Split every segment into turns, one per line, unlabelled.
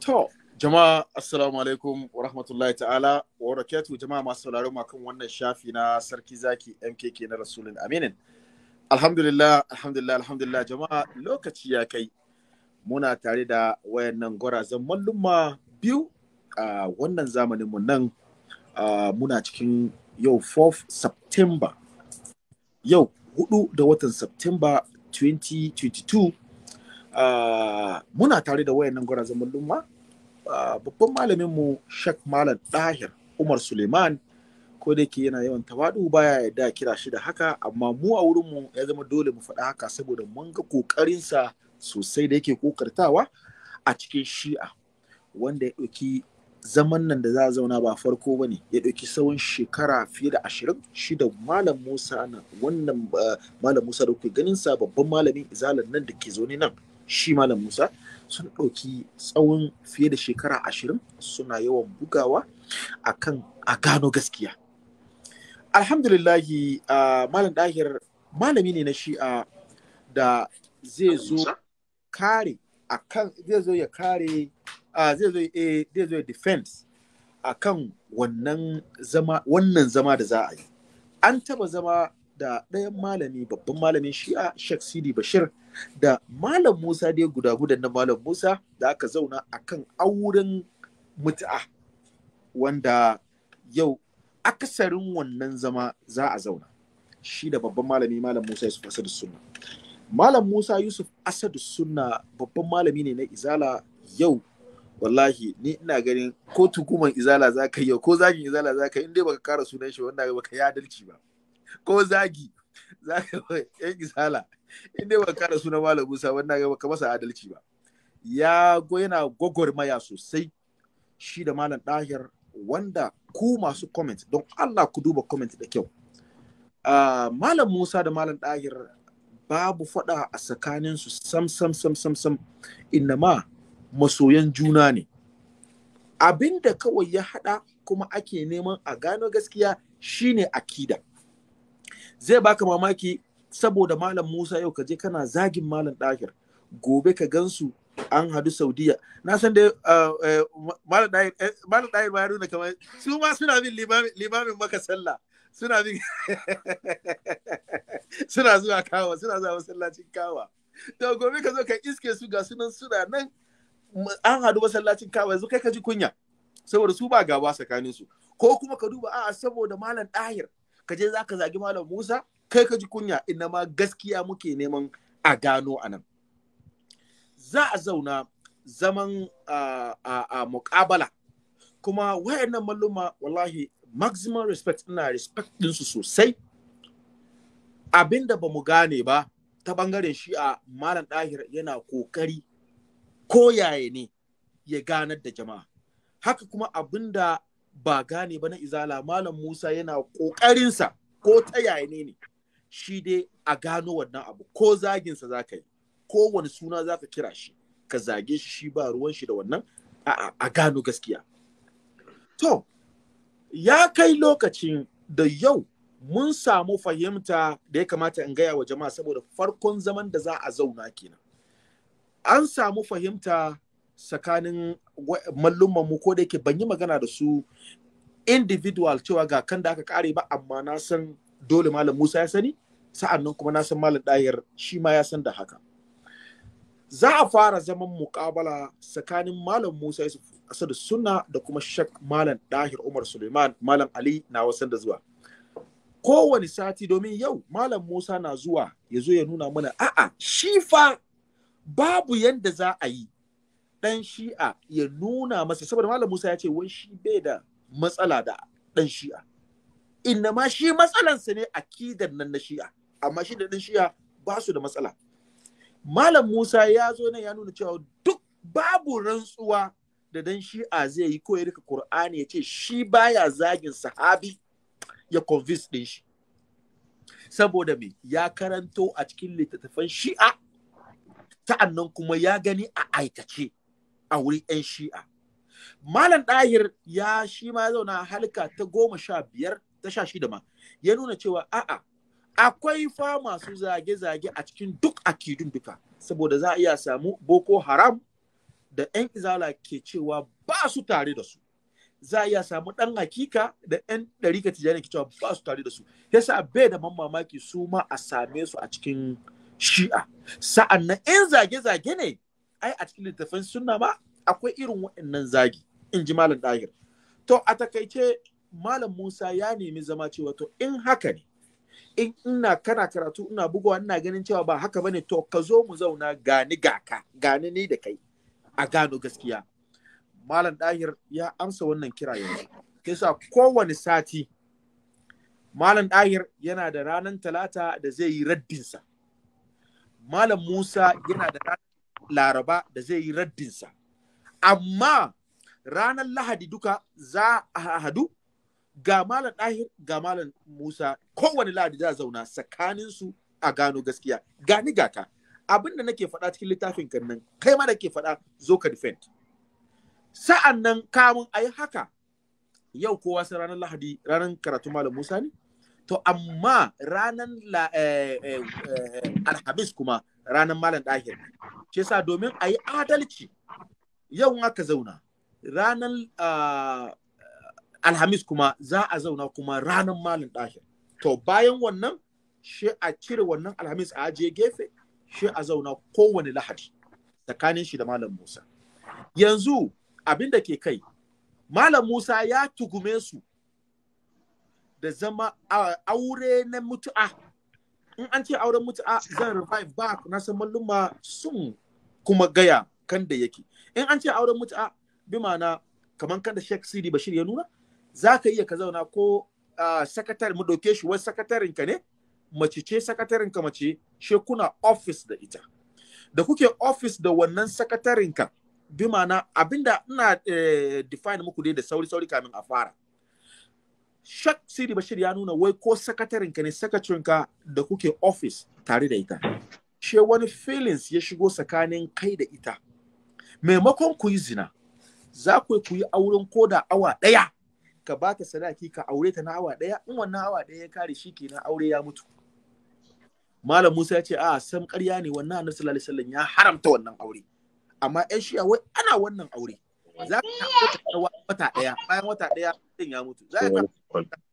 To, jama'a assalamu alaikum wa rahmatullahi ta'ala wa raketu jama'a masu sauraro makon wannan shafi na sarki zaki MKK na Rasulun Aminin. Alhamdulillah, alhamdulillah, alhamdulillah jama'a lokaci ya kai muna tare da wayannan gwarazan malluma biyu a wannan zamanin mu nan muna cikin yau 4 September. Yau hudu da watan September 2022 Ah, muna tare da wayannan zaman mallumma ah, babban malamin mu Sheikh Malam Dahir Umar Suleiman ko da yake yana yawan tawadu baya da kira shi da haka amma mu a wurin mu ya zama dole mu faɗa haka saboda mun ga kokarin sa sosai da yake kokartawa a cikin Shi'a wanda ya ɗauki zaman nan da za a zauna ba farko ba ne ya ɗauki tsawon shekara fiye da ashirin shi da malam musa na wannan ah, malam musa da kuke ganin sa babban malamin izalan nan da ke zaune nan shi malam musa sun ɗauki tsawon fiye da shekara ashirin suna yawan bugawa akan a gano gaskiya alhamdulillahi uh, malam dahir malami ne na shi'a da zai zo kare akan zai zo ya kare zai zo eh, zai zo ya defense a wannan zama wannan zama da za a yi an taba zama da ɗayan malami babban malamin shi'a Sheikh Sidi Bashir da Malam Musa ya guda gudan na Malam Musa da aka zauna a kan auren mut'a wanda yau akasarin wannan zama za a zauna shi da babban malami Malam Musa Yusuf Asadu Sunna Malam Musa Yusuf Asadu Sunna babban malami ne na Izala yau wallahi ni ina ganin ko tukuman izala za ka yi ko zagin izala za ka yi in dai baka kara sunan shi wanda baka yi adalci ba ko zagi za ka yan isala in dai ba kada sunan malam musa wannan ga baka masa adalci ba ya go yana gwagwarmaya sosai shi da malam dahir wanda ku masu comment don allah ku duba comment da kyau ah, malam musa da malam dahir babu faɗa a tsakaninsu sam sam sam sam sam ma masoyan juna ne abinda kawai ya haɗa kuma ake neman a gano gaskiya shine akida zai baka mamaki saboda malam Musa yau kaje kana zagin malam Dahir gobe ka gansu an hadu Saudiya na san dai uh, uh, malam Dahir eh, malam Dahir ba nuna kamar su ma suna bin limamin maka sallah suna bin suna zuwa kawa suna zuwa masallacin kawa to gobe ka zo ka iske su ga sunan suna nan an hadu masallacin kawa yanzu kai ka ji kunya saboda su ba gaba tsakanin su ko kuma ka duba a'a saboda malam Dahir ka je zaka zagi malam Musa kai ka ji kunya inna ma gaskiya muke neman a gano anan za a zauna zaman a muƙabala kuma wayannan malluma wallahi maximum respect ina respect ɗinsu sosai abinda ba mu gane ba ta ɓangaren a malam ɗahir yana ƙoƙari ko yaya ne ya ganar da jama'a haka kuma abinda ba gane ba na izala malam Musa yana ƙoƙarinsa ko ta yaya ne ne shi dai a gano wannan abu ko zaginsa za ka yi ko wani suna za ka kira shi ka zage shi shi ba ruwan shi da wannan a gano gaskiya to ya kai lokacin da yau mun samu fahimta da ya kamata in gaya wa jama'a saboda farkon zaman da za a zauna kenan an samu fahimta tsakanin mallumman mu ko da yake ban yi magana da su individual cewa ga kan da aka kare ba amma na san dole malam Musa ya sani sa'an nan kuma na san malam Dayar shi ma ya san da haka za a fara zaman muƙabala tsakanin malam Musa Yusuf da Sunna da kuma Shak malam Dahir Umar Suleiman malam Ali na wasan da zuwa kowane sati domin yau malam Musa na zuwa ya zo ya nuna mana a'a shi fa babu yanda za a yi Ɗan shi'a ya nuna masa saboda malam Musa ya ce wai shi bai da matsala da ɗan shi'a inna ma shi matsalansa ne akidar nan na shi'a amma shi da dan shi'a ba su da matsala malam Musa ya zo nan ya nuna cewa duk babu rantsuwa da dan shi'a zai yi ko ya rika Kur'ani ya ce shi baya zagin sahabi ya convince ɗin shi saboda me ya karanto a cikin littattafan shi'a ta'annan kuma ya gani a aikace a wuri 'yan shi'a. Malam ɗahir ya shi ma zauna halka ta goma sha biyar ta sha shida ma ya nuna cewa a'a akwai fa masu zage-zage a cikin duk akidun duka saboda za a iya samu boko haram da 'yan izala ke cewa ba su tare da su za a iya samu ɗan hakika da 'yan ka tijjani ke cewa ba su tare da su yasa bai da mamaki su ma a same su a cikin shi'a sa'an nan ƴan zage-zage ne ai a cikin littafin sunna ma akwai irin waɗannan zagi in ji malam dahir to a takaice malam musa ya nemi zama cewa to in haka ne in ina kana karatu ina bugawa ina ganin cewa ba haka bane to ka zo mu zauna gani ga ka gani ni da kai a gano gaskiya malam dahir ya amsa wannan kira yanzu kisa kowane sati malam dahir yana da ranar talata da zai yi raddinsa malam musa yana da ranar laraba da zai yi raddinsa amma ranar lahadi duka za a hadu ga malam ɗahir ga malam musa kowane lahadi za a zauna tsakaninsu a gano gaskiya gani gata. ka abinda nake faɗa cikin littafin kan nan kai ma da ke faɗa zo ka defend sa'an nan kamun a yi haka yau kowa sai ranar lahadi ranar karatu malam musa ne to amma ranar eh, eh, eh, alhamis kuma ranar malam ɗahir shi yasa domin a yi adalci yau aka zauna ranar ah, alhamis kuma za a zauna kuma ranar malam ɗahir to bayan wannan shi a cire wannan alhamis a ajiye gefe shi a zauna kowane lahadi tsakanin shi da malam musa yanzu abin da ke kai malam musa ya tugume su da zama ah, aure na mutu'a in an ce auren mutu'a zan revive back na san malluma sun kuma gaya kan da yake in an ce auren mutu'a bi ma'ana kamar kan da Sheikh Sidi Bashir ya nuna za ka iya ka zauna ko sakatare mu dauke shi wai sakatarin ka ne mace ce sakatarin ka mace she kuna office da ita da kuke office da wannan sakatarin ka bi ma'ana abinda ina eh, define muku dai da sauri sauri kamin a fara shak siri bashir ya nuna wai ko ka ne ka da kuke office tare da ita she wani feelings ya shigo tsakanin kai da ita maimakon ku yi zina za ku ku yi auren koda awa ɗaya ka ba ta sadaki ka aure ta na awa ɗaya in wannan awa ɗaya ya kare shi kenan aure ya mutu malam musa ya ce a sam ƙarya ne wannan annabi sallallahu alaihi wasallam ya haramta wannan aure amma 'yan shi wai ana wannan aure za ka wata ɗaya bayan wata ɗaya din ya mutu za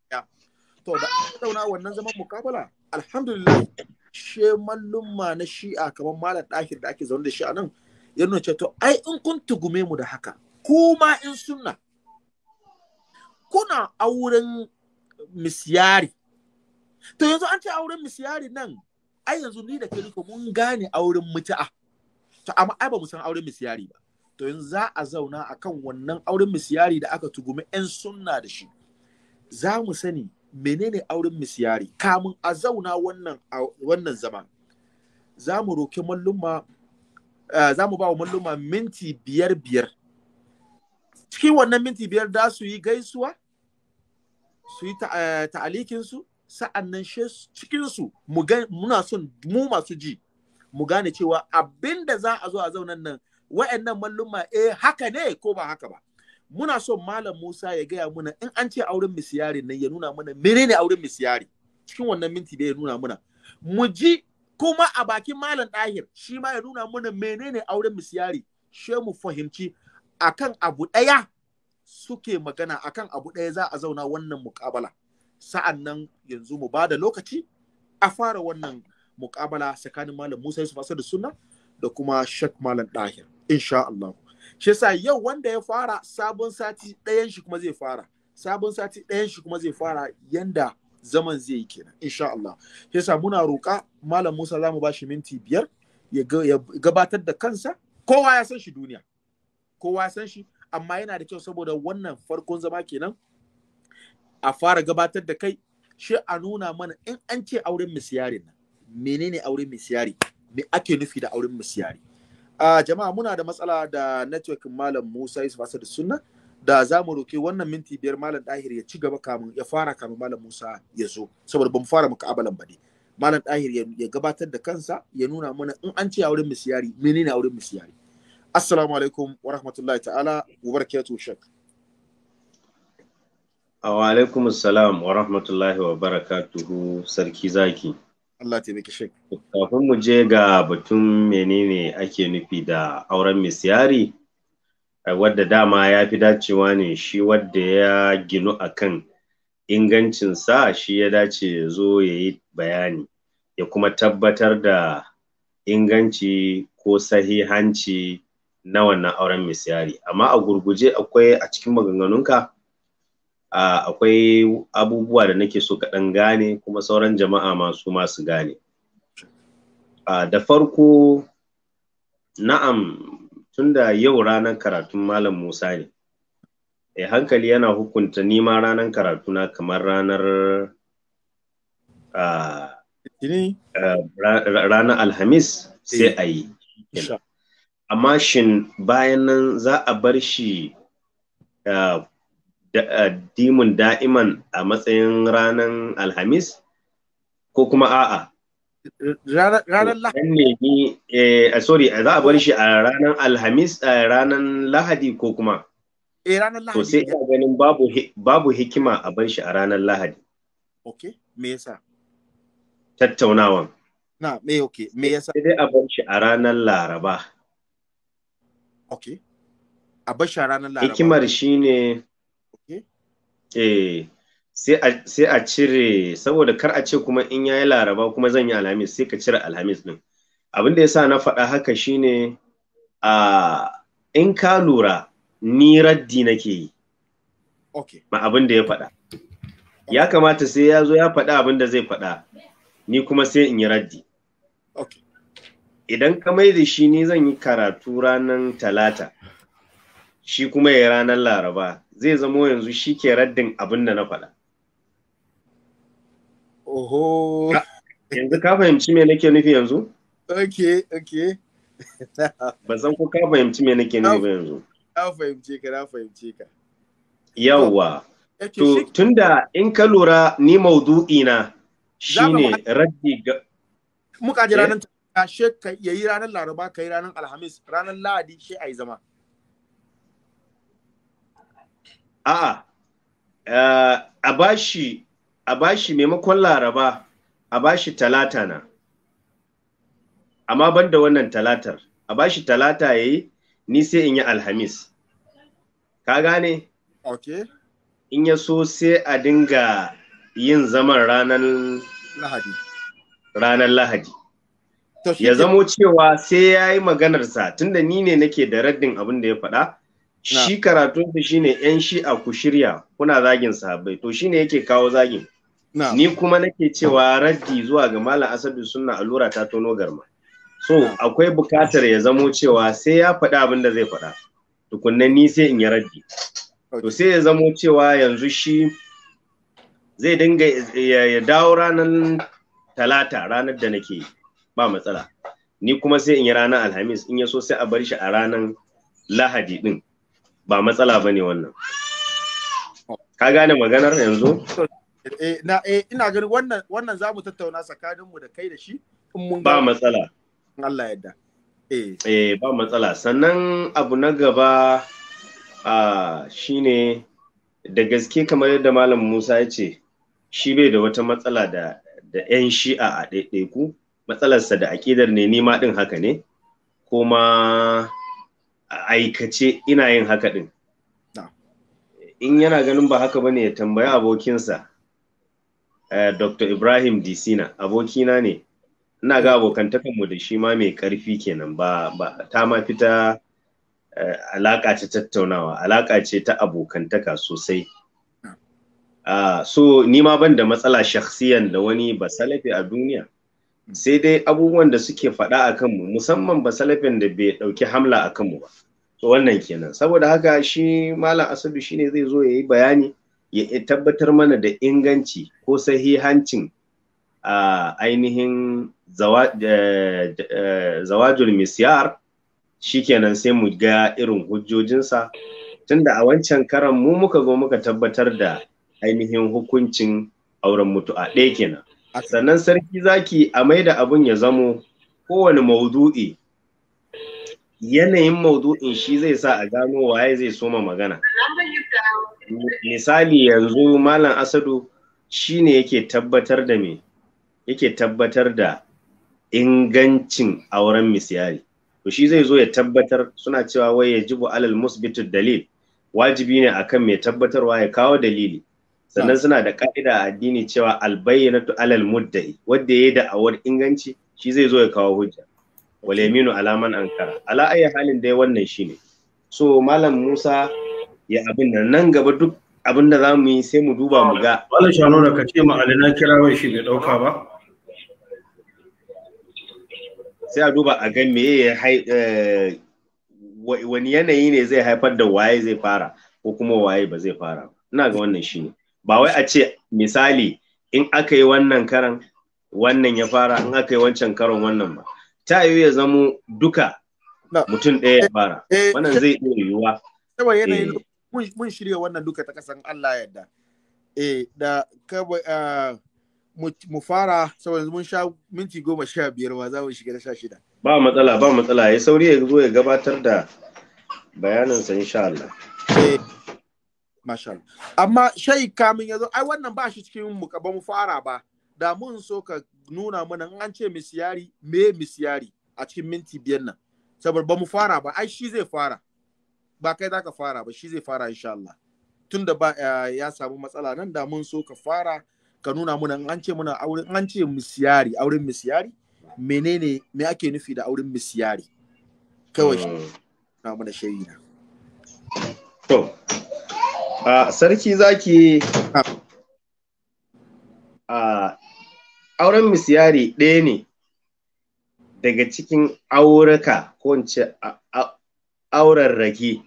ka to da tauna wannan zaman mukabala alhamdulillah she mallumma na shi'a kamar malam ɗahir da ake zaune da shi a nan ya nuna cewa to ai in kun tugume mu da haka kuma in sunna kuna auren misyari to yanzu an ce auren misyari nan ai yanzu ni da ke mun gane auren mutu'a to amma ai ba mu san auren misyari ba to yanzu za a zauna a kan wannan auren misiyari da aka tugumi 'yan sunna da shi za mu sani menene auren misiyari kamun a zauna wannan wannan zama za mu roƙi malluma eh, za mu ba wa malluma minti biyar biyar cikin wannan minti biyar da su yi gaisuwa su yi eh, ta'alikinsu sa'an shi cikinsu muna son mu masu ji mu gane cewa abinda za a zo a zaunan nan wa'annan malluma eh haka ne ko ba haka ba muna so malam Musa ya gaya muna in an ce auren misiyari nan ya nuna muna menene auren misiyari cikin wannan minti da ya nuna muna mu ji kuma a bakin malam Dahir shi ma ya nuna muna menene auren misiyari she mu fahimci akan abu daya suke magana akan abu daya za a zauna wannan mukabala? sa'an nan yanzu mu bada lokaci a fara wannan mukabala tsakanin malam Musa Yusuf Asadu Sunna da kuma Shak Malam Dahir. insha Allah shi yau wanda ya fara sabon sati ɗayan shi kuma zai fara sabon sati ɗayan shi kuma zai fara yanda zaman zai yi kenan insha Allah shi muna roka malam Musa zamu ba shi minti biyar ya gabatar da kansa kowa ya san shi duniya kowa ya san shi amma yana da kyau saboda wannan farkon zama kenan a fara gabatar da kai shi a nuna mana in an ce auren misiyari nan menene auren misiyari me ake nufi da auren misiyari a jama'a muna da matsala da network malam Musa Yusuf da Sunna da za mu roke wannan minti biyar malam Dahir ya ci gaba kamun ya fara kamun malam Musa ya zo saboda ban fara mukabalan ba ne malam Dahir ya gabatar da kansa ya nuna mana in an ce a auren misiyari menene wurin misiyari assalamu alaikum wa rahmatullahi ta'ala wa barakatuhu shek
wa alaikum assalam wa rahmatullahi wa barakatuhu sarki zaki
Allah shek
kafin mu je ga batun menene ake nufi da auren misiyari, eh, wadda dama ya fi dacewa ne shi wadda ya ginu akan ingancin sa shi ya dace zo ya yi bayani ya kuma tabbatar da inganci ko sahihanci na wannan auren misiyari amma a gurguje akwai a cikin maganganunka akwai abubuwa da nake so kaɗan gane kuma sauran jama'a masu masu gane da farko na'am tunda yau ranar karatun malam musa ne e hankali yana hukunta nima ranar karatuna kamar ranar ranar alhamis sai a yi amma shin bayan nan za a bar shi Eh, dimun da'iman a matsayin ranar alhamis ko kuma a'a
ranar lahadi
eh, eh sorry za a bar shi a ranar alhamis a eh, ranar lahadi ko kuma eh ranar lahadi to sai ina ganin babu babu hikima a bar shi a ranar lahadi
okay me yasa
tattaunawan
na me okay me yasa sai dai a bar shi a
ranar laraba
okay a bar shi a ranar laraba hikimar
shine Eh, sai a cire saboda kar a ce kuma in yayi laraba kuma zan yi alhamis sai ka cire alhamis din abin da yasa na faɗa haka shine a in ka lura ni raddi nake yi okay ma abin da ya faɗa ya kamata sai ya zo ya faɗa abin da zai faɗa ni kuma sai in yi raddi okay idan ka mai da shi ni zan yi karatu ranar talata shi kuma ya ranar laraba zai zamo yanzu shi ke raddin abin da na faɗa. Oho. Yanzu ka fahimci me nake nufi yanzu?
Ok, ok.
Ba san ko ka fahimci me nake nufi yanzu.
Na fahimce ka, na fahimce ka.
Yawwa. To tunda in ka lura ni maudu'i na shine raddi ga
muka ji ranar eh? ta ka yayi ranar Laraba ka yi ranar Alhamis ranar Lahadi shi yi zama.
a'a eh, a bashi a bashi maimakon laraba a bashi talata na amma ban da wannan talatar a bashi talata ya yi ni sai in yi alhamis ka gane okay. in ya so sai a dinga yin zaman ranar lahadi ranar lahadi ya zamo cewa sai ya yi maganarsa tunda ni ne nake da raddin abin da ya faɗa shi karatun su shine yan shi a ku shirya kuna zagin sahabbai to shine yake kawo zagin ni kuma nake cewa raddi zuwa ga malam asadu sunna allura ta tono garma so akwai bukatar ya zamo cewa sai ya faɗi abin da zai faɗa tukunna ni sai in yi raddi to sai ya zamo cewa yanzu shi zai dinga ya dawo ranar talata ranar da nake ba matsala ni kuma sai in yi ranar alhamis in ya so sai a bar shi a ranar lahadi din ba matsala ba ne wannan ka gane maganar yanzu
eh, eh, ina ganin wannan za mu tattauna tsakaninmu da kai da shi ba matsala Allah yadda
eh. eh ba matsala sannan abu na gaba shi ne. da gaske kamar yadda malam Musa ya ce shi bai da wata matsala da 'yan shi'a a ɗaiɗaiku matsalarsa da aƙidar ne nima ɗin haka ne kuma aikace ina yin haka din in yana ganin ba haka ba ne ya tambayi abokinsa eh, dr ibrahim disina abokina ne ina ga abokantakanmu da shi ma mai karfi kenan ba ta ma fita eh, alaka ta tattaunawa alaƙa ce ta abokantaka sosai ah, so ni ma ban da matsala shakhsiyan da wani salafi a duniya sai dai abubuwan da suke faɗa a kanmu musamman ba salafin da bai ɗauki hamla a kanmu ba to wannan kenan saboda haka shi malam asabi shine zai zo ya yi bayani ya tabbatar mana da inganci ko sahihancin a ainihin eh, eh, zawajul misyar kenan sai mu ga irin hujjojinsa tunda a wancan karan mu muka zo muka tabbatar da ainihin hukuncin auren mutu'a ɗaya kenan sannan sarki zaki a maida abun ya zamo kowane maudu'i yanayin maudu'in shi zai sa a gano waye zai soma magana misali yanzu malam asadu shine yake tabbatar da me yake tabbatar da ingancin auren misyari to shi zai zo ya tabbatar suna cewa wai ya jibu alal musbitu dalil wajibi ne akan mai tabbatarwa ya kawo dalili sannan suna da ka'ida a addini cewa albayyanatu alal muddai wanda yayi awar inganci shi zai zo ya kawo hujja wal yaminu alaman ankara ala ayi halin dai wannan shine so malam Musa ya abin nan nan gaba duk abin da zamu yi sai mu duba mu ga malam Shano da kace ma alina wai shi bai dauka ba sai a duba a ga me ya eh, wani yanayi ne zai haifar da waye zai fara ko kuma waye ba zai fara ina ga wannan shine ba wai a ce misali in aka yi wannan karan wannan ya fara in aka yi wancan karan wannan ba ta yi ya zamo duka mutum ɗaya ya eh, fara eh, wannan zai
iya yiwuwa saboda yanayin eh. mun shirya wannan duka ta kasan Allah yadda eh da kaba ah, mu fara saboda mun sha minti goma sha biyar ma za mu shiga da sha shida ba matsala ba
matsala ya sauri ya zo ya gabatar da bayaninsa insha Allah eh
Mashal. Amma shai kamin ya zo, ai wannan ba shi cikin mu ba mu fara ba. Da mun so ka nuna mana an ce misiyari, me misiyari a cikin minti biyar nan. Saboda ba mu fara ba, ai shi zai fara. Ba kai za fara ba, shi zai fara insha Allah. Tun da ba eh, ya samu matsala nan da mun so ka fara ka nuna mana an ce muna auren an ce misiyari, auren misiyari, menene me ake nufi da auren misiyari? Kawai mm. na mana shayi na.
To, A sarki zaki yi. auren misiyari ɗaya ne daga cikin auraka ko in ce auren rage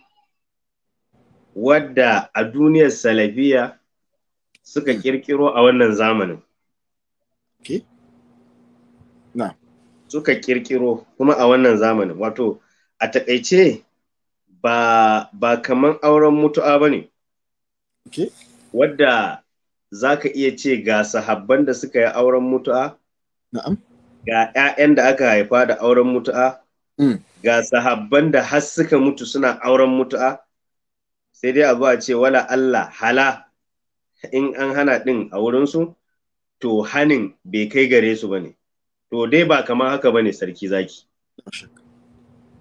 wadda a duniyar salafiya suka kirkiro a wannan zamanin. Na. Suka kirkiro kuma a wannan zamanin wato a taƙaice ba, kamar auren mutu'a ba ne. wadda za ka iya ce ga sahabban da suka yi auren mutu'a ga 'ya'yan da aka haifa da auren mutu'a mm. ga sahabban da har suka mutu suna auren mutu'a sai dai abu a ce wala Allah hala in an hana ɗin a wurinsu to hanin bai kai gare su ba ne to dai ba kamar haka ba ne sarki zaki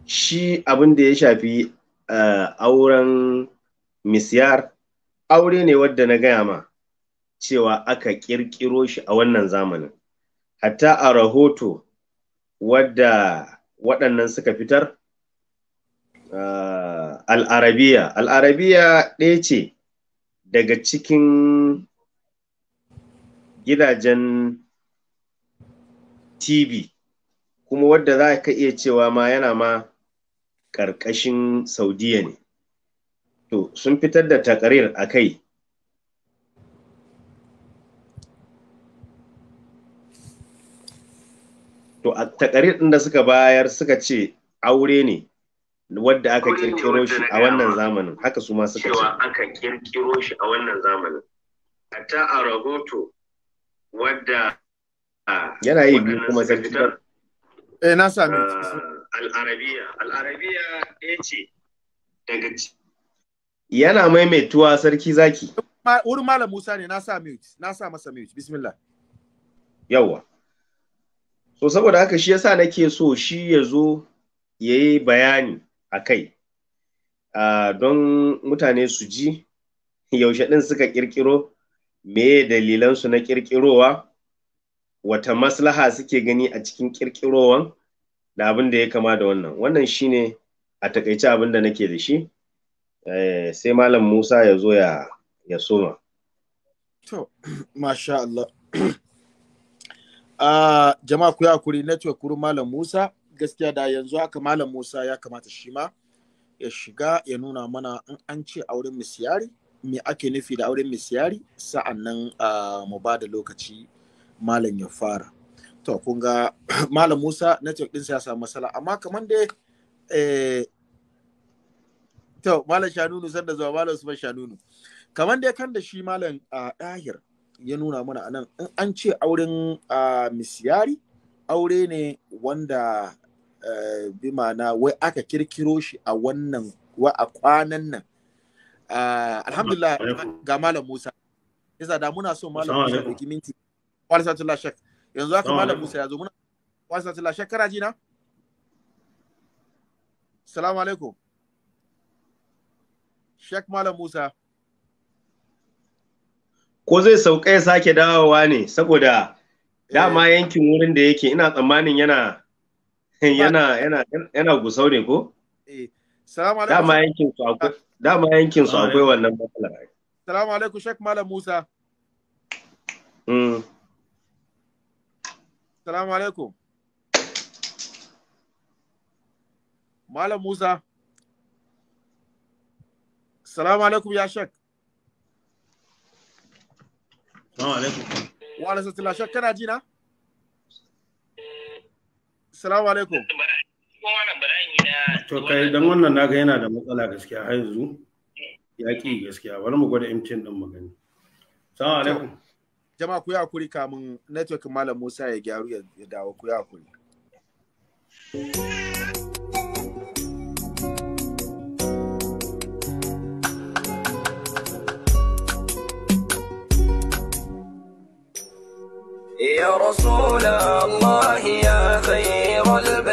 shi abin da ya shafi eh, auren misyar aure ne wadda na gaya ma cewa aka ƙirƙiro shi a wannan zamanin hatta a rahoto wadda waɗannan suka fitar ah, al'arabiya al'arabiya ɗaya ce daga cikin gidajen tv kuma wadda za ka iya cewa ma yana ma ƙarƙashin saudiya ne to sun fitar da takarir a kai to a takarir ɗin da suka bayar suka ce aure ne wadda aka kirkiro shi a wannan zamanin haka su ma suka ce cewa
aka kirkiro shi a wannan zamanin
hatta a rahoto wadda ah,
yana yi biyu kuma fitar eh na sami
ah, al'arabiya al'arabiya ya ce
daga
yana maimaituwa sarki zaki
wurin malam Musa ne na sa mute na sa masa mute bismillah
Yawwa, so saboda haka shi yasa nake so shi ya zo ya yi bayani a kai don mutane su ji yaushe ɗin suka ƙirƙiro me dalilansu na ƙirƙirowa wata maslaha suke gani a cikin ƙirƙirowan da abin da ya kama da wannan wannan shine a takaice abin da nake da shi Eh, sai malam musa ya zo ya ya soma
to masha Allah uh, jama'a ku kuri network kuri malam musa gaskiya da yanzu haka malam musa ya kamata shi ma ya shiga ya nuna mana in an ce auren misiyari me ake nufi da auren misiyari sa'an nan uh, ah, mu ba da lokaci malam ya fara to kun ga malam musa network din ya samu matsala amma kamar dai eh, to malam shanunu san da zuwa malam usman shanunu kamar dai kan da shi malam a dahir ya nuna mana anan in an ce auren misiyari aure ne wanda e, bi mana wai aka kirkiro shi a wannan wa a kwanan nan alhamdulillah ga malam musa yasa da muna so malam musa da kiminti walisatullah shak yanzu aka malam musa ya zo muna walisatullah shak kara ji na salamu alaikum Sheikh Malam Musa. Ko zai
sauka ya sake dawowa ne saboda eh. dama yankin wurin da yake ina tsammanin yana yana yana yana gusau ne ko?
Eh. Dama
yankin su akwai ah. dama yankin su akwai wannan matsala.
Salamu alaikum Sheikh Malam Musa. Mm. Salamu alaikum. Malam Musa. Salamu alaikum ya shek. Salamu alaikum. Wa alaikum salam shek kana jina? Salamu alaikum.
To kai dan wannan naga yana da matsala gaskiya har yanzu. Ya ki gaskiya bari mu gwada MTN din magani. Salamu alaikum.
Jama'a ku yi hakuri kamin network Malam Musa ya gyaru ya dawo ku yi hakuri.
يا رسول الله يا خير البيت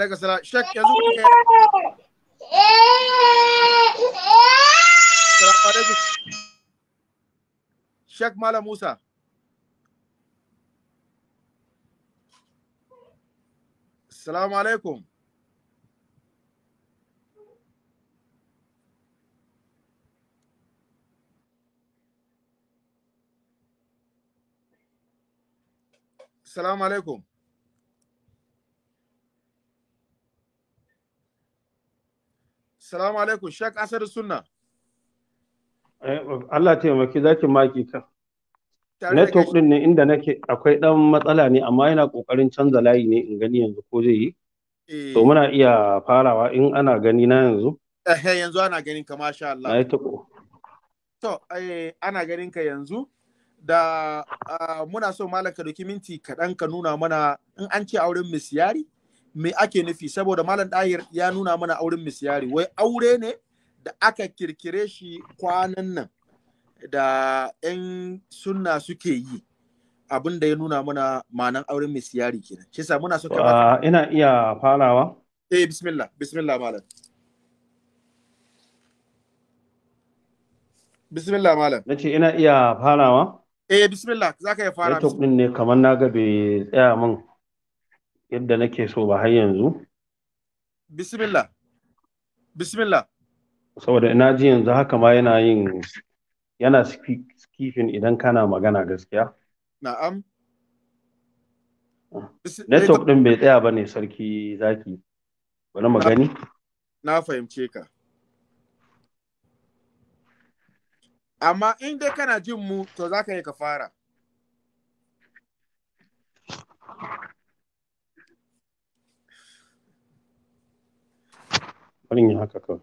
alaika salam shek yanzu ku Shek Malam Musa Assalamu alaikum Salam alaikum Salamu alaikum, Shek Asar Sunna. Eh, Allah
taimaki ki maki ka. Network din ne inda nake akwai dan matsala ne amma yana kokarin canza layi ne in gani yanzu ko zai yi.
Eh. To muna
iya farawa in ana gani na yanzu.
Eh yanzu ana ganin ka masha Allah. Ai tako. To eh ana ganin ka yanzu da ah, muna so malaka doki minti kaɗan ka nuna mana in an ce auren misyari. me ake nufi saboda malam ɗahir ya nuna mana auren misyari wai aure ne da aka kirkire shi kwanan nan da 'yan sunna suke yi abin da ya nuna mana manan auren misyari kenan shi sa muna so ka uh,
ina iya farawa
eh bismillah bismillah malam bismillah malam nace ina iya farawa eh bismillah zaka iya fara
ne kamar na ga bai tsaya mun. yadda nake so ba har yanzu
bismillah
bismillah saboda ina ji yanzu haka ma yana yin yana skifin idan kana magana gaskiya
na'am ah. eh, network
din bai tsaya ba ne sarki zaki bari magani
na fahimce ka amma in dai kana jin mu to za ka yi ka fara
haka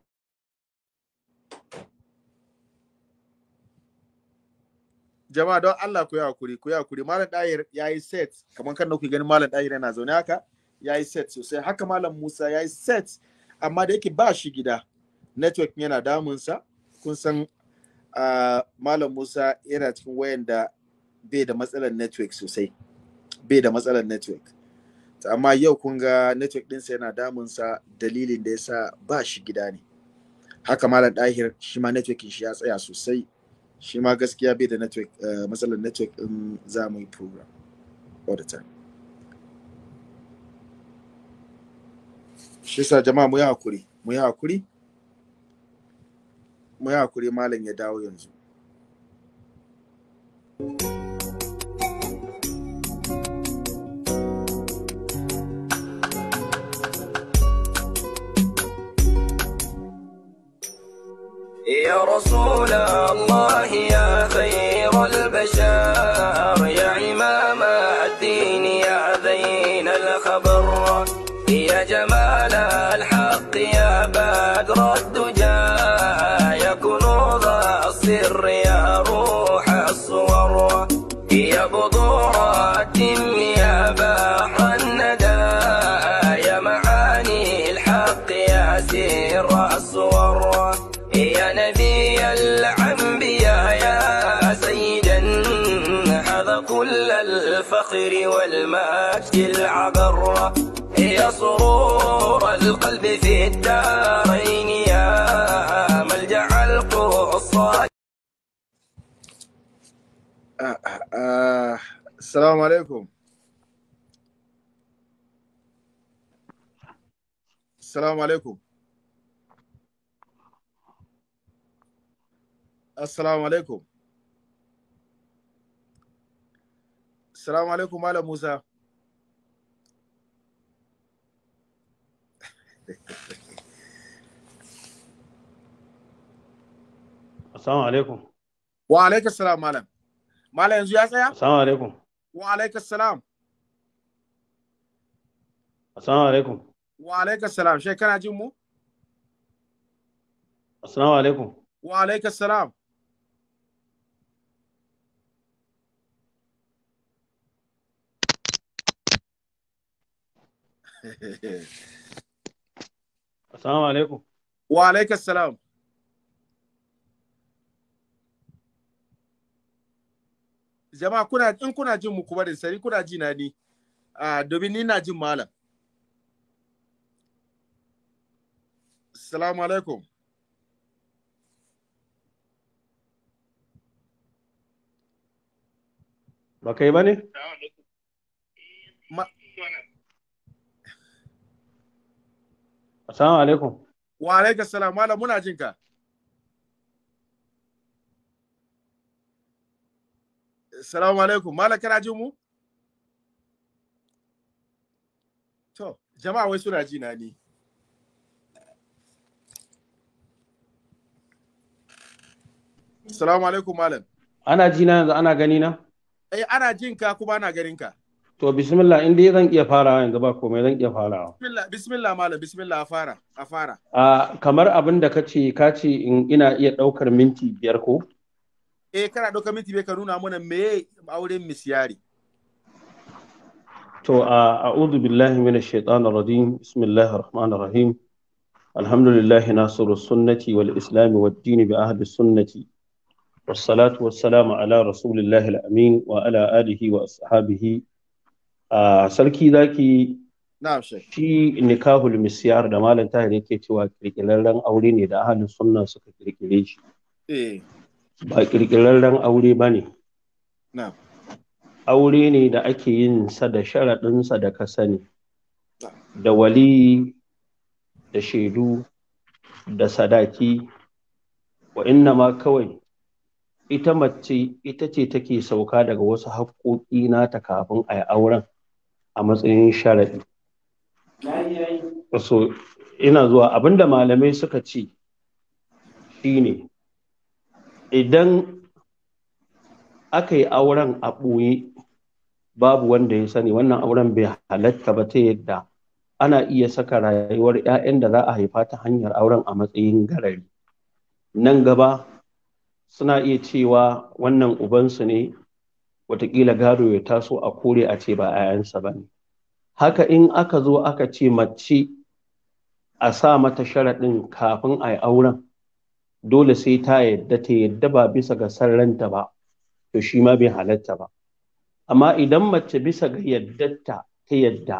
Jama'a don Allah ku yi hakuri, ku yi hakuri. Malam Dayir ya yi set, kamar kan nauki ganin Malam Dayir yana zaune haka, ya yi set sosai. Haka Malam Musa ya yi set, amma da yake ba shi gida, network yana damunsa. Kun san Malam Musa yana cikin wayan da bai da matsalar network sosai. Bai da matsalar network. amma yau kun ga network ɗinsa yana damunsa dalilin da yasa ba shi gida ne haka malam ɗahir shi ma network shi ya tsaya sosai shi ma gaskiya bai da network eh, matsalar network ɗin za mu yi program all the time shi sa jama'a mu yi hakuri mu yi hakuri mu yi hakuri malam ya dawo yanzu thank you
رسول الله يا خير البشر الدارين يا ملجأ القصة
السلام عليكم السلام عليكم السلام عليكم السلام عليكم مالا موسى Assalamu alaikum. Wa alaikum salam malam. Malam yanzu ya tsaya? Assalamu alaikum. Wa alaikum salam.
Assalamu alaikum.
Wa alaikum salam. Shai kana jin mu?
Assalamu alaikum.
Wa alaikum salam. Assalamu alaikum. Wa alaikum salam. jama'a kuna in kuna jin mu kuma da sari kuna ji na ni a domin ni na jin malam Assalamu alaikum. Ba kai ba ne? Assalamu alaikum. Wa alaikum salam, malam muna jinka. Salamu alaikum. Malam kana jin mu? To, jama'a wai suna ji na ni. Salamu alaikum malam.
Ana ji na yanzu ana gani na?
Eh ana jin ka kuma ana ganin ka.
To bismillah in zan iya farawa yanzu ba komai zan iya farawa.
Bismillah bismillah malam bismillah a fara a fara.
Ah kamar abin da kace kace in ina iya daukar minti biyar ko?
eh kana ɗauka minti bai ka nuna mana me auren misiyari.
to a a'udhu billahi minash shaitanir rajim bismillahir rahmanir rahim alhamdulillahi nasiru sunnati wal islam wad din bi ahli sunnati والصلاة والسلام على رسول wa الأمين وعلى آله وأصحابه آه سلكي ذاكي نعم شيخ في نكاه المسيار da malam tahir yake cewa kirkirarren aure ne da ahalin sunna suka kirkire shi eh ba ƙirƙirarren aure ba ne aure ne da ake yin sa da sharaɗinsa da ka sani da wali da shaidu da sadaki wa ma kawai ita mace ita ce take sauka daga wasu haƙoƙi nata kafin a yi auren a matsayin sharaɗi so ina zuwa abinda malamai suka ce shi ne. idan aka yi auren a ɓoye babu wanda ya sani wannan auren bai halatta ba ta yadda ana iya saka rayuwar 'ya'yan da za a haifa ta hanyar auren a matsayin garari nan gaba suna iya cewa wannan ubansu ne watakila gado ya taso a kore a ce ba 'ya'yansa ba ne haka in aka zo aka ce mace a sa mata sharaɗin kafin a yi auren dole sai ta yadda ta yadda ba bisa ga sarranta ba to shi ma bai halatta ba amma idan mace bisa ga yaddarta ta yadda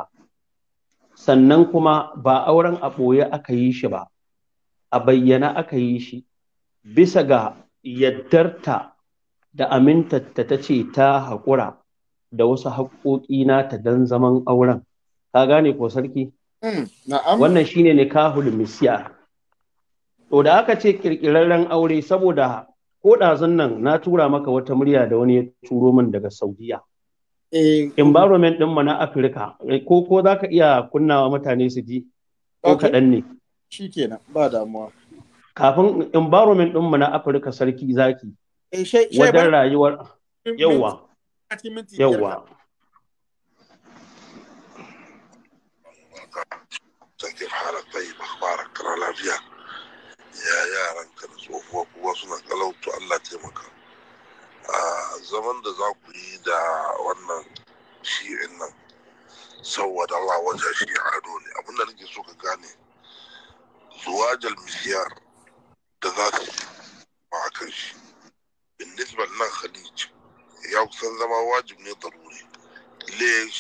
sannan kuma ba auren a ɓoye aka yi shi ba a bayyana aka yi shi bisa ga yaddarta da amintatta ta ce ta haƙura da wasu haƙoƙi ta don zaman auren ka gane ko sarki hmm, wannan shine ne kahul misiya to da aka ce kirkirarren aure saboda ko ɗazun nan na tura maka wata murya da wani ya turo min daga saudiya eh. environment ɗin na afirka eh, ko ko za ka iya kunnawa mutane su ji ko kaɗan ne shi ba damuwa kafin environment ɗin na afirka sarki zaki eh, wajen rayuwar
yawwa, yawwa.
طيب حالك ya yaran ka da tsohuwa kowa suna kalau to Allah taimaka a zaman da za ku yi da wannan shi'in nan saboda Allah wajen shi ado ne abinda nake so ka gane zuwa jalmisiyar da za su yi ba a kan shi bin nan khalij ya kusan zama wajib ne daruri le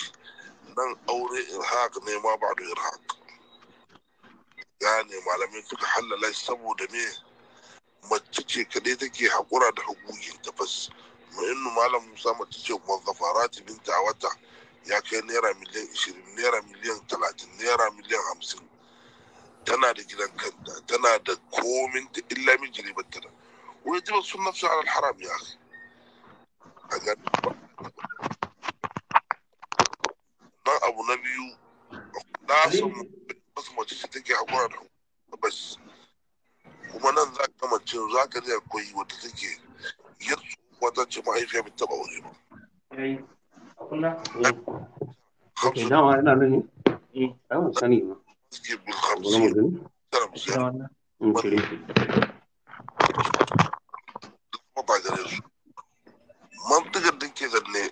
nan aure irhaq ne ma ba da irhaq gane malamai suka halala shi saboda me mace ce kadai take haƙura da haƙugin tafas mu'innu malam musa mace ce muwazzafa Binta a wata ya kai naira miliyan ishirin naira miliyan talatin naira miliyan hamsin tana da gidan kanta tana da komin ta illa min jini Wai da wani sun nafsu alal alharam ya a gani nan abu na biyu na su wasu mace ce take haƙura da bas kuma nan za ka mace za ka riya koyi wata take yin wata ce mahaifiya bai taɓa wuri ba. Mantikar da ke zanne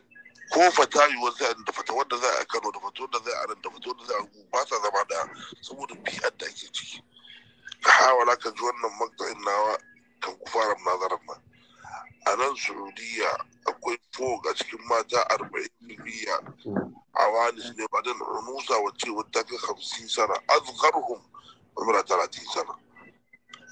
ko fata yiwuwar za a da fata wanda za a kano da fata da za a nan da fata wanda za a gu ba sa zama da saboda biyar da ake ciki ka hawala ka ji wannan maktain nawa kan ku fara nazarar nan a nan saudiya akwai fog a cikin mata arba'in biya a wani su ne badan musa wace wata fi hamsin sana azkarhum umra talatin sana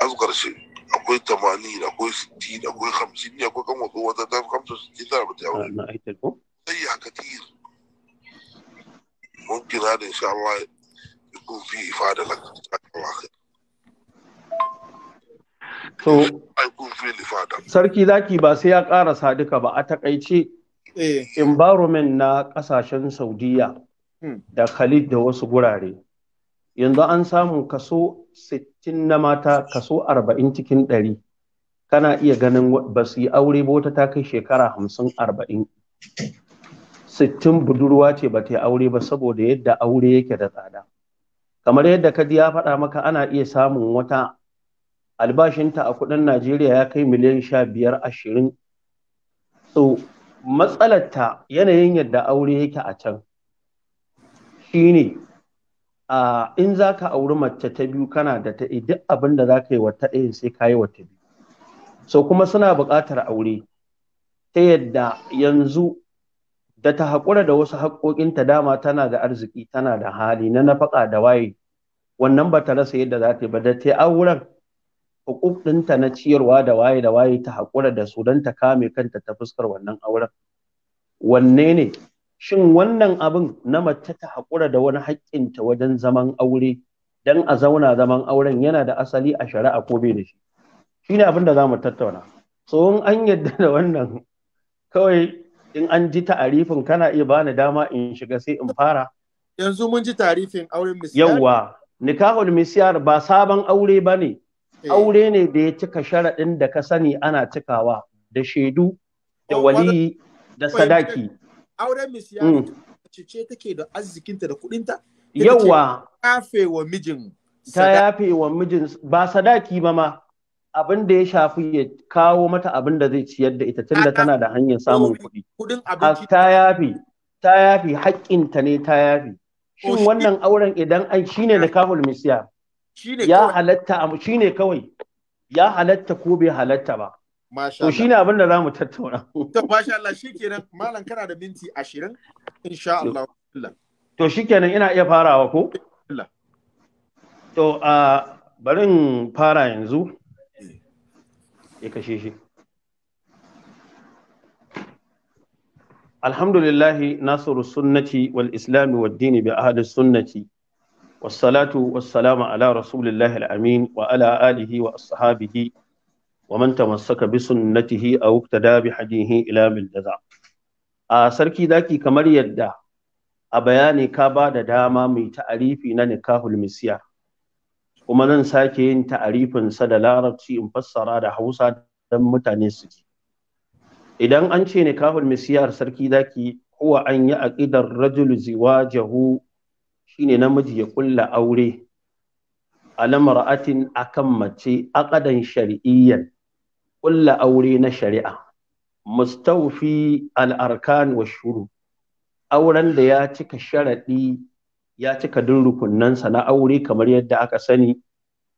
azkar shi akwai tamanin akwai sittin akwai hamsin ne akwai kan wasu wata ta fi hamsin sittin sana ba ta yawon سيئة كثير ممكن
sarki zaki ba sai ya ƙarasa duka ba a takaice eh. environment na ƙasashen Saudiyya hmm. da khalid da wasu gurare yanzu an samu kaso sittin na mata kaso 40 cikin ɗari, kana iya ganin ba aure bota ta kai shekara 50 40 sittin budurwa ce ba ta yi aure ba saboda yadda aure yake da tsada kamar yadda ka ji ya faɗa maka ana iya samun wata albashinta a kudin najeriya ya kai miliyan sha biyar ashirin so matsalarta yanayin yadda aure yake a can shine a in za ka auri mace ta biyu kana da ta duk abin da za ka yi wata ɗaya sai ka yi wata biyu so kuma suna buƙatar aure ta yadda yanzu da ta haƙura da wasu ta dama tana da arziki tana da hali na nafaƙa da waye wannan ba ta rasa yadda za ta yi ba da ta yi auren hukuk ɗinta na ciyarwa da waye da waye ta haƙura da su don ta kame kanta ta fuskar wannan auren wanne ne shin wannan abin na mace ta haƙura da wani haƙƙinta wajen zaman aure don a zauna zaman auren yana da asali a shari'a ko bai da shi shine abin da za mu tattauna Tsohon an yadda da wannan kawai in an ji ta'arifin kana iya bani dama in shiga sai in fara yanzu mun ji tarifin auren misiyar? Yawwa, nikahul misiyar ba sabon aure ba ne eh. aure ne da ya cika sharaɗin da ka sani ana cikawa da shaidu
da
wali
da sadaki
auren misiyar mm. ce take da arzikinta da kuɗinta Yawwa wa mijin ta yafe wa mijin ba
sadaki ba ma abin da ya shafi ya kawo mata abin da zai ciyar da ita tunda tana da hanyar samun kuɗi. Ta yafi, ta yafi haƙƙinta ne ta yafi. Shin wannan auren idan an shine da kafin misiya. Ya halatta ne kawai. Ya halatta ko bai halatta ba. To shi ne abin da za mu tattauna.
To masha Allah shi kenan malam kana da minti ashirin insha Allah.
To shi kenan ina iya farawa ko? To a ah, barin fara yanzu. ya kashe shi. Alhamdulillahi Nasiru Sunnati wal Islami wa Dini bi Ahadu Sunnati, wassalatu wassalamu ala Rasulillahi amin wa ala alihi wa ashabihi wa man tamassaka bi sunnatihi a wuktada bi hadihi ila da A sarki zaki kamar yadda a bayani ka ba da dama mai ta'arifi na nikahul misiyar. kuma zan sake yin ta'arifin sa da larabci in fassara da hausa don mutane su ji idan an ce kafin misiyar sarki zaki huwa an yi aƙidar rajul ziwajahu shine namiji ya kulla aure alamar'atin akan mace aqadan shar'iyyan kulla aure na shari'a mustawfi al-arkan wa shuru auren da ya cika sharadi ya cika duk rukunansa na aure kamar yadda aka sani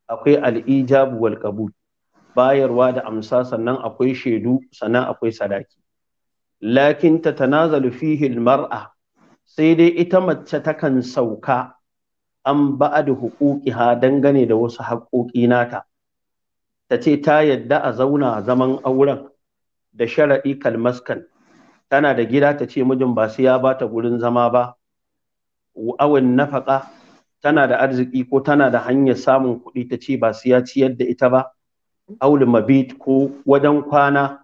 akwai al'ijabu wal qabul bayarwa da amsa sannan akwai shaidu sannan akwai sadaki lakin ta tanazalu fihi mar'a sai dai ita mace takan sauka an ba'ad huquqiha dangane da wasu haƙoƙi nata ta ce ta yadda a zauna zaman auren da shara'i kalmaskan tana da gida ta ce mijin ba sai ya bata gurin zama ba awin nafaka tana da arziki ko tana da hanyar samun kuɗi ta ce ba su ya ciyar da ita ba aul mabit ko wajen kwana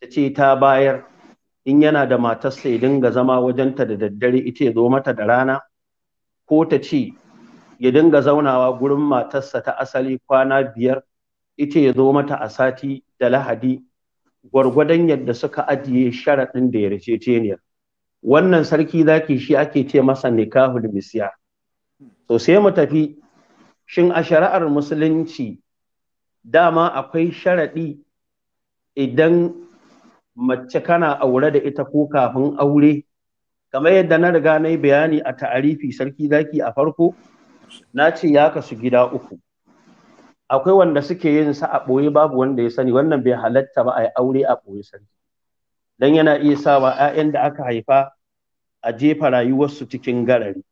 ta ce ta bayar in yana da matarsa ya dinga zama wajenta da daddare ita ya zo mata da rana ko ta ce ya dinga zaunawa gurin matarsa ta asali kwana biyar ita ya zo mata a sati da lahadi gwargwadon yadda suka ajiye sharaɗin da ya ne. wannan sarki zaki shi ake ce masa nikahul misya to sai mu tafi shin a shari'ar musulunci dama akwai sharaɗi idan mace kana aure da ita ko kafin aure kamar yadda na riga na yi bayani a ta'arifi sarki zaki a farko na ce ya kasu gida uku akwai wanda suke yin sa a ɓoye babu wanda ya sani wannan bai halatta ba a yi aure a ɓoye sarki dan yana iya sawa 'ya'yan da aka haifa a jefa rayuwarsu cikin garari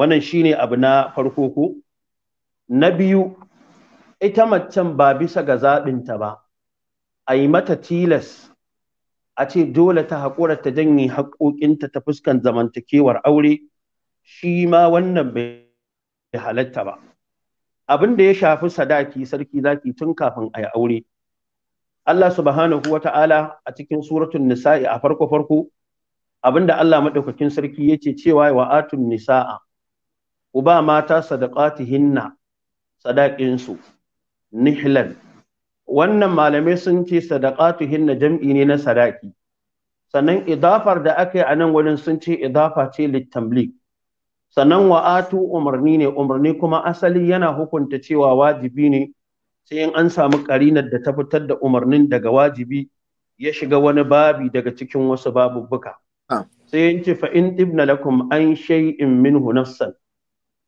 wannan shine abu na farko ko na biyu ita macen ba bisa ga ta ba a yi mata tilas a ce dole ta haƙura ta janye haƙoƙinta ta fuskan zamantakewar aure shi ma wannan bai halatta ba abin da ya shafi sadaki sarki zaki tun kafin a yi aure Allah subhanahu wa ta'ala a cikin suratun nisa'i a farko farko abinda Allah maɗaukakin sarki yace cewa wa atun nisaa uba mata sadaqatihinna sadaqin su nihlan wannan malamai sun ce hinna jam'i ne na sadaki sannan idafar da aka yi a nan wurin sun ce idafa ce litamlik sannan wa'atu umarni ne umarni kuma asali yana hukunta cewa wajibi ne sai in an samu karinar da ta fitar da umarnin daga wajibi ya shiga wani babi daga cikin wasu babubbuka Ah. sai yanke fa in ibna lakum an shay'in min hunassan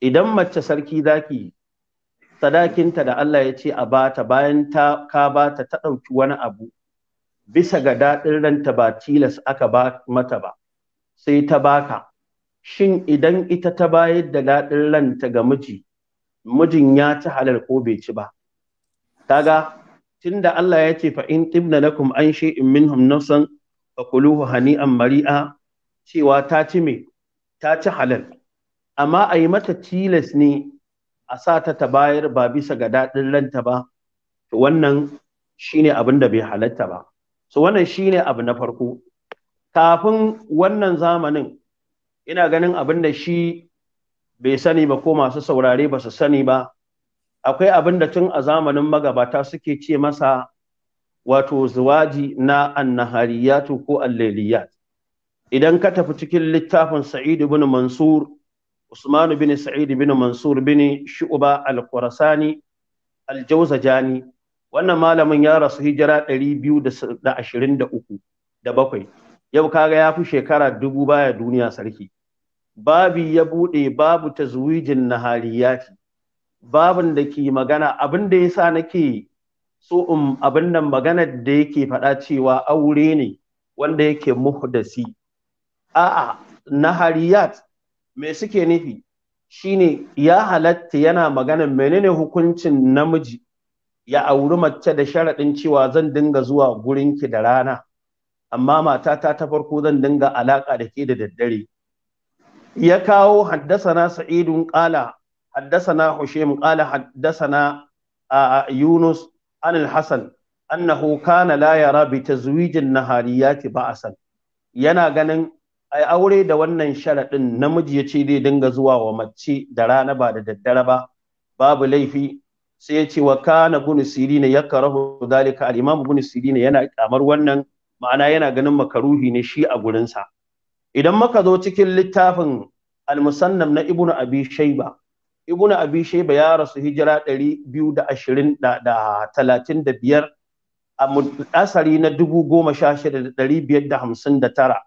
idan mace sarki zaki sadakinta da Allah ya ce a bata bayan ta ka bata ta ɗauki wani abu bisa ga daɗin ranta ba tilas aka ba mata ba sai ta baka shin idan ita ta bayar da daɗin ranta ga miji mijin ya ci halar ko bai ci ba kaga tunda Allah ya ce fa in tibna lakum an shay'in minhum nafsan fakuluhu hani'an mari'a cewa ta ci me ta ci halal amma a yi mata tilas ne a sa ta ta bayar ba bisa ga daɗin ranta ba to wannan shine abin da bai halatta ba so wannan shine abu na farko kafin wannan zamanin ina ganin abin da shi bai sani ba ko masu saurare ba su sani ba akwai abin da tun a zamanin magabata suke ce masa wato zuwaji na annahariyatu ko alleliyat idan ka tafi cikin littafin sa'id ibn mansur usman bin sa'id bin mansur bin shu'ba al-qurasani al-jawzajani wannan malamin ya rasu hijira 223 da bakwai yau kaga ya fi shekara dubu baya duniya sarki babi ya bude babu tazwijin nahariyati babin da ke magana abin da yasa nake so um, abin nan maganar da yake faɗa cewa aure ne wanda yake muhdasi a'a nahariyat me suke nufi shine ya halatta yana maganan menene hukuncin namiji ya auri mace da sharaɗin cewa zan dinga zuwa gurin ki da rana amma matata ta farko zan dinga alaƙa da ke da daddare ya kawo haddasana sa'idun ƙala haddasana hushaim ƙala haddasana a yunus an Hassan, hasan annahu kana la yara bi tazwijin nahariyati ba'asan yana ganin ai aure da wannan sharaɗin namiji ya ce zai dinga zuwa wa mace da rana ba da daddare ba babu laifi sai ya ce wa kana ibn sirin yakrahu dalika al-imam ibn sirin yana kamar wannan ma'ana yana ganin makaruhi ne shi a gurinsa idan muka zo cikin littafin al na ibn abi Shaiba. Ibuna abi ya rasu hijira ɗari biyu da ashirin da talatin da biyar a asari na dubu goma sha shida da ɗari biyar da hamsin da tara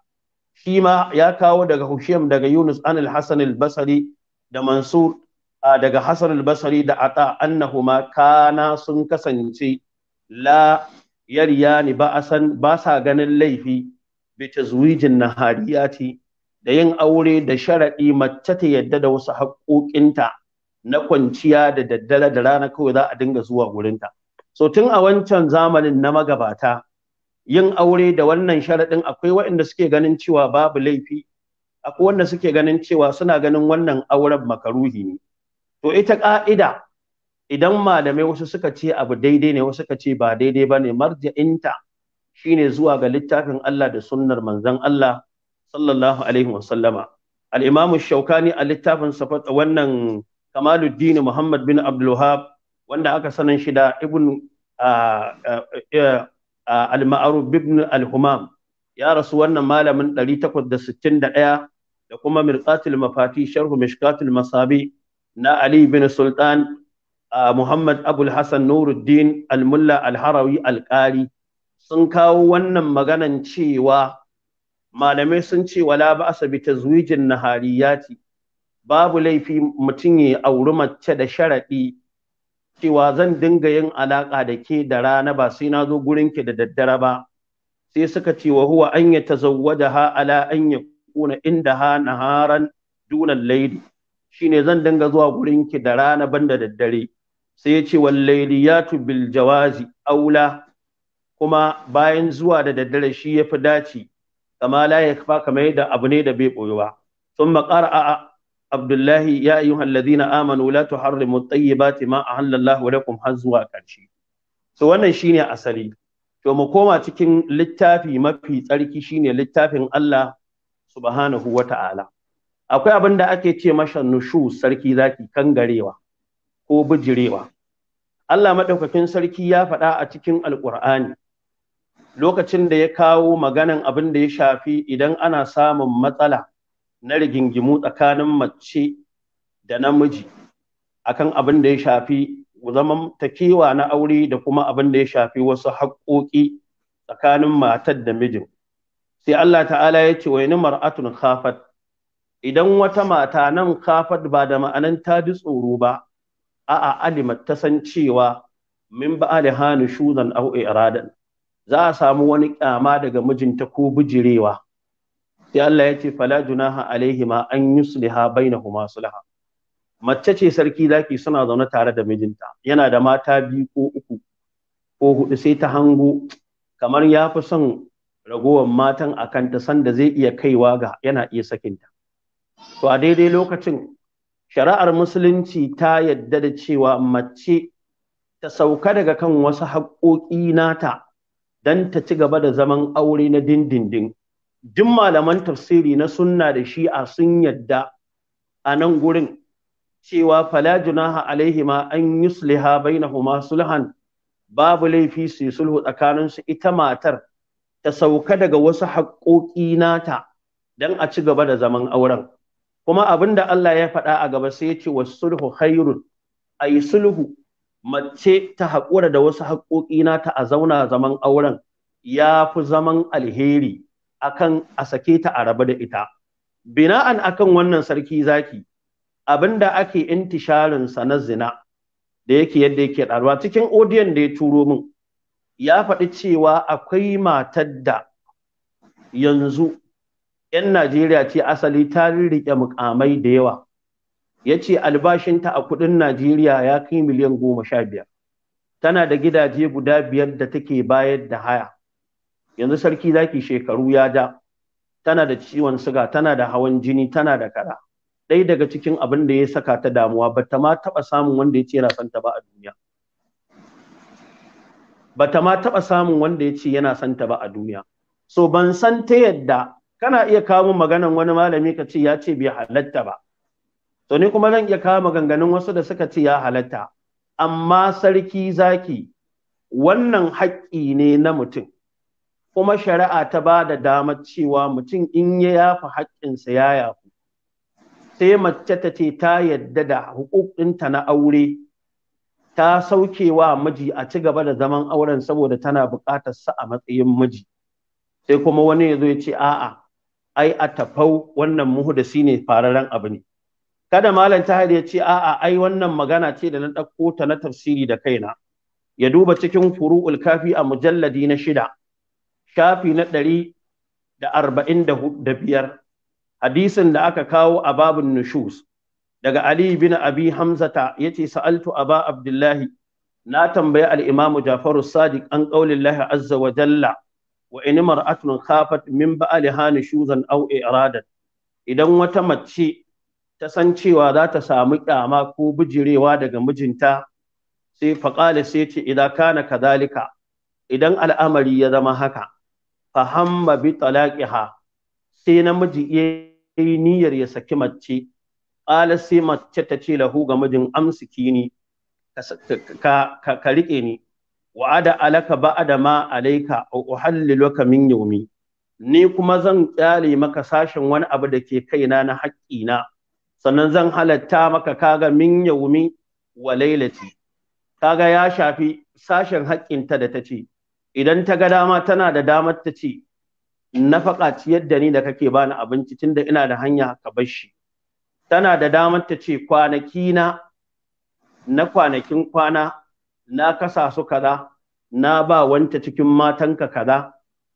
shi ma ya kawo daga hushiyam daga yunus an al-hasan al basari da mansur daga Hassan al da ata annahuma kana sun kasance la yariya ni ba asan ba sa ganin laifi bi tazwijin nahariyati da yin aure da sharaɗi mace ta yadda da wasu haƙoƙinta na kwanciya da daddare da rana kawai za a dinga zuwa gurinta so tun a wancan zamanin na magabata yin aure da wannan sharaɗin akwai waɗanda suke ganin cewa babu laifi akwai wanda suke ganin cewa suna ganin wannan auren makaruhi ne to ita ƙa'ida idan malamai wasu suka ce abu daidai ne wasu suka ce ba daidai ba ne marja'inta shine zuwa ga littafin Allah da sunnar manzon Allah sallallahu alaihi wasallama al-imamu shaukani a littafin wannan kamaluddin muhammad bin abdulwahab wanda aka sanin shi da ibn ah, ah, eh, ah, al-ma'aruf ibn al-humam ya rasu wannan malamin 861 da kuma mirqatul mafati sharhu mishkatul masabi na ali bin sultan muhammad abul hasan nuruddin al-mulla al-harawi al-qari sun kawo wannan maganan cewa malamai sun ce wala ba'asa bi tazwijin nahariyati babu laifi mutum ya auri mace da sharaɗi cewa zan dinga yin alaƙa da ke da rana ba sai na zo gurinki da daddare ba sai suka ce wa huwa an ya tazawwada ha ala an ya kuna inda ha naharan dunan laili shine zan dinga zuwa gurinki da rana banda daddare sai ya ce ya bil jawazi aula kuma bayan zuwa da daddare shi yafi dace kama la ya kafa kamar yadda abu ne da bai ɓoyo ba sun maƙara a'a. abdullahi ya ayyuhal ladina amanu la tuharrimu at a ma ahallallahu lakum har zuwa ƙarshe so wannan shine asali to mu koma cikin littafi mafi tsarki shine littafin Allah subhanahu wata'ala akwai abin da ake ce masa nushu sarki zaki kangarewa ko bijirewa Allah madaukakin sarki ya faɗa a cikin alqur'ani lokacin da ya kawo maganan abin da ya shafi idan ana samun matsala na rigingimu tsakanin mace da namiji akan abin da ya shafi zaman takewa na aure da kuma abin da ya shafi wasu haƙoƙi tsakanin matar da mijin sai Allah ta'ala ya ce wa ni mar'atun khafat idan wata mata nan khafat ba da ma'anan ta ji tsoro ba a'a alimat ta san cewa min ba alihanu shuzan au iradan za a samu wani kyama daga mijinta ko bijirewa sai Allah ya ce fala junaha alaihima an yusliha bainahuma sulha mace ce sarki zaki suna zaune tare da mijinta yana da mata biyu ko uku ko hudu sai ta hango kamar ya fi son ragowar matan a kanta sanda zai iya kaiwa ga yana iya sakinta to a daidai lokacin shari'ar musulunci ta yadda da cewa mace ta sauka daga kan wasu haƙoƙi nata don ta ci gaba da zaman aure na dindindin duk malaman tafsiri na sunna da shi'a sun yadda a nan gurin cewa fala junaha alaihi ma an yusliha bainahuma sulhan babu laifi su sulhu tsakanin su ita matar ta sauka daga wasu haƙoƙi nata dan a ci gaba da zaman auren kuma abin da Allah ya faɗa a gaba sai ya ce wa sulhu khairun ayi sulhu mace ta haƙura da wasu haƙoƙi nata a zauna zaman auren ya fi zaman alheri akan a sake ta a rabu da ita bina'an akan wannan sarki zaki abinda ake intisharin sa na zina da yake yadda yake ɗaruwa cikin odiyon da ya turo min ya faɗi cewa akwai matar da yanzu 'yan Najeriya ce asali ta riƙe mukamai da yawa ya ce albashinta a kuɗin Najeriya ya kai miliyan goma sha biyar tana da gidaje guda biyar da take bayar da haya yanzu sarki zaki shekaru ya ja tana da ciwon suga tana da hawan jini tana da kara ɗaya daga cikin abin da ya saka ta damuwa ba ta ma taɓa samun wanda ya ce yana son ta ba a duniya ba ta ma taɓa samun wanda ya ce yana son ta ba a duniya so ban san ta yadda kana iya kawo maganan wani malami ka ce ya ce bai halatta ba to ni kuma zan iya kawo maganganun wasu da suka ce ya halatta amma sarki zaki wannan haƙƙi ne na mutum kuma shari'a ta ba da damar cewa mutum in ya yafa haƙƙinsa ya yafu sai mace ta ce ta yadda da hukukinta na aure ta sauke wa miji a ci gaba da zaman auren saboda tana buƙatar sa a matsayin miji sai kuma wani ya zo ya ce a'a ai a tafau wannan muhdasi ne fararen abu ne kada malam tahir ya ce a'a ai wannan magana ce da na ɗauko ta na tafsiri da kaina ya duba cikin furu'ul kafi a mujalladi na shida shafi na ɗari da arba'in da biyar hadisin da aka kawo a babin nushus daga Aliyu bin Abi Hamzata yace sa'altu Aba Abdullahi na tambayi al-Imam Jafaru Sadiq an qaulillahi azza wa jalla wa in mar'atun khafat min ba'liha nushuzan aw iradan idan wata mace ta san cewa za ta samu kyama ko bijirewa daga mijinta sai faqala sai ce idan kana kazalika, idan al'amari ya zama haka fa bi talaqiha sai namiji yayi niyyar ya saki mace qala sai mace ta ce lahu ga mijin amsiki ni ka ka rike ni wa ada alaka ba'da ma alayka uhalliluka min yawmi ni kuma zan kyale maka sashen wani abu da ke kaina na haƙƙina sannan zan halatta maka kaga min yawmi wa lailati kaga ya shafi sashen haƙƙinta da ta ce idan ta ga dama tana da damar ta ce na faƙa ci yadda ni da kake bani abinci tunda ina da hanya ka bar shi tana da damar ta ce kwanaki na na kwanakin kwana na kasa su kaza na ba wanta cikin matanka kaza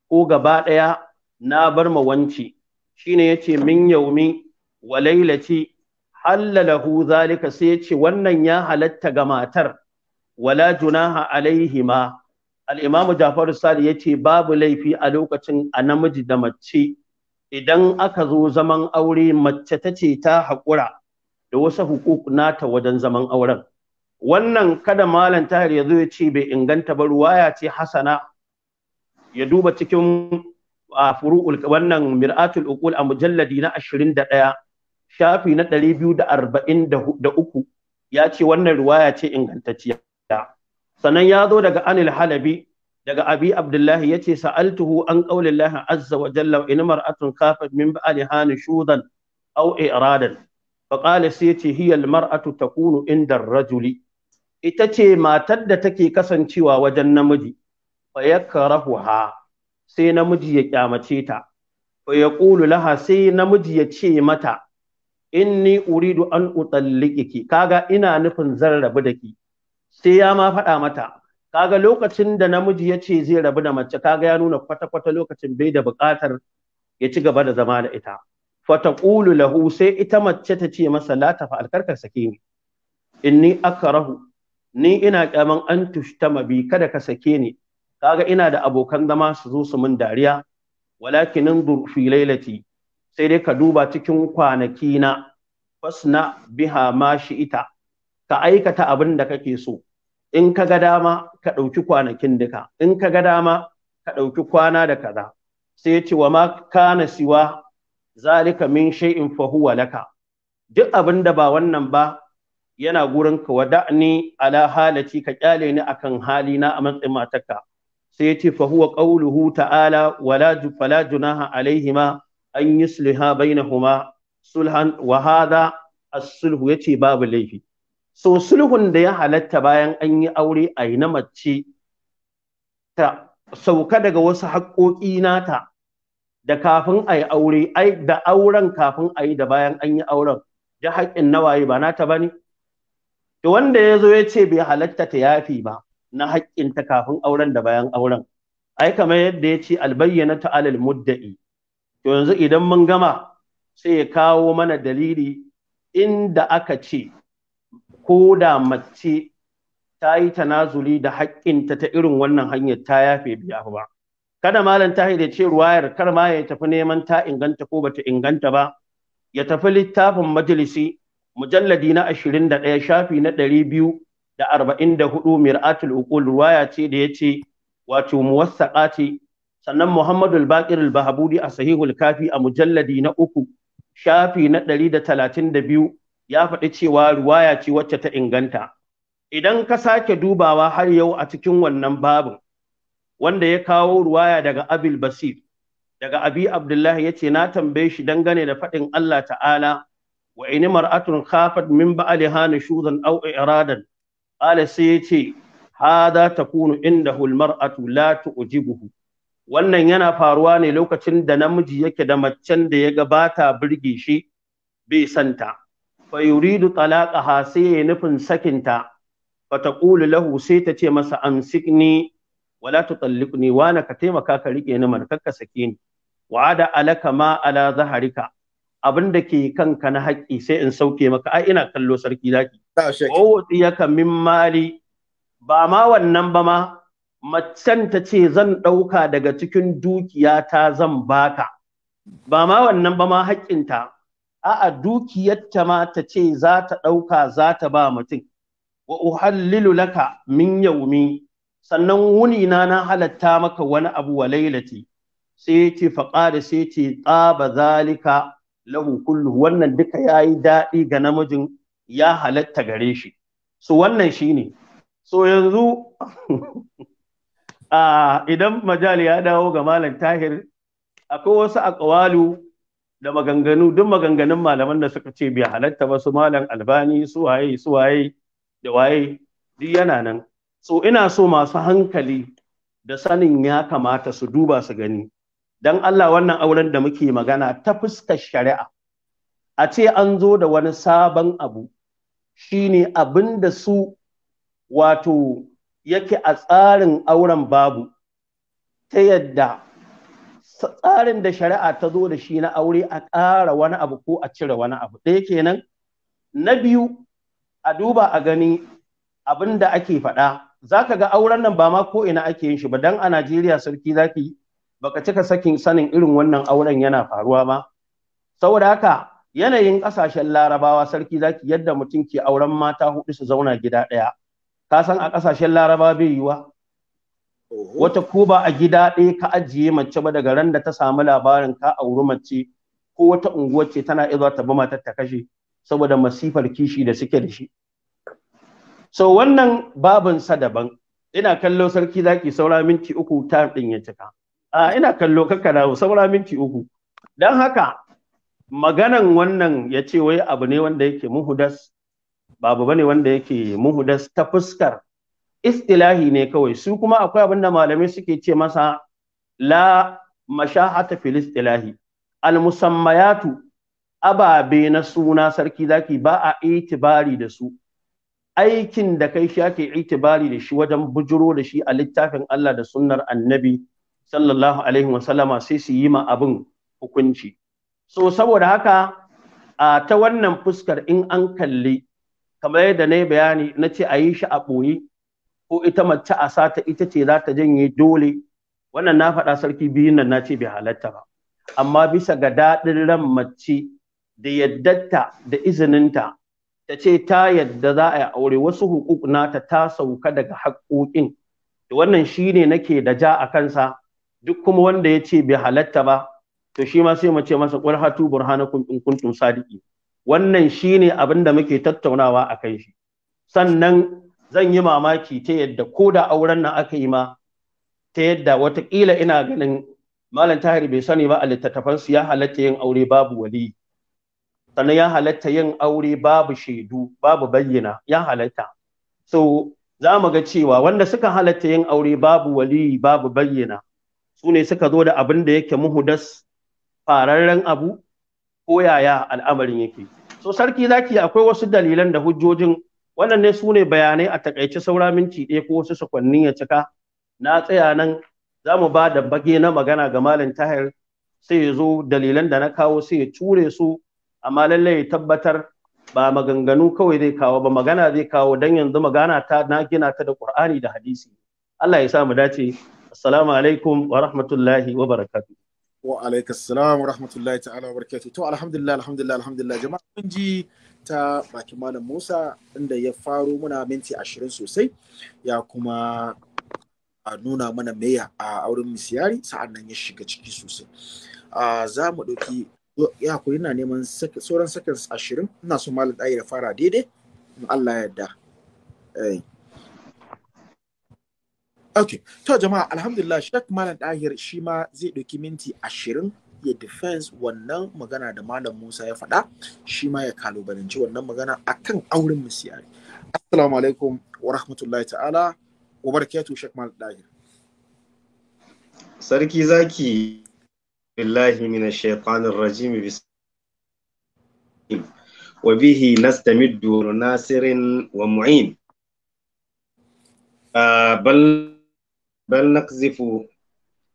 ko gaba ɗaya na bar ma wanci shine yace min yaumi wa lailati halalahu zalika sai yace wannan ya halatta ga matar wala junaha alaihima al'imamu jafaru sadi ya ce babu laifi a lokacin a namiji da mace idan aka zo zaman aure mace ta ce ta haƙura da wasu hukuk nata wajen zaman auren wannan kada malam tahir ya zo ya ce bai inganta ba ruwaya ce hasana ya duba cikin furu'ul wannan mir'atul uqul a mujalladi na 21 shafi na 243 ya ce wannan ruwaya ce ingantacciya sannan ya zo daga anil halabi daga abi abdullahi ce sa'altuhu an qaulillahi azza wa jalla in mar'atun kafat min ba'li hani shudan aw iradan fa qala sai hiya al mar'atu takunu inda rajuli ita ce matar da take kasancewa wajen namiji fa yakrahuha sai namiji ya kyamace ta fa yaqulu laha sai namiji ya ce mata inni uridu an utalliki kaga ina nufin zan rabu da ki sai ya ma faɗa mata kaga lokacin da namiji ya ce zai rabu da mace kaga ya nuna kwata-kwata lokacin bai da buƙatar ya ci gaba da zama da ita fataqulu lahu sai ita mace ta ce masa la tafa alkarkar sake ni inni akrahu ni ina kyaman an tushtama bi kada ka sake ni kaga ina da abokan zama su zo su min dariya walakin indur lailati sai dai ka duba cikin kwanaki na fasna biha ma shi ita ka aikata abin da kake so in ka ga dama ka ɗauki kwanakin duka in ka ga dama ka ɗauki kwana da kaza sai ce wa ma kana siwa zalika min shay'in fa huwa laka duk abin da ba wannan ba yana gurin ka wada'ni ala halati ka kyale ni akan na a matsayin matarka sai ce fa huwa qauluhu ta'ala wala fala junaha alaihima an yusliha bainahuma sulhan wa hadha as-sulhu yace babu laifi so sulhun da ya halatta bayan an yi aure a yi na mace ta sauka daga wasu haƙoƙi nata da kafin a yi aure ai da auren kafin a yi da bayan an yi auren Ji haƙƙin nawaye ba nata ba ne to wanda ya zo ya ce bai halatta ta yafi ba na haƙƙin ta kafin auren da bayan auren ai kamar yadda ya ce albayyana ta alal mudda'i to yanzu idan mun gama sai ya kawo mana dalili inda aka ce ko da mace ta yi tanazuli da haƙƙinta ta irin wannan hanyar ta yafe biya ba kada malam tahir ya ce ruwayar kar ma ya tafi neman ta inganta ko bata inganta ba ya tafi littafin majalisi mujalladi na da ɗaya shafi na 244 mir'atul uqul ruwaya ce da yace wato ce? sannan Muhammadu al-Baqir al-Bahabudi a Sahihul Kafi a mujalladi na uku shafi na ɗari da da talatin biyu. ya faɗi cewa ruwaya ce wacce ta inganta idan ka sake dubawa har yau a cikin wannan babin wanda ya kawo ruwaya daga abil basir daga abi abdullahi ya ce na tambaye shi dangane da faɗin allah ta'ala wa ini mar'atun khafat min hana shuzan au iradan ala sai ya ce hulmar takunu indahu ta la tu'jibuhu wannan yana faruwa ne lokacin da namiji yake da macen da ya gabata birge shi bai santa fayuridu talaka ha sai ya nufin sakinta fa ƙulu lahu sai ta ce masa sikni wala tutalliqni wa na ka taimaka ka rike ni markaka kakka sake ni wa ada alaka ma ala zaharika abin da ke kanka na haƙƙi sai in sauke maka ai ina kallo sarki zaki ya ka min mali ba ma wannan ba ma macen ta ce zan ɗauka daga cikin dukiya ta zan baka ba ma wannan ba ma haƙƙinta a'a dukiyarta ma ta ce za ta ɗauka za ta ba mutum wa uhallilu laka min yaumi sannan wuni na na halatta maka wani abu wa lailati sai ya ce faƙada sai ce tsaba zalika lahu kullu wannan duka ya yi daɗi ga namijin ya halatta gare shi so wannan shine so yanzu idan majal ya dawo ga malam tahir akwai wasu akwalu da maganganu duk maganganun malaman da suka ce bai halatta ba su malam albani su waye su waye da waye duk yana nan so ina so masu hankali da sanin ya kamata su duba su gani dan Allah wannan auren da muke magana ta fuskar shari'a a ce an zo da wani sabon abu shine abin da su wato yake a tsarin auren babu ta yadda tsarin da shari'a ta zo da shi na aure a ƙara wani abu ko a cire wani abu ɗaya kenan na biyu a duba a gani abin da ake faɗa za ka ga auren nan ba ma ko ina ake yin shi ba dan a najeriya sarki za ba baka cika sakin sanin irin wannan auren yana faruwa ba saboda haka yanayin ƙasashen larabawa sarki za ki yadda mutum ke auren mata huɗu su zauna gida ɗaya ka san a ƙasashen larabawa bai yiwuwa wata ko ba a gida ɗaya ka ajiye mace ba daga ran da ta samu labarin ka auri mace ko wata unguwar ce tana iya ta bi matar ta kashe saboda masifar kishi da suke da shi so wannan babin sa daban ina kallo sarki zaki saura minti uku ta din ya cika a ina kallo kakka dawo saura minti uku dan haka maganan wannan ya ce wai abu ne wanda yake muhudas babu bane wanda yake muhudas ta fuskar istilahi ne kawai su kuma akwai abin da malamai suke ce masa la mashahata fil istilahi al musammayatu ababe na suna sarki zaki ba a itibari da su aikin da kai shi ake itibari da shi wajen bujuro da shi a littafin Allah da sunnar annabi sallallahu alaihi wa sallama sai su yi ma abin hukunci so saboda haka a ta wannan fuskar in an kalli kamar yadda na yi bayani na ce a yi shi a ɓoye ko ita mace a sata ita ce za ta janye dole wannan na faɗa sarki biyun nan na ce bai halatta ba amma bisa ga daɗin ran mace da yaddarta da izininta ta ce ta yadda za a yi aure wasu hukuk nata ta sauka daga haƙoƙin to wannan shine nake da ja a kansa duk kuma wanda ya ce bai halatta ba to shi ma sai mu ce masa qul hatu burhanakum in kuntum sadiqi wannan shine abin da muke tattaunawa a kai shi sannan zan yi mamaki ta yadda ko da auren nan aka yi ma ta yadda watakila ina ganin malam tahir bai sani ba a littattafansu ya halatta yin aure babu wali sannan ya halatta yin aure babu shaidu babu bayyana ya halatta so za mu ga cewa wanda suka halatta yin aure babu wali babu bayyana su ne suka zo da abin da yake muhudas fararren abu ko yaya al'amarin yake so sarki zaki akwai wasu dalilan da hujjojin waɗanne su ne bayanai a takaice saura minti ɗaya ko wasu sakwannin ya cika na tsaya nan za mu ba da bage na magana ga malam tahir sai ya zo dalilan da na kawo sai ya ture su amma lallai ya tabbatar ba maganganu kawai zai kawo ba magana zai kawo dan yanzu magana ta na gina ta da qur'ani da hadisi Allah ya sa mu dace assalamu alaikum wa rahmatullahi wa barakatuh
wa alaikas wa rahmatullahi ta'ala wa barakatuh to alhamdulillah alhamdulillah alhamdulillah jama'a mun ji ta bakin malam Musa inda ya faro muna minti ashirin sosai ya kuma a nuna mana meya a auren misiyari sa'an nan ya shiga ciki sosai za mu ɗauki ya kuri na neman sauran sakan ashirin ina so malam ɗaya da fara daidai in Allah yadda. Eh. ok to jama'a alhamdulillah shek malam ɗahir shi ma zai ɗauki minti ashirin ya defense wannan magana da malam Musa ya faɗa shi ma ya kalubalanci wannan magana akan auren misiyari assalamu alaikum wa rahmatullahi ta'ala wa barakatu shek mal Dahir.
sarki zaki billahi minash shaitanir rajim wa bihi nastamiddu nasirin wa mu'in ah, bal bal naqzifu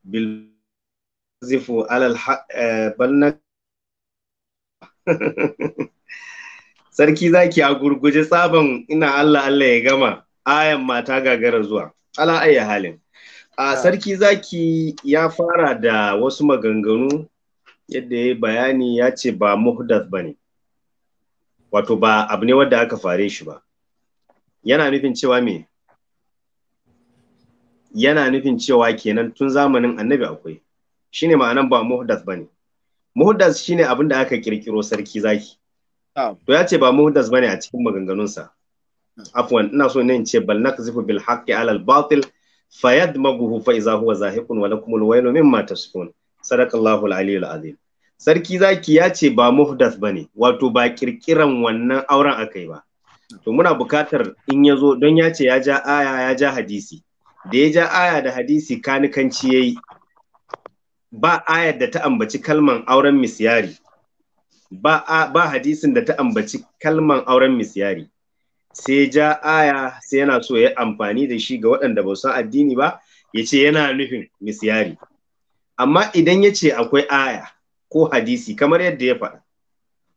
bil zifu alal banna sarki zaki a gurguje sabon ina Allah Allah ya gama ayan mata gagara zuwa ala ayya halin a sarki zaki ya fara da wasu maganganu yadda ya bayani ya ce ba muhdath ba ne wato ba abu ne wadda aka fare shi ba yana nufin cewa me yana nufin cewa kenan tun zamanin annabi akwai shine ma'anan ba muhdas bane muhdas shine abin da aka kirkiro sarki zaki to ya ce ba muhdas bane a cikin maganganunsa afwan ina so ne in ce bal nakzifu bil haqqi ala al batil fayadmaghuhu fa idza huwa zahiqun wa lakum al waylu mimma tasifun sadakallahu al al azim sarki zaki ya ce ba muhdas bane wato ba kirkiran wannan auren akai ba to muna bukatar in ya zo don ya ce ya ja aya ya ja hadisi da ya ja aya da hadisi kanikanci yayi ba ayar da ta ambaci kalman auren misyari ba ba hadisin da ta ambaci kalman auren misyari sai ja aya sai yana so ya amfani da shi ga waɗanda ba san addini ba ya ce yana nufin misyari amma idan ya ce akwai aya ko hadisi kamar yadda ya faɗa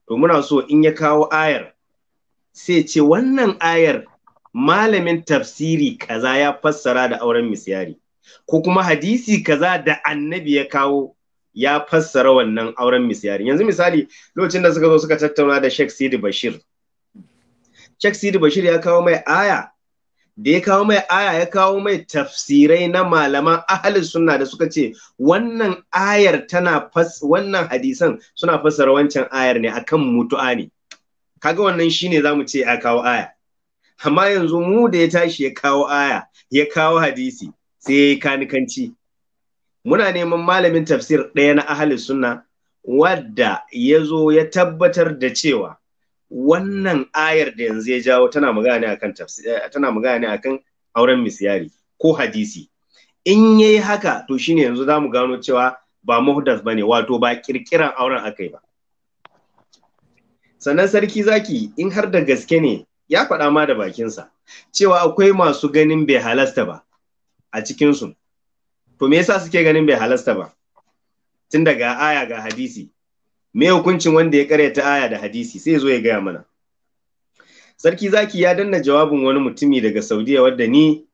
to muna so in ya kawo ayar sai ce wannan ayar malamin tafsiri kaza ya fassara da auren misyari ko kuma hadisi kaza da annabi ya kawo ya fassara wannan auren misyari yanzu misali lokacin da suka zo suka tattauna da Sheikh Sidi Bashir Sheikh Sidi Bashir ya kawo mai aya da ya kawo mai aya ya kawo mai tafsirai na malaman ahli sunna da suka ce wannan ayar tana fas wannan hadisan suna fassara wancan ayar ne akan mutu'a ne kaga wannan shine zamu ce ya kawo aya amma yanzu mu da ya tashi ya kawo aya ya kawo hadisi sai ya yi kanikanci muna neman malamin tafsir ɗaya na ahalin suna wadda ya zo ya tabbatar da cewa wannan ayar da yanzu ya jawo tana magana ne a kan eh, akan auren misyari ko hadisi in ya yi haka to shi ne yanzu za mu gano cewa ba muhdas ne wato ba kirkiran auren akai ba sannan sarki zaki in har da gaske ne ya faɗa ma da bakinsa cewa akwai masu ganin bai halasta ba a cikinsu. To me yasa suke ganin bai halasta ba? Tun daga aya ga hadisi. Me hukuncin wanda ya karyata aya da hadisi sai zo ya gaya mana. Sarki zaki ya danna jawabin wani mutumi daga Saudiya wadda ni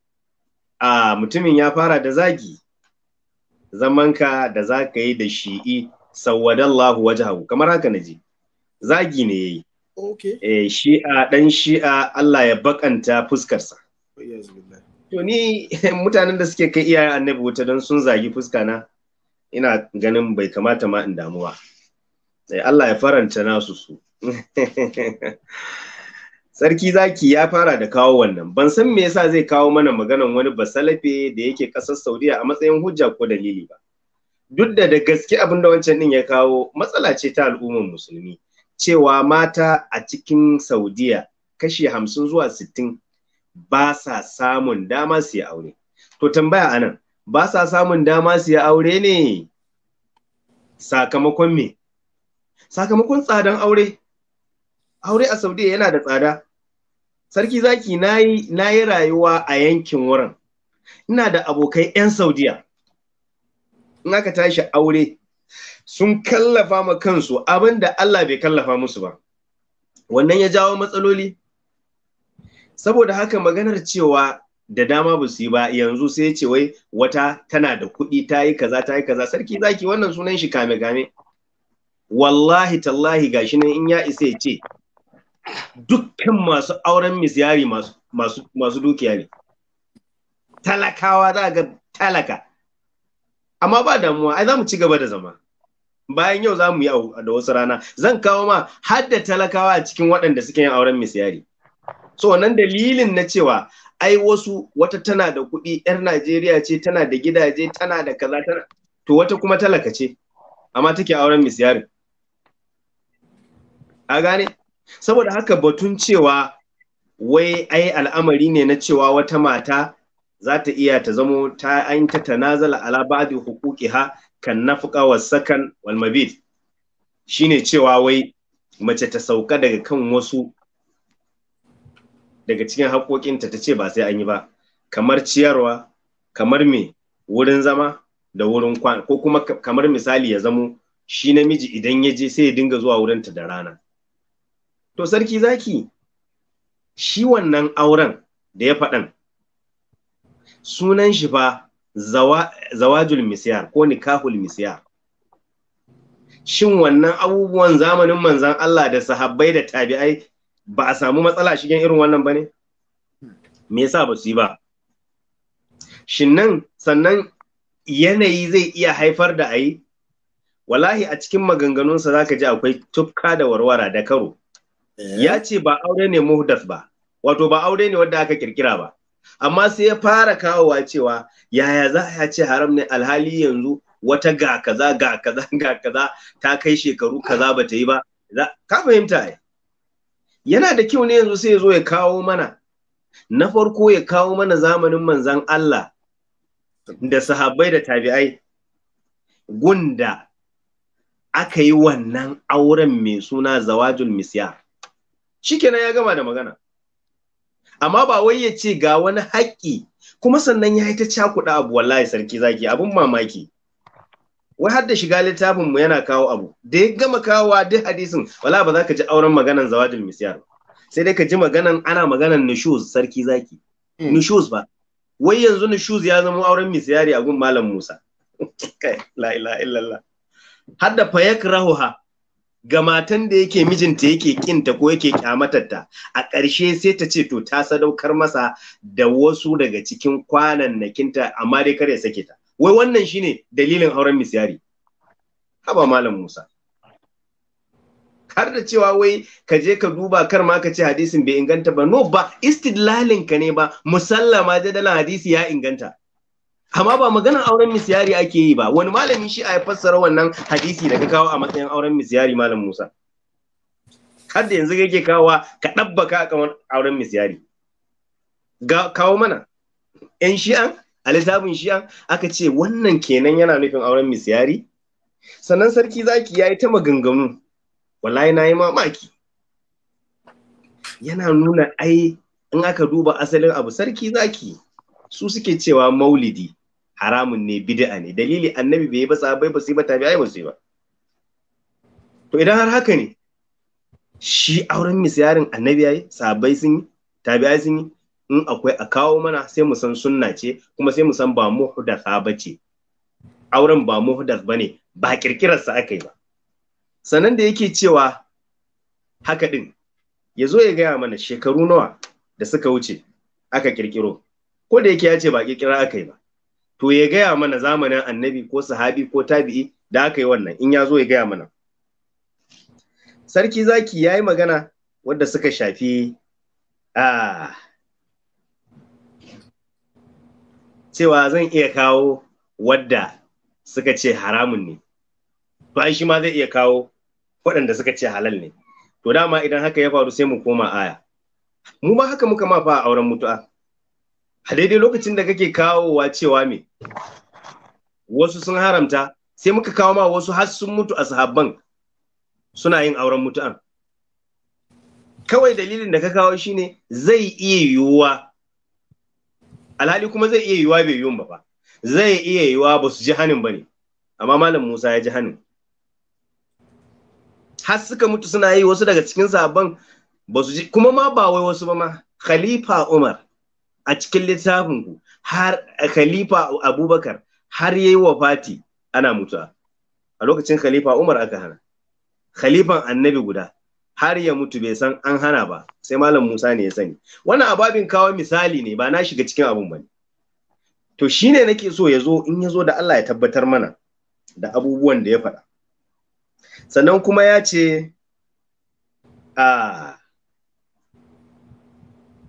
a mutumin ya fara da zagi. Zamanka da za ka yi da shi'i sawwadallahu wajahu kamar haka naji Zagi ne yayi. Okay. Eh, shi'a dan shi'a Allah ya bakanta fuskarsa. Yes, To ni mutanen da suke kai iyayen annabi wuta don sun zagi fuska na ina ganin bai kamata ma in damuwa. Eh, Allah ya faranta nasu su. Sarki zaki ya fara da kawo wannan. Ban san me yasa zai kawo mana maganar wani basalafe da yake ƙasar Saudiya a matsayin hujja ko dalili ba. Duk da da gaske abin da wancan din ya kawo matsala ce ta al'ummar musulmi cewa mata a cikin Saudiya kashi hamsin zuwa sittin ba sa samun dama su yi aure. To tambaya anan, ba sa samun dama su yi aure ne sakamakon me? Sakamakon tsadan aure. Aure a Saudiya yana da tsada. Sarki zaki na yi rayuwa a yankin wurin. Ina da abokai 'yan Saudiya. In aka tashi aure, sun kallafa ma kansu abin da Allah bai kallafa musu ba. Wannan ya jawo matsaloli. saboda haka maganar cewa da dama ba su yi ba yanzu sai ya ce wai wata tana da kuɗi ta yi kaza ta yi kaza sarki zaki wannan sunan shi kame kame wallahi tallahi gashi nan in ya isa ya ce dukkan masu auren misyari masu masu masu dukiya ne talakawa za ga talaka amma ba damuwa ai za mu ci gaba da zama bayan yau za mu yi da wasu rana zan kawo ma hadda talakawa a cikin waɗanda suke yin auren misyari so nan dalilin na cewa ai wasu wata tana da kuɗi yar Najeriya ce tana da gidaje tana da kaza tana to wata kuma talaka ce amma take auren Yari a gane saboda haka batun cewa wai ai al'amari ne na cewa wata mata za ta iya ta zamo ta an ta tanazala ala ba'di huquqiha kan nafqa wa sakan wal mabit shine cewa wai mace ta sauka daga kan wasu daga cikin haƙoƙinta ta ce ba sai an yi ba kamar ciyarwa kamar me wurin zama da wurin kwana ko kuma kamar misali ya zamo shi namiji idan ya je sai ya dinga zuwa wurinta da rana to sarki zaki shi wannan auren da ya faɗan sunan shi fa zawajul misyar ko nikahul misyar shin wannan abubuwan zamanin manzan Allah da sahabbai da tabi'ai ba a samu matsala shigen irin wannan ba ne? Me yasa ba su yi ba? Shin nan sannan yanayi zai iya haifar da ayi? Wallahi a cikin maganganunsa za ka ji akwai tufka da warwara da karo. Eh. Ya ce ba aure ne muhdas ba, wato ba aure ne wadda aka kirkira ba. Amma sai ya fara kawowa cewa yaya za a ce haram ne alhali yanzu wata ga kaza ga kaza ga kaza ta kai shekaru kaza ba ta yi ba. Ka fahimta ai. yana da kyau ne yanzu sai ya zo ya kawo mana na farko ya kawo mana zamanin manzan Allah da sahabbai da tabi'ai gunda aka yi wannan auren mai suna zawajul shi kenan ya gama da magana amma ba wai ya ce ga wani haƙƙi kuma sannan ya yi ta cakuɗa abu wallahi sarki zaki abin mamaki wai har da shiga littafin mu yana kawo abu da ya gama kawowa duk hadisin wala ba za ka ji auren maganan zawadul misyar sai dai ka ji maganan ana maganan nushuz sarki zaki hmm. nushuz ba wai yanzu nushuz ya zama auren misyari a gun malam Musa kai la ilaha har da fayakrahuha ga matan da yake mijinta yake kinta ko yake kyamatarta a ƙarshe sai ta ce to ta sadaukar masa da wasu daga cikin kwanannakinta amma dai kar ya sake ta wai wannan shine dalilin auren misyari haba malam Musa har da cewa wai ka je ka duba kar ma ka ce hadisin bai inganta ba no ba istidlalin ka ne ba musallama jadalan hadisi ya inganta amma ba maganar auren misyari ake yi ba wani malami shi a fassara wannan hadisi da ka kawo a matsayin auren misyari malam Musa har da yanzu kake kawo ka dabbaka kamar auren misyari ga kawo mana yan shi'an a littafin shiya aka ce wannan kenan yana nufin auren misyari sannan sarki zaki ya yi ta maganganu wallahi na yi mamaki yana nuna ai in aka duba asalin abu sarki zaki su suke cewa maulidi haramun ne bid'a ne dalili annabi bai ba bai ba su ba tabi'ai ba su ba to idan har haka ne shi auren misyarin annabi yayi sahabbai sun yi tabi'ai sun yi in akwai a kawo mana sai mu san sunna ce kuma sai mu san ba muhdasa ba ce auren ba muhdas ba ne ba aka yi ba sannan da yake cewa haka din ya zo ya gaya mana shekaru nawa da suka wuce aka kirkiro ko da yake ya ce ba kirkira aka yi ba to ya gaya mana zamanin annabi ko sahabi ko tabi'i da aka yi wannan in ya zo ya gaya mana sarki zaki ya yi magana wadda suka shafi ah, cewa zan iya kawo wadda suka ce haramun ne to shi ma zai iya kawo waɗanda suka ce halal ne to dama idan haka ya faru sai mu koma aya mu ma haka muka ma fa a auren mutu'a a daidai lokacin da kake kawowa cewa me wasu sun haramta sai muka kawo ma wasu har sun mutu a sahabban suna yin auren mutu'an kawai dalilin da ka kawo shine zai iya yiwuwa alhali kuma zai iya yiwuwa bai yiwu ba zai iya yiwuwa ba su ji hannun ba ne amma malam musa ya ji hannun har suka mutu suna yi wasu daga cikin sabon ba su ji kuma ma ba wai wasu ba ma khalifa umar a cikin littafin ku har khalifa abubakar har ya wa wafati ana mutuwa a lokacin khalifa umar aka hana khalifan annabi guda har ya mutu bai san an hana ba sai malam Musa ne ya sani wannan ababin kawo misali ne ba na shiga cikin abun bane to shine nake so ya zo in ya zo da Allah ya tabbatar mana da abubuwan da ya faɗa sannan kuma ya ce a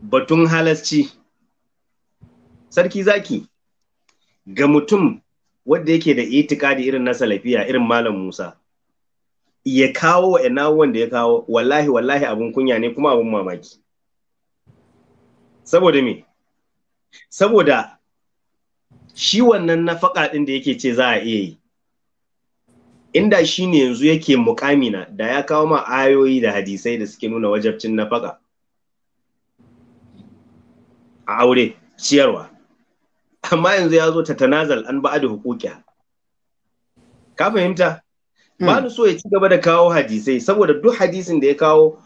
batun halasci sarki zaki ga mutum wanda yake da itikadi irin na salafiya irin malam Musa ya kawo wa ina wanda ya kawo wallahi wallahi abun kunya ne kuma abun mamaki saboda me saboda shi wannan nafaka ɗin da yake ce za a iya yi inda shi ne yanzu yake mukamina da ya kawo ma ayoyi da hadisai da suke nuna wajabcin nafaka a aure ciyarwa amma yanzu ya zo ta tanazal an ba da hukukiya ka fahimta ba hmm. ni so ya ci gaba da kawo hadisai saboda duk hadisin da ya kawo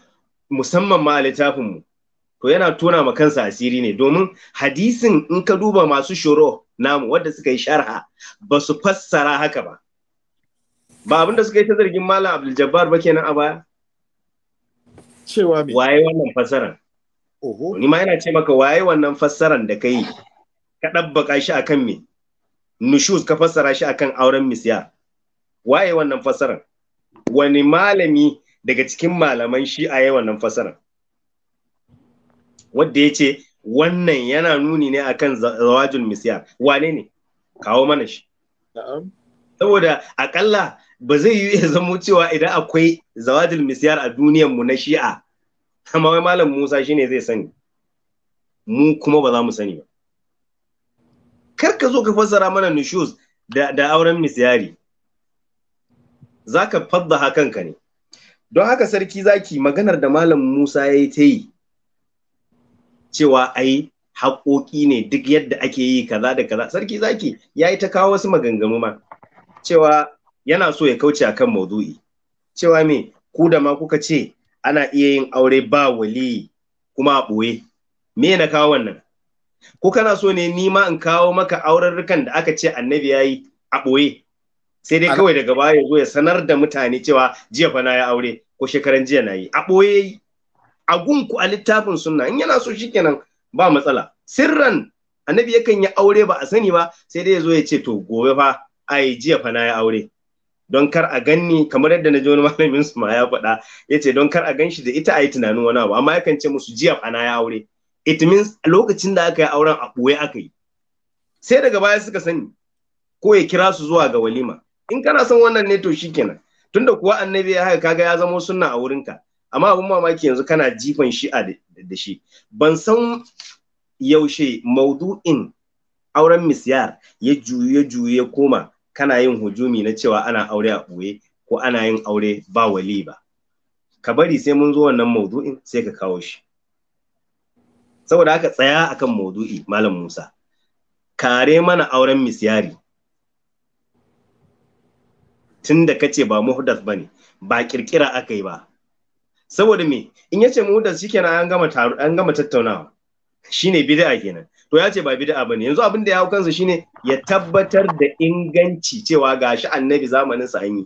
musamman ma a littafin mu to yana tona ma kansa asiri ne domin hadisin in ka duba masu shoro namu wadda suka yi sharha ba su fassara haka ba ba abinda suka yi ta zargin malam abdul ba kenan a baya cewa me waye wannan fassaran oho ni ma yana ce maka waye wannan fassaran da kai ka dabbaka shi akan me nushus ka fassara shi akan auren misyar waye wannan fasaran wani malami daga cikin malaman shi a wannan fasaran wadda ya ce wannan yana nuni ne akan zawajin misiyar wane ne kawo mana shi saboda akalla ba zai yi ya zamo cewa idan akwai zawajin misiyar a duniyanmu na shi'a amma wai malam musa shi ne zai sani mu kuma ba za mu sani ba kar ka zo ka fassara mana nushus da, da auren misyari Za zaka fadda kanka ne don haka sarki zaki maganar da malam Musa ya yi ta yi cewa ai haƙoƙi ne duk yadda ake yi kaza da kaza sarki zaki ya yi ta kawo wasu maganganu ma cewa yana so ya kauce akan maudu'i cewa me ku da ma kuka ce ana iya yin aure ba wali kuma a me na kawo wannan ko kana so ne ni ma in kawo maka aurarrukan da aka ce annabi ya yi a ɓoye sai dai kawai daga baya zo ya sanar da mutane cewa jiya fa na ya aure ko shekaran jiya na yi a ɓoye a gunku a littafin sunna in yana so shikenan ba matsala sirran annabi yakan yi aure ba a sani ba sai dai ya zo ya ce to gobe fa ai jiya fa na ya aure don kar a ganni kamar yadda na ji wani malamin su ma ya faɗa ya ce don kar a gan shi da ita a yi tunanin wani abu amma yakan ce musu jiya fa na ya aure it means lokacin da aka yi auren a ɓoye aka yi sai daga baya suka sani ko ya kira su zuwa ga walima in kana son wannan ne to shikenan tunda kuwa annabi ya haka kaga ya zama sunna a wurinka amma abin mamaki yanzu kana jifan shi a da shi ban san yaushe maudu'in auren misyar ya juyu ya juyu ya koma kana yin hujumi na cewa ana aure a ɓoye ko ana yin aure ba wali ba ka bari sai mun zo wannan maudu'in sai ka kawo shi saboda aka tsaya akan maudu'i malam musa kare mana auren misyari tun da kace ba muhdas ba ne ba kirkira aka yi ba saboda me in yace muhdas shikenan an gama taro an gama tattaunawa shine bid'a kenan to ya ce ba bid'a ne. yanzu abin da ya hau kansa shine ya tabbatar da inganci cewa gashi annabi zamanin sa an yi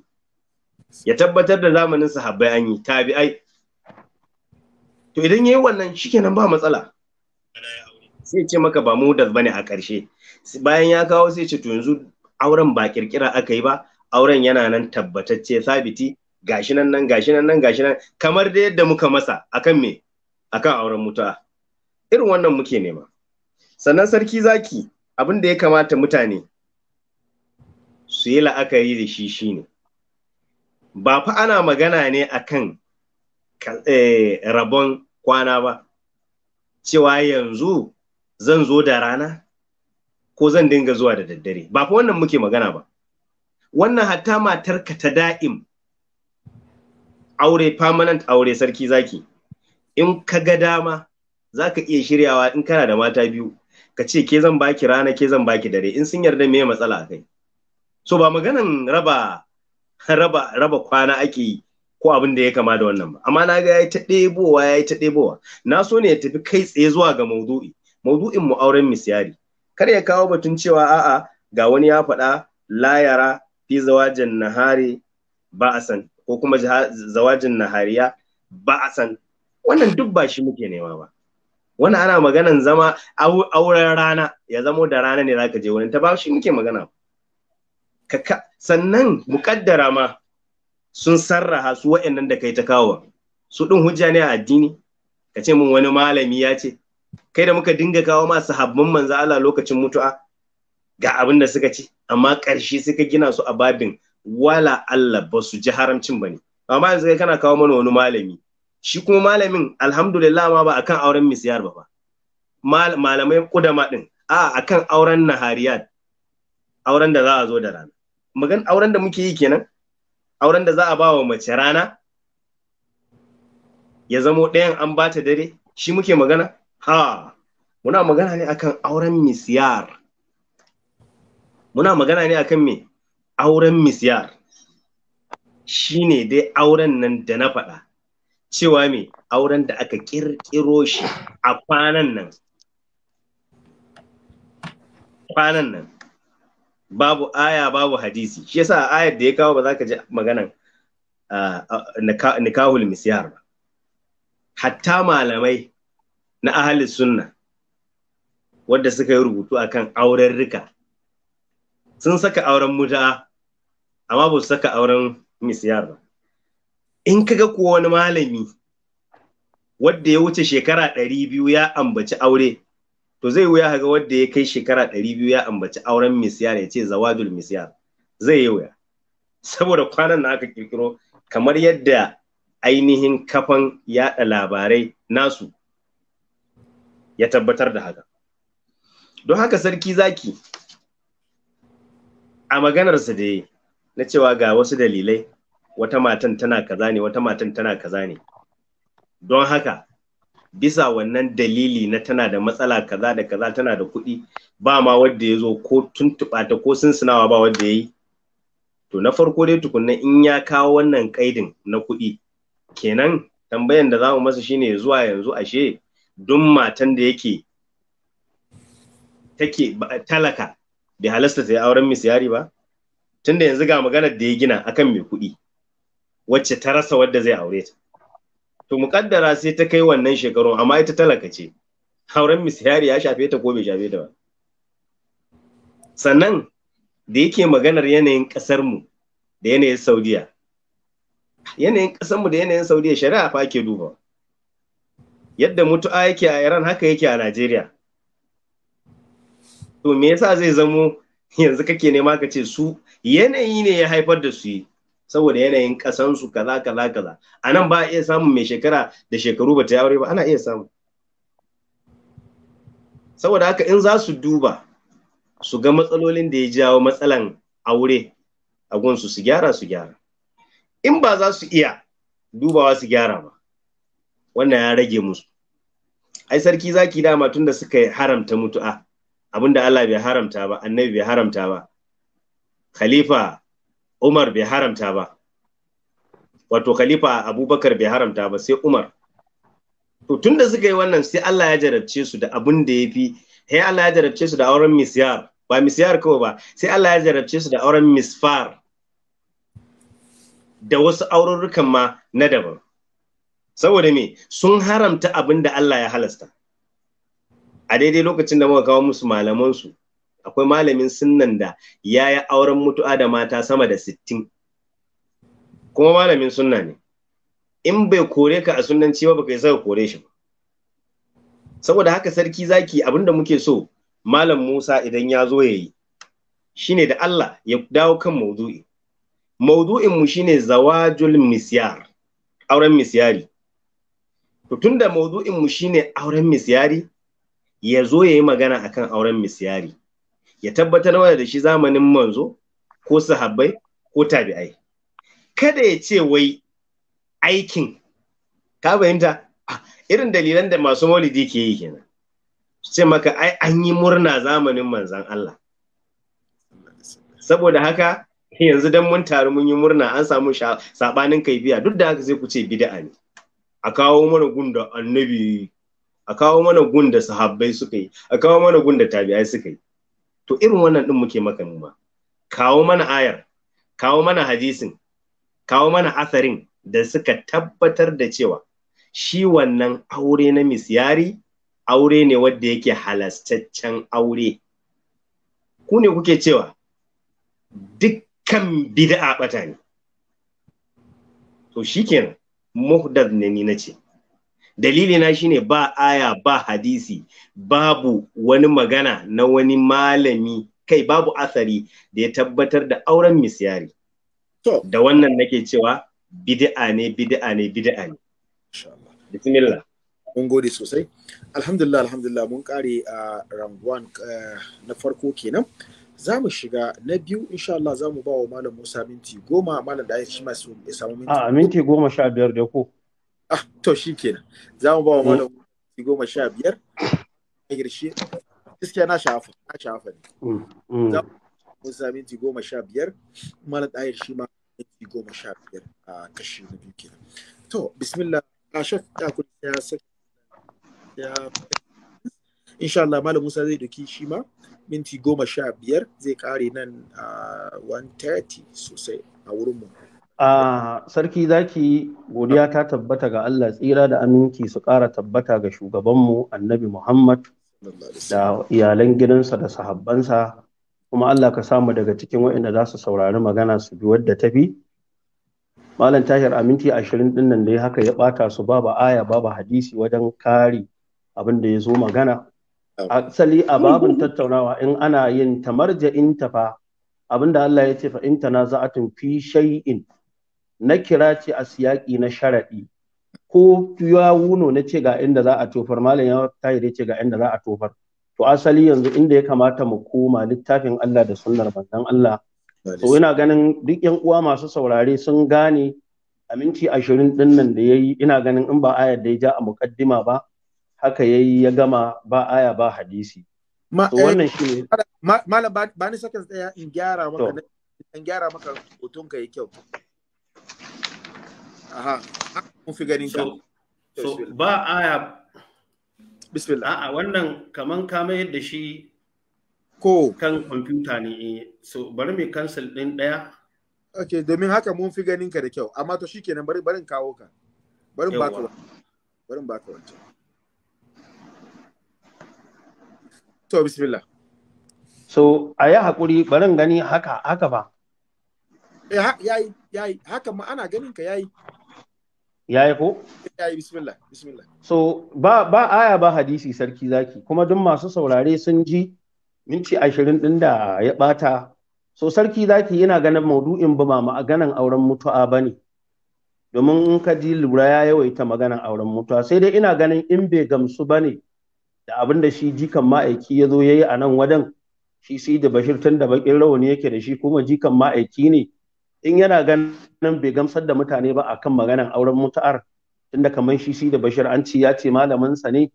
ya tabbatar da zamanin sahabbai an yi tabi'ai to idan yayi wannan shikenan ba matsala sai ce maka ba ba bane a ƙarshe bayan ya kawo sai ce to yanzu auren ba kirkira aka yi ba auren yana nan tabbatacce sabiti gashi nan nan gashi nan nan gashi nan kamar da yadda muka masa akan me akan auren mutuwa irin wannan muke nema sannan sarki zaki abin da ya kamata mutane su yi la'akari da shi shine ba fa ana magana ne akan eh, rabon kwana ba cewa yanzu zan zo da rana ko zan dinga zuwa da daddare ba fa wannan muke magana ba wannan hatta matarka ta da'im aure permanent aure sarki zaki in ka ga dama za ka iya shiryawa in kana da mata biyu ka ce ke zan baki rana ke zan baki dare in sun yarda me matsala kai so ba maganan raba raba raba kwana ake yi ko abin da ya kama da wannan ba amma na ga yayi ta ɗebowa yayi ta ɗebowa na so ne ya tafi kai tsaye zuwa ga maudu'i maudu'in mu auren misyari kar ya kawo batun cewa a'a ga wani ya faɗa layara fi zawajin nahari san ko kuma zawajin nahariya san wannan duk ba shi muke nema ba wannan ana maganan zama auren rana ya zamo da rana ne zaka je wurin ta ba shi muke magana sannan mukaddara ma sun sarraha su wa'annan da kai ta kawo su ɗin hujja ne a addini ka ce min wani malami ya ce kai da muka dinga kawo ma sahabban manzo Allah lokacin mutu'a ga abin da suka ci amma ƙarshe suka gina su a babin wala Allah ba su ji haramcin ba ne amma yanzu kai kana kawo mana wani malami shi kuma malamin alhamdulillah ma ba akan auren misiyar ba malamai kudama din a akan auren nahariyat auren da za a zo da rana magan auren da muke yi kenan auren da za a ba wa mace rana ya zamo ɗayan an ba ta dare shi muke magana ha muna magana ne akan auren misiyar muna magana ne akan me auren misyar shine dai auren nan da na faɗa cewa me auren da aka kirkiro shi a kwanan nan kwanan nan babu aya babu hadisi shi yasa ayar da ya kawo ba za ka ji maganan ah, ah, nikahul misyar ba hatta malamai na ahli sunna wadda suka yi rubutu akan auren rika sun saka auren muja'a amma ba su saka auren misiyar. ba in kaga ko wani malami wadda ya wuce shekara ɗari biyu ya ambaci aure to zai wuya kaga wadda ya kai shekara ɗari biyu ya ambaci auren misiyar ya ce zawadul Misiyar. zai yi wuya saboda kwanan na aka kirkiro kamar yadda ainihin kafan yaɗa labarai nasu ya tabbatar da haka don haka sarki zaki a maganarsa da yi na cewa ga wasu dalilai wata matan tana kaza ne wata matan tana kaza ne don haka bisa wannan dalili na tana da matsala kaza da kaza tana da kuɗi ba ma wadda ya zo ko tuntuɓa ta ko sunsunawa ba wadda ya yi to na farko dai tukunna in ya kawo wannan kaidin na kuɗi kenan tambayan da za mu masa shine zuwa yanzu ashe duk matan da yake take talaka bai halasta ta yi auren misiyari ba tunda yanzu ga maganar da ya gina akan mai kuɗi wacce ta rasa wadda zai aure ta to mukaddara sai ta kai wannan shekaru, amma ita talaka ce auren misiyari ya shafe ta ko bai shafe ta ba sannan da yake maganar yanayin ƙasarmu da yanayin saudiya yanayin ƙasarmu da yanayin saudiya shari'a fa ke duba yadda mutu'a yake a iran haka yake a najeriya to me yasa zai zamo yanzu kake nema ka ce su yanayi ne ya haifar da su yi saboda yanayin kasansu kaza kaza kaza a nan ba a iya samun mai shekara da shekaru ba ta aure ba ana iya samu saboda haka in za su duba su ga matsalolin da ya jawo matsalan aure a gunsu su gyara su gyara in ba za su iya dubawa su gyara ba wannan ya rage musu ai sarki zaki dama tun da suka haramta mutu'a abinda Allah bai haramta ba annabi bai haramta ba khalifa Umar bai haramta ba wato khalifa Abubakar bai haramta ba sai Umar to tunda suka yi wannan sai Allah ya jarabce su da abin da yafi sai Allah ya jarabce su da auren misyar ba misyar kawai ba sai Allah ya jarabce su da auren misfar da wasu aurorukan ma na daban saboda me sun haramta abin da Allah ya halasta a daidai lokacin da muka kawo musu malamansu akwai malamin sunnan da ya yi auren mutu'a da mata sama da sittin kuma malamin sunna ne in bai kore ka a sunanci ba baka yi saka kore shi ba saboda haka sarki zaki abinda muke so malam Musa idan ya zo ya yi, shine da Allah ya dawo kan maudu'i maudu'in mu shine zawajul misyar auren misyari to tunda maudu'in mu shine auren misyari ya zo ya yi magana a kan auren misiyari ya tabbatar wa da shi zamanin manzo ko sahabbai ko tabi'ai kada ya ce wai aikin ka fahimta ah, irin dalilan da masu maulidi ke yi kenan ce maka ai an yi murna zamanin manzan Allah saboda haka yanzu dan mun taru mun yi murna an samu sabanin kaifiya duk da haka sai ku ce bid'a ne a kawo mana gunda annabi a kawo mana gun da sahabbai suka yi a kawo mana gun da tabi'ai suka yi to irin wannan din muke maka mu kawo mana ayar kawo mana hadisin kawo mana asarin da suka tabbatar da cewa shi wannan aure na misyari aure ne wanda yake halastaccen aure ku ne kuke cewa dukkan bid'a bata to shikenan muhdad ne ni na ce dalili na shine ba aya ba hadisi babu wani magana na wani malami kai babu asari da ya tabbatar da auren misyari da wannan nake cewa
bid'a ne bid'a ne bid'a ne bismillah mun gode sosai alhamdulillah alhamdulillah mun kare a round one eh, na farko kenan za mu shiga na biyu insha Allah za mu ba wa malam Musa minti goma malam da ya ci masu ya samu minti a
minti goma sha biyar da ko ah to shi kenan
za mu ba wa hmm? malam goma sha biyar a girshe gaskiya na shafa na shafa ne
hmm, hmm. za
mu sa minti goma sha biyar malam ɗayar shi ma minti goma sha biyar a kashi na biyu kenan to bismillah a shaf ya kudi ya saka insha Allah malam Musa zai doki shi ma minti goma sha biyar zai kare nan a 130 sosai a wurin mu a
sarki zaki godiya ta tabbata ga Allah tsira da aminci su ƙara tabbata ga shugabanmu annabi Muhammad da iyalan gidansa da sahabbansa kuma Allah ka samu daga cikin waɗanda za su saurari magana su bi wadda ta fi. malam tahir aminti ashirin ɗin nan da ya haka ya ɓata su babu aya babu hadisi wajen kari abin da ya zo magana asali a babun tattaunawa in ana yin tamarja in tafa abin da Allah ya ce fa in za'atun fi shay'in na kira ce a siyaƙi na sharaɗi ko ya wuno na ce ga inda za a tofar malam ya tayire ce ga inda za a tofar to asali yanzu inda ya kamata mu koma littafin Allah da sunnar manzon Allah to ina ganin duk yan uwa masu saurare sun gane aminci ashirin din nan da yayi ina ganin in ba ayar da ya ja a muqaddima ba haka yayi ya gama ba aya ba hadisi to eh, wannan
malam ba ni sakin tsaya in gyara maka in gyara maka hoton ka yi kyau Aha, mun fi ganin ka. So, ba aya
Bismillah. A'a wannan kaman kama yadda shi ko kan kwamfuta ne eh. so bari mai cancel din daya.
Ok, domin haka mun fi ganin ka da kyau, amma to shi kenan bari barin kawo ka. Barin ba ka barin ba ka wancan. To, bismillah. So, a
yi haƙuri barin gani haka, haka ba.
Eh, yayi yayi haka ma ana ganin ka yayi yayi ko yayi bismillah bismillah
so ba ba aya ba hadisi sarki zaki kuma duk masu saurare sun ji minti ashirin din da ya bata so sarki zaki yana ganin maudu'in ba ma maganan auren mutu'a bane domin in ka ji lura ya yawaita maganan auren mutuwa sai dai ina ganin in bai gamsu bane da abin da shi jikan ma'aiki ya zo ya yi a nan wajen shi sai da bashir tun da bakin rawani yake da shi kuma jikan ma'aiki ne in yana ganin bai gamsar da mutane ba akan maganar auren mutu'ar tunda kamar shi shi da bashir an ci ya ce malamin sa ne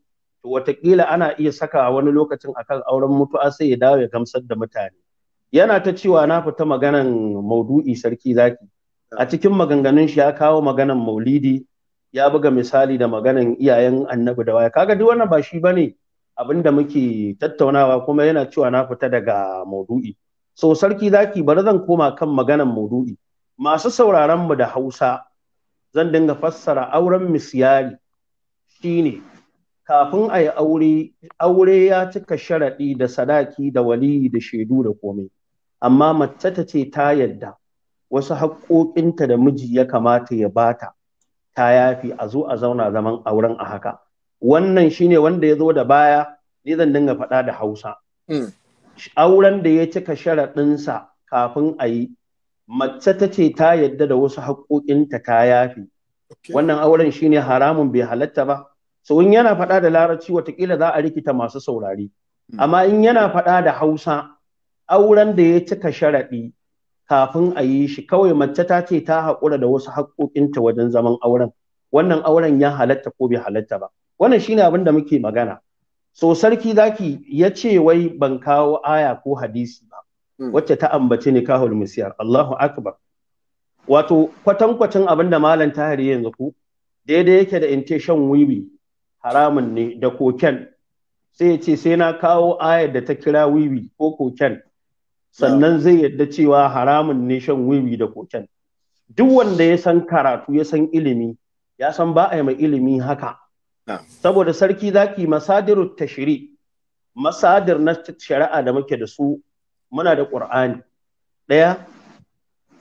to watakila ana iya saka wani lokacin akan auren mutu'a sai ya dawo ya gamsar da mutane yana ta cewa na fita maganan maudu'i sarki zaki a cikin maganganun shi ya kawo maganan maulidi ya buga misali da maganan iyayen annabi da waya kaga duk wannan ba shi bane abin da muke tattaunawa kuma yana cewa na fita daga maudu'i so sarki zaki bari zan koma kan maganan maudu'i masu sauraron mu da Hausa zan dinga fassara auren misyari shine kafin a yi aure aure ya cika sharaɗi da sadaki da waliyi da shaidu da komai amma mace ta ce ta yadda wasu haƙoƙinta da miji ya kamata ya bata ta yafi a zo a zauna zaman auren a haka wannan shine wanda ya zo da baya ni zan dinga faɗa da hausa hmm. auren da ya cika sharaɗinsa kafin a yi mace ta ce ta yadda da wasu haƙoƙinta ta yafi wannan auren shine haramun bai halatta ba so in yana faɗa da larabci watakila za a rikita masu saurari hmm. amma in yana faɗa da hausa auren da ya cika sharaɗi kafin a yi shi kawai mace ta ce ta haƙura da wasu haƙoƙinta wajen zaman auren wannan auren ya halatta ko bai halatta ba wannan shine abin da muke magana so sarki zaki ya ce wai ban kawo aya ko hadisi ba hmm. wacce ta ambaci nikahul musiyar Allahu akbar wato kwatankwacin abin da malam tahiri yanzu ku daidai yake da in shan wiwi haramun ne da koken sai ya ce sai na kawo aya da ta kira wiwi ko koken sannan zai yadda cewa haramun ne shan wiwi da koken duk wanda ya san karatu ya san ilimi ya san ba a yi mai ilimi haka saboda sarki zaki masadiru tashri masadir na shari'a da muke da su muna da ƙur'ani. ɗaya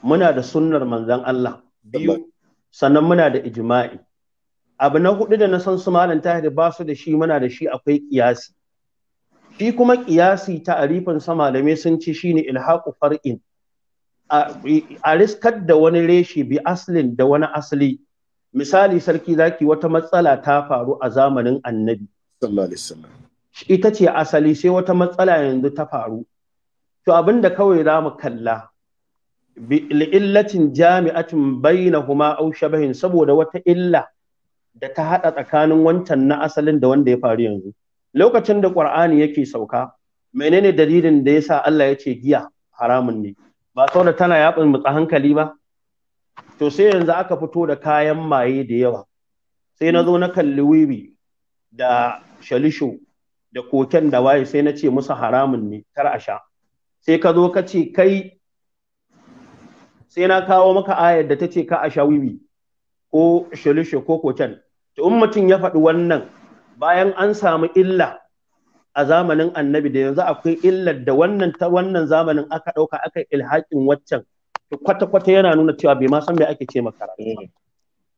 muna da sunnar manzon Allah biyu sannan muna da ijma'i abu na hudu da na san su malam tahir ba su da shi muna da shi akwai kiyasi shi kuma kiyasi ta sa malamai sun ci shine ilhaqu far'in a riskar da wani reshi bi aslin da wani asali. misali sarki zaki wata matsala ta faru a zamanin annabi ita ce asali sai wata matsala yanzu ta faru to abinda kawai za mu kalla illatin jami'atin huma au shabahin saboda wata illa da ta haɗa tsakanin wancan na asalin da wanda ya faru yanzu lokacin da ƙwar'ani yake sauka menene dalilin da ya sa Allah ya ce giya haramun ne ba saboda tana yaɓin mutsa hankali ba to sai yanzu aka fito da kayan maye da yawa sai na zo na kalli wiwi da shalisho da koken da waye sai na ce musu haramun ne kar a sha sai ka zo ka ce kai sai na kawo maka ayar da ta ce ka a sha wiwi ko shalisho ko koken to in mutum ya faɗi wannan bayan an samu illa a zamanin annabi da yanzu akwai illar da wannan ta wannan zamanin aka ɗauka aka ilhaƙin waccan kwata-kwata yana nuna cewa bai ma san me ake ce karatu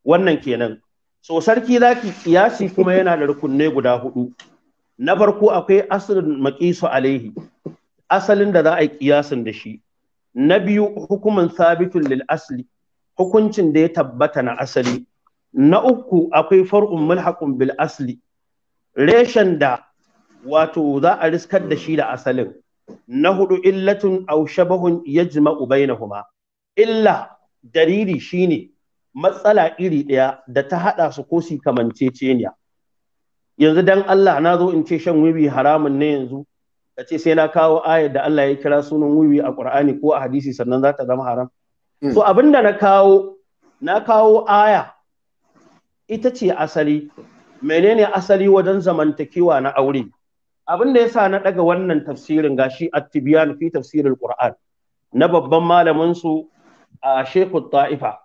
wannan kenan so sarki zaki kiyasi kuma yana da rukunne guda hudu na farko akwai asalin maqisu alaihi asalin da za a yi kiyasin da shi na biyu hukumin sabitun lil asli hukuncin da ya tabbata na asali na uku akwai far'un mulhaqun bil asli reshen da wato za a riskar da shi da asalin na hudu illatun aw shabahun yajma'u bainahuma illa dalili shine matsala iri ɗaya da ta haɗa su ko su kamanceceniya yanzu dan Allah na zo in ce shan wiwi haramun ne yanzu ka ce sai na kawo ayar da Allah ya kira sunan wiwi a Qur'ani ko a hadisi sannan za ta zama haram hmm. so abinda na kawo na kawo aya ita ce asali menene asali wajen zamantakewa na aure abin da yasa na daga wannan tafsirin gashi at-tibyan fi tafsiril qur'an na babban malamin su a Shehu Ta'ifa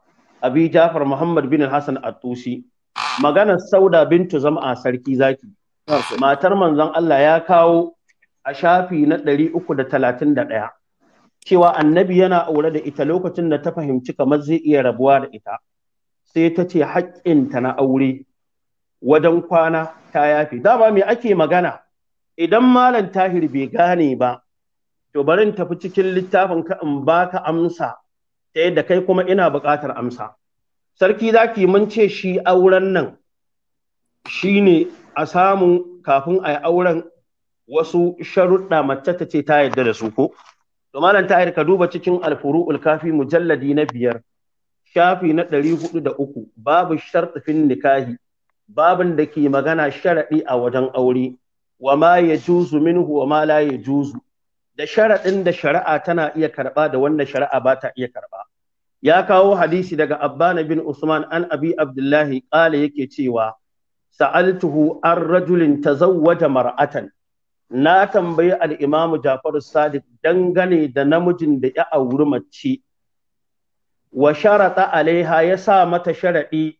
Abi Jafar Muhammad bin Hassan At-Tusi maganar Sauda bintu Zam'a sarki zaki matar manzon Allah ya kawo a shafi na ɗari da talatin ɗaya, cewa annabi yana aure da ita lokacin da ta fahimci kamar zai iya rabuwa da ita sai ta ce haƙƙinta na aure wajen kwana ta yafe dama me ake magana idan malam tahir bai gane ba to bari barin tafi cikin littafin ka in baka amsa ta yadda kai kuma ina buƙatar amsa sarki zaki mun ce shi auren nan shine a samu kafin a yi auren wasu sharuɗa mace ta ce ta yarda da su ko to malam tahir ka duba cikin alfuru'ul kafi mujalladi na biyar shafi na ɗari hudu da uku babu sharɗafin nikahi babin da ke magana sharaɗi a wajen aure wa ma ya juzu minhu wa ma la ya juzu da sharaɗin da shari'a tana iya karɓa da wanda shari'a ba ta iya karɓa ya kawo hadisi daga Abbana bin Usman an Abi Abdullahi ƙala yake cewa sa'altuhu an rajulin tazawwaja mar'atan na tambayi Al'imamu Jafaru Sadiq dangane da namijin da ya auri mace wa sharaɗa alaiha ya sa mata sharaɗi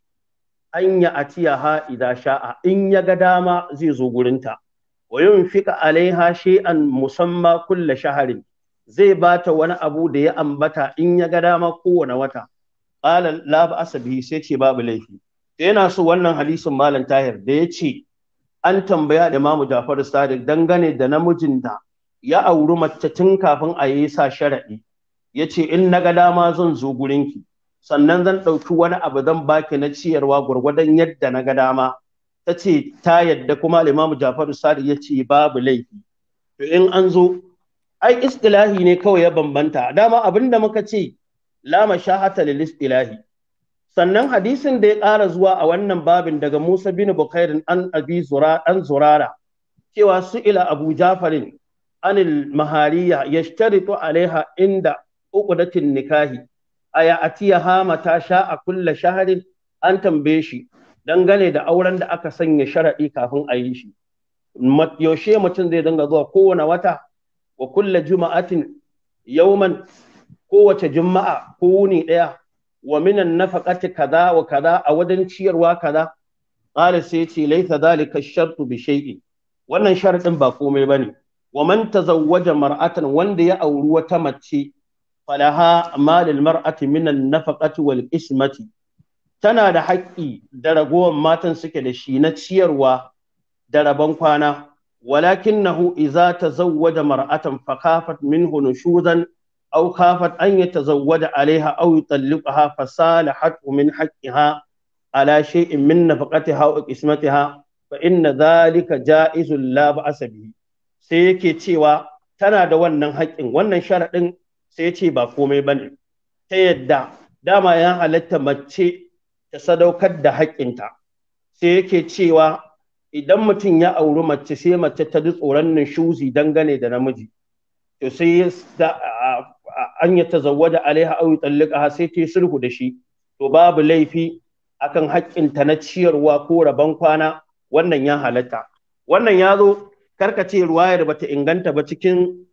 an a atiyaha idza sha'a in ya ga dama zai zo gurinta wa yunfika alaiha shay'an musamma kulle shaharin zai bata wani abu da ya ambata in ya ga dama kowane wata qala la ba'sa bihi sai ce babu laifi yana so wannan hadisin malam tahir da yace an tambaya da imamu Jafaru Sadiq dangane da namijin da ya auri mace tun kafin a yi sa sharaɗi yace in na ga dama zan zo gurinki sannan zan ɗauki wani abu zan baki na ciyarwa gwargwadon yadda na ga dama ta ce ta yadda kuma Limamu Jafaru Sadiq ya ce babu laifi to in an zo ai istilahi ne kawai ya bambanta dama abinda muka ce lama mashahata lil istilahi sannan hadisin da ya ƙara zuwa a wannan babin daga Musa bin Bukairin an abi zura an zurara cewa su'ila Abu Jafarin anil mahariya yashtaritu alaiha inda uqdatin nikahi aya atiya ha mata a kulla shahrin an tambaye shi dangane da auren da aka sanya sharaɗi kafin a yi shi yaushe mutum zai dinga zuwa kowane wata wa kulla juma'atin yauman kowace juma'a ko wuni ɗaya wa minan nafaqati kaza wa kaza a wajen ciyarwa kaza qala sai ce laita zalika shartu bi wannan sharaɗin ba komai bane wa man tazawwaja mar'atan wanda ya auri wata mace falaha malil mar'ati minan nafaqati wal ismati tana da haƙƙi da ragowar matan suke da shi na ciyarwa da rabon kwana walakin nahu iza da mar'atan fakafat minhu nushuzan aw kafat an yatazawwada alaiha aw yutalliqaha fasalahatu min ha ala shay'in min nafaqatiha wa qismatiha fa inna dhalika ja'izun la ba'sa bihi sai yake cewa tana da wannan haƙƙin wannan sharaɗin sai ce ba komai bane ta yadda dama ya halatta mace ta sadaukar da haƙƙinta sai yake cewa idan mutum ya auri mace sai mace ta ji tsoron nishuzi dangane da namiji to sai an ya tazawwada alaiha au yutallika sai ta sulhu da shi to babu laifi akan haƙƙinta na ciyarwa ko rabon kwana wannan ya halatta wannan ya zo karkace ruwayar bata inganta ba cikin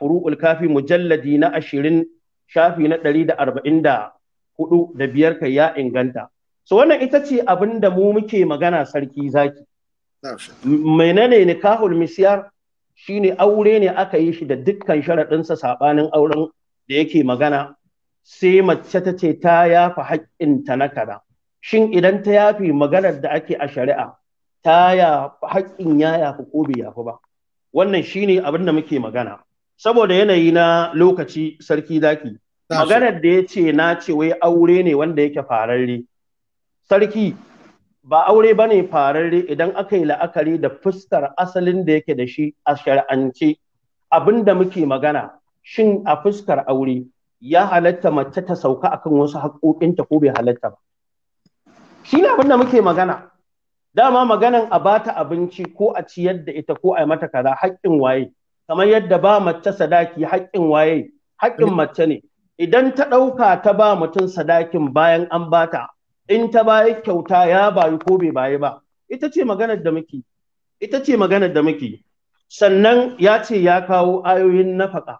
furu'ul kafi mujalladi na ashirin shafi na ɗari hudu da biyar kai ya inganta so wannan ita ce abin mu muke magana sarki zaki menene nikahul misyar shine aure ne aka yi shi da dukkan sharaɗinsa saɓanin auren da yake magana sai mace ta ce ta yafa haƙƙinta na kaza shin idan ta yafi maganar da ake a shari'a ta yafi haƙƙin ya yafi ko bai yafi ba wannan shine abinda da muke magana saboda yanayi na lokaci sarki zaki maganar da ya ce na ce wai aure ne wanda yake fararre sarki ba aure bane ne fararre idan aka yi la'akari da fuskar asalin da yake da shi a shari'ance abin da muke magana shin a fuskar aure ya halatta mace ta sauka akan wasu haƙoƙinta ko bai halatta ba shi ne abin muke magana dama maganan a bata abinci ko a ciyar da ita ko a yi mata kaza haƙƙin waye kamar yadda ba mace sadaki haƙƙin waye haƙƙin mace ne idan ta ɗauka ta ba mutum sadakin bayan an bata in ta bayi kyauta ya bayi ko bai bayi ba ita ce maganar da muke ita ce maganar da muke sannan ya ce ya kawo ayoyin nafaka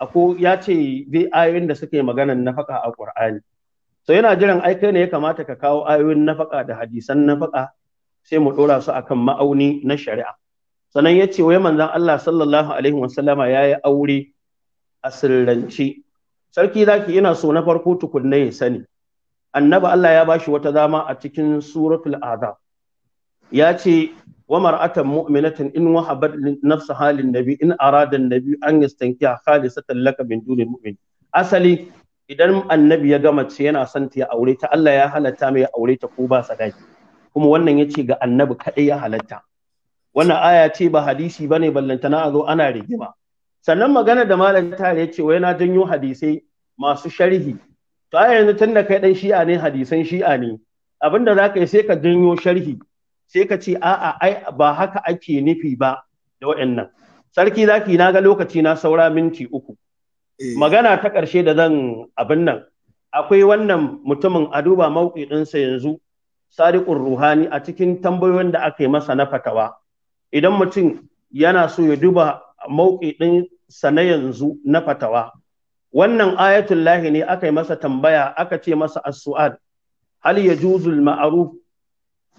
ako ya ce zai ayoyin da suke maganar nafaka a Qur'ani so yana jiran ai kai ne ya kamata ka kawo ayoyin nafaka da hadisan nafaka sai mu ɗora su akan ma'auni na shari'a sannan ya ce wai manzon Allah sallallahu alaihi wasallama yayi aure a sirrance sarki zaki ina so na farko tukunna ya sani annabi Allah ya bashi wata dama a cikin suratul azab ya ce wa mar'atan mu'minatin in wahabat nafsa halin nabi in arada nabi an yastankiha khalisatan laka min duni mu'min asali idan annabi ya gama ce yana son ta ya aure ta Allah ya halatta mai aure ta ko ba sadaki kuma wannan yace ga annabi kadai ya halatta wannan aya ce ba hadisi ba ne ballantana a zo ana rigima sannan magana da malam tare ya ce wai na janyo hadisai masu sharhi to a yanzu tun da kai dan shi'a ne hadisan shi'a ne abinda za ka yi sai ka janyo sharhi sai ka ce a'a ai ba haka ake nufi ba da wa'annan sarki zaki na ga lokaci na saura minti uku eh. magana ta ƙarshe da zan abin nan akwai wannan mutumin a duba ɗinsa yanzu sadiqur ruhani a cikin tambayoyin da aka yi masa na fatawa idan mutum yana so ya duba mauki din sa na yanzu na fatawa wannan ayatul lahi ne aka yi masa tambaya aka ce masa as hal yajuzu al-ma'ruf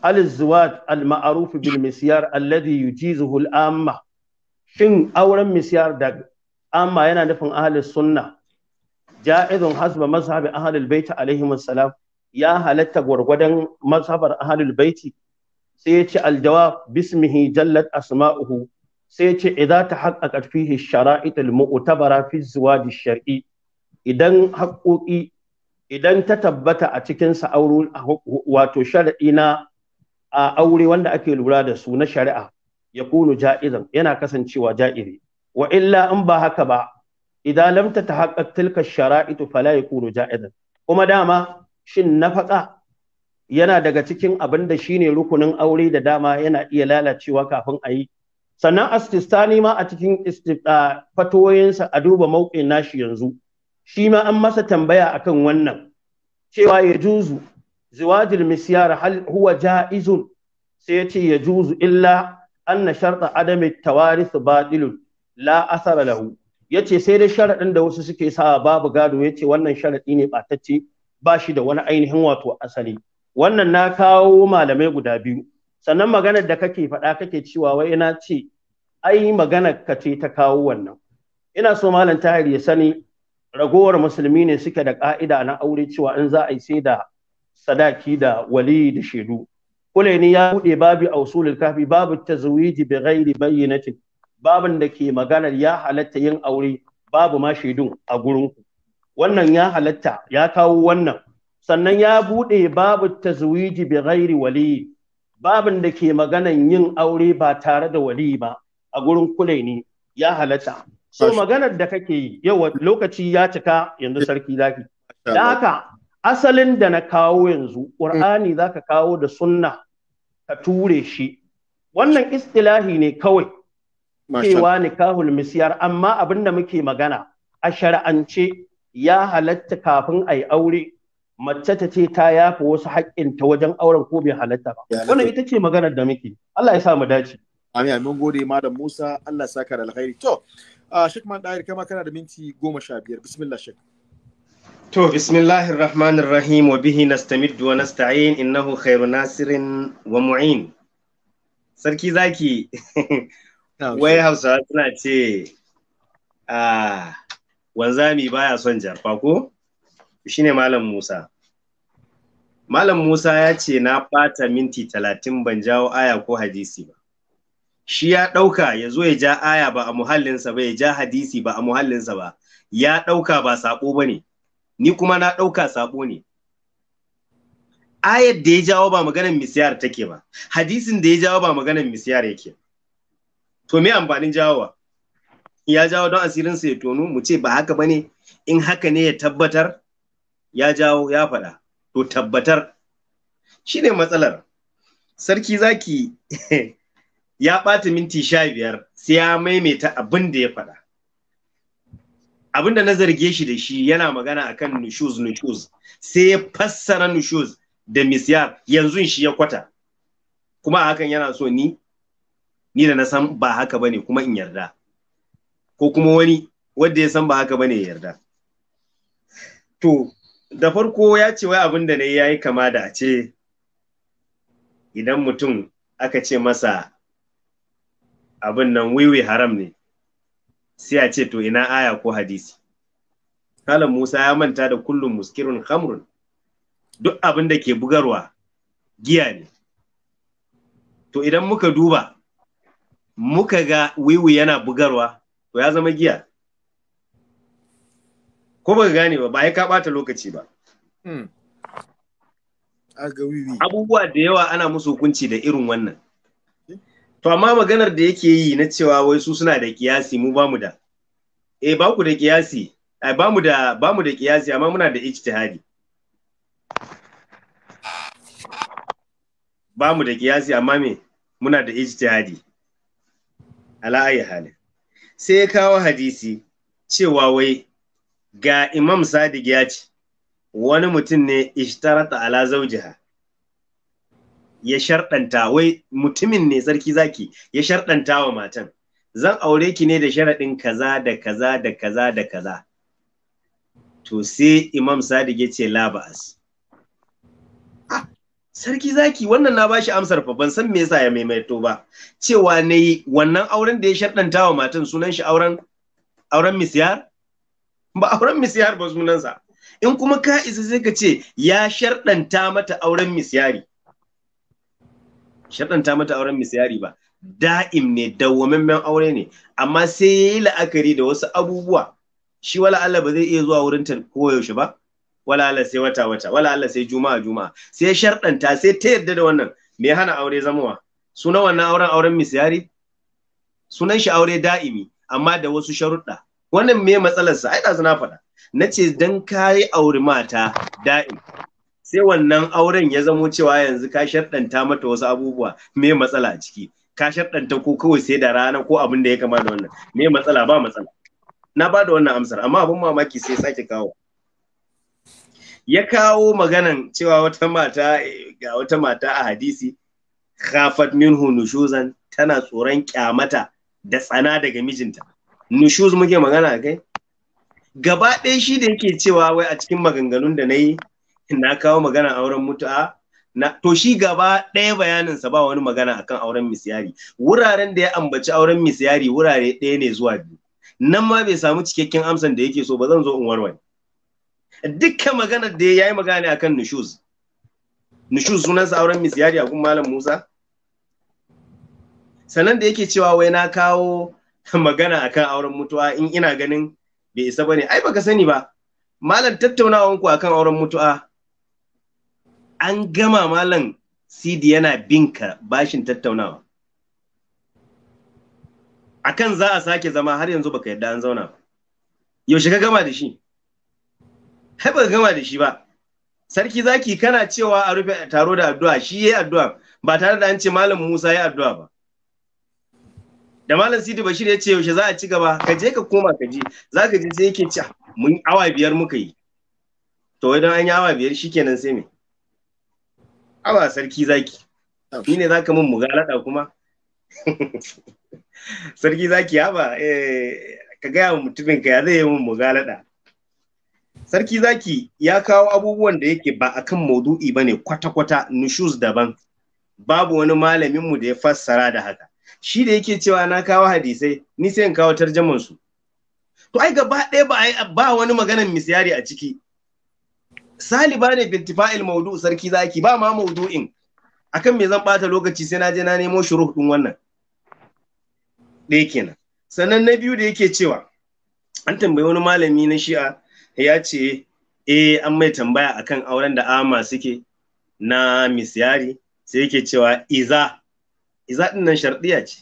al-zawaj al-ma'ruf bil misyar alladhi yujizuhu al-amma shin auren misyar da amma yana nufin ahlus sunna ja'izun hasba mazhab ahlul bait alaihim salam, ya halatta gwargwadon mazhabar ahlul baiti sai ya ce aljawab bismihi jallat asma'uhu sai ya ce idza tahaqqaqat fihi shara'it al-mu'tabara fi zawaj shari idan haƙoƙi idan ta tabbata a cikin sa wato shar'i na a aure wanda ake lura da su na shari'a ya kunu ja'izan yana kasancewa ja'iri wa illa in ba haka ba idan lam tatahaqqaq tilka shara'it fala yakunu ja'izan kuma dama shin faɗa? yana daga cikin abin da shine rukunin aure da dama yana iya lalacewa kafin a yi sannan astistani ma a cikin fatoyinsa a duba mauƙin nashi yanzu shi ma an masa tambaya akan wannan cewa ya juzu ziwajil misyar hal huwa ja'izun sai ya ce ya juzu illa anna sharta adami tawarith batilun la asara lahu ce sai dai sharaɗin da wasu suke sa babu gado ya ce wannan sharaɗi ne batacce ba shi da wani ainihin wato asali wannan na kawo malamai guda biyu sannan maganar da kake faɗa kake cewa wai ina ce ai maganar ka ce ta kawo wannan ina so malam tahir ya sani ragowar musulmi ne suke da ka'ida na aure cewa in za a yi sai da sadaki da wali da shaidu ni ya bude babu a usulul kafi babu tazwiji bi ghairi bayyinatin babin da ke maganar ya halatta yin aure babu ma shaidun a gurin ku wannan ya halatta ya kawo wannan sannan ya bude babu tazwiji bi ghairi wali babin da ke maganan yin aure ba tare da wali ba a gurin kule ne ya halatta so maganar da kake yi yau lokaci ya cika yanzu sarki zaki da haka asalin da na kawo yanzu ƙur'ani mm. za ka kawo da sunna ka ture shi wannan istilahi ne kawai cewa nikahul misiyar amma abin da muke magana a shari'ance ya halatta kafin a yi aure mace ta ce ta yafa wasu haƙƙinta wajen auren ko bai halatta ba wannan ita ce maganar da muke Allah ya sa
mu dace amin amin gode Madam Musa Allah ya saka da alkhairi to uh, Sheikh Man Dahir kama kana da minti goma sha biyar bismillah Sheikh
To bismillahir rahmanir rahim wa bihi nastamiddu wa nasta'in innahu khairu nasirin wa mu'in Sarki zaki wai Hausa suna ce a ah, wanzami baya son jarfa ko shine malam Musa Malam Musa ya ce na ɓata minti talatin ban jawo aya ko hadisi ba. Shi ya ɗauka ya zo ya ja aya ba a muhallinsa ba ya ja hadisi ba a muhallinsa ba. Ya ɗauka ba saƙo ba ne, ni kuma na ɗauka saƙo ne. Ayar da ya jawo ba maganan misiyar take ba, hadisin da ya jawo ba maganan misiyar yake. To me amfanin jawowa? Ya jawo don asirinsa ya tonu mu ce ba haka ba ne, in haka ne ya tabbatar ya jawo ya faɗa to tabbatar shine matsalar sarki zaki ya ɓata minti sha biyar sai ya maimaita abin da ya faɗa Abinda na zarge shi da shi yana magana akan nushuz nushuz sai ya fassara nushuz da misyar yanzu shi ya kwata kuma hakan yana so ni ni da na san ba haka bane kuma in yarda ko kuma wani wanda ya san ba haka bane ya yarda to da farko ya ce wai abin da na yi ya yi kama da a ce idan mutum aka ce masa abin nan wiwi haram ne sai a ce to ina aya ko hadisi kalan musa ya manta da kullum muskirun hamrun duk abin da ke bugarwa giya ne to idan muka duba muka ga wiwi yana bugarwa to ya zama giya ko ba gane ba ba ya ka bata lokaci ba hmm. abubuwa da yawa ana musu hukunci da irin wannan to amma maganar da yake yi na cewa wai su suna da kiyasi mu bamu da eh ba ku da kiyasi ai bamu da bamu da kiyasi amma muna da ijtihadi bamu da kiyasi amma me muna da ijtihadi ala ayi halin sai ya kawo hadisi cewa wai ga imam sadiq ya ce wani mutum ne ishtarata ala zaujiha ya sharɗanta wai mutumin ne sarki zaki ya sharɗanta wa matan zan aure ki ne da sharaɗin kaza da kaza da kaza da kaza to sai imam sadiq ya ce la sarki zaki wannan na bashi amsar fa ban san me yasa ya maimaito ba cewa nayi wannan auren da ya sharɗanta wa matan sunan shi auren auren misyar ba auren misiyar ba sunansa in kuma ka isa sai ka ce ya sharɗanta mata auren misiyari. sharɗanta mata auren misiyari ba da'im ne wamemmen aure ne amma sai ya yi la'akari da wasu abubuwa shi wala Allah ba zai iya zuwa wurin ta koyaushe ba wala Allah sai wata wata wala Allah sai juma'a juma'a sai sharɗanta sai ta yarda da wannan me hana aure zamowa sunan wannan auren auren misiyari? sunan shi aure da'imi amma da wasu sharuɗa wannan me matsalarsa ai ɗazu na faɗa na ce don ka auri mata da'in sai wannan auren ya zamo cewa yanzu ka sharɗanta mata wasu abubuwa me matsala a ciki ka sharɗanta ko kawai sai da rana ko abin da ya kama da wannan me matsala ba matsala na ba wannan amsar amma abin mamaki sai sake kawo ya kawo maganan cewa wata mata ga wata mata a hadisi khafat minhu nushuzan tana tsoron kyamata da tsana daga mijinta nushuz muke magana kai gaba ɗaya shi da yake cewa wai a cikin maganganun da na yi na kawo magana auren mutu'a na to shi gaba ɗaya bayanin sa ba wani magana akan auren misyari wuraren da ya ambaci auren misyari wurare ɗaya ne zuwa biyu nan ma bai samu cikakken amsan da yake so ba zan zo in warware dukkan maganar da ya yi magana akan nushuz nushuz sunansa auren misyari a gun malam musa sanan da yake cewa wai na kawo magana akan auren mutuwa in ina ganin bai isa ba ne. ai baka sani ba malam tattaunawa ku akan auren mutuwa an gama malam sidi yana binka bashin tattaunawa akan za a sake zama har yanzu baka yadda an zauna ba yaushe ka gama da shi Hai baka gama da shi ba sarki zaki kana cewa a rufe taro da addu'a shi yayi addu'a ba tare da an ce malam Musa ya yi addu'a ba da malam sidi bashir ya ce yaushe za a ci gaba ka je ka koma ka je za ka je sai yake ci mun awa biyar muka yi to idan an yi awa biyar shikenan sai me awa sarki zaki ni ne zaka mun mugalada kuma sarki zaki haba eh, ka gaya wa mutumin ka ya zai yi mun mugalada sarki zaki ya kawo abubuwan da yake ba akan maudu'i bane kwata-kwata nushus daban babu wani malamin mu da ya fassara da haka shi da yake cewa na kawo hadisai ni sai in kawo tarjaman su to ai gaba ɗaya ba ba wani magana misyari a ciki saliba ne bintifa'il maudu sarki zaki ba ma maudu'in akan me zan bata lokaci sai na je na nemo shuruh din wannan ɗaya kenan sannan na biyu da yake cewa an tambayi wani malami na shi'a ya ce eh an mai tambaya akan auren da ama suke na misyari sai yake cewa iza iza din nan shardiya ce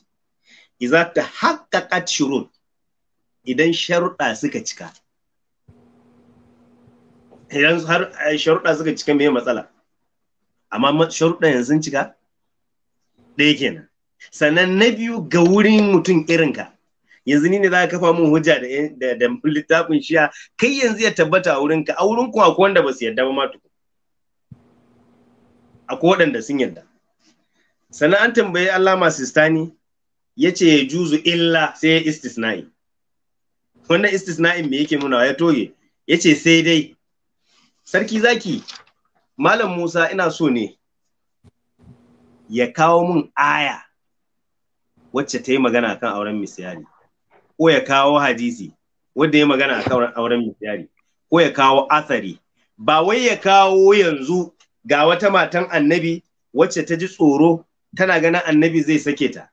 iza ta haqqaqat shurut idan sharuɗa suka cika idan har eh, sharuɗa suka cika me matsala amma sharuɗa yanzu sun cika ɗaya kenan sannan na biyu ga wurin mutum irinka yanzu ni ne za ka kafa mun hujja da da littafin shiya kai yanzu ya tabbata a wurinka a wurin kuma akwai wanda ba su yarda ba ma tukun akwai waɗanda sun yarda sannan an tambayi masu istani ya ce ya juzu illa sai ya istisna'i wannan istisna'in me yake nuna ya toge ya ce sai dai sarki zaki malam musa ina so ne ya kawo mun aya wacce ta yi magana kan auren misyari ko ya kawo hadisi wanda ya yi magana kan auren misyari ko ya kawo asari ba wai ya kawo yanzu ga wata matan annabi wacce ta ji tsoro tana ganin annabi zai sake ta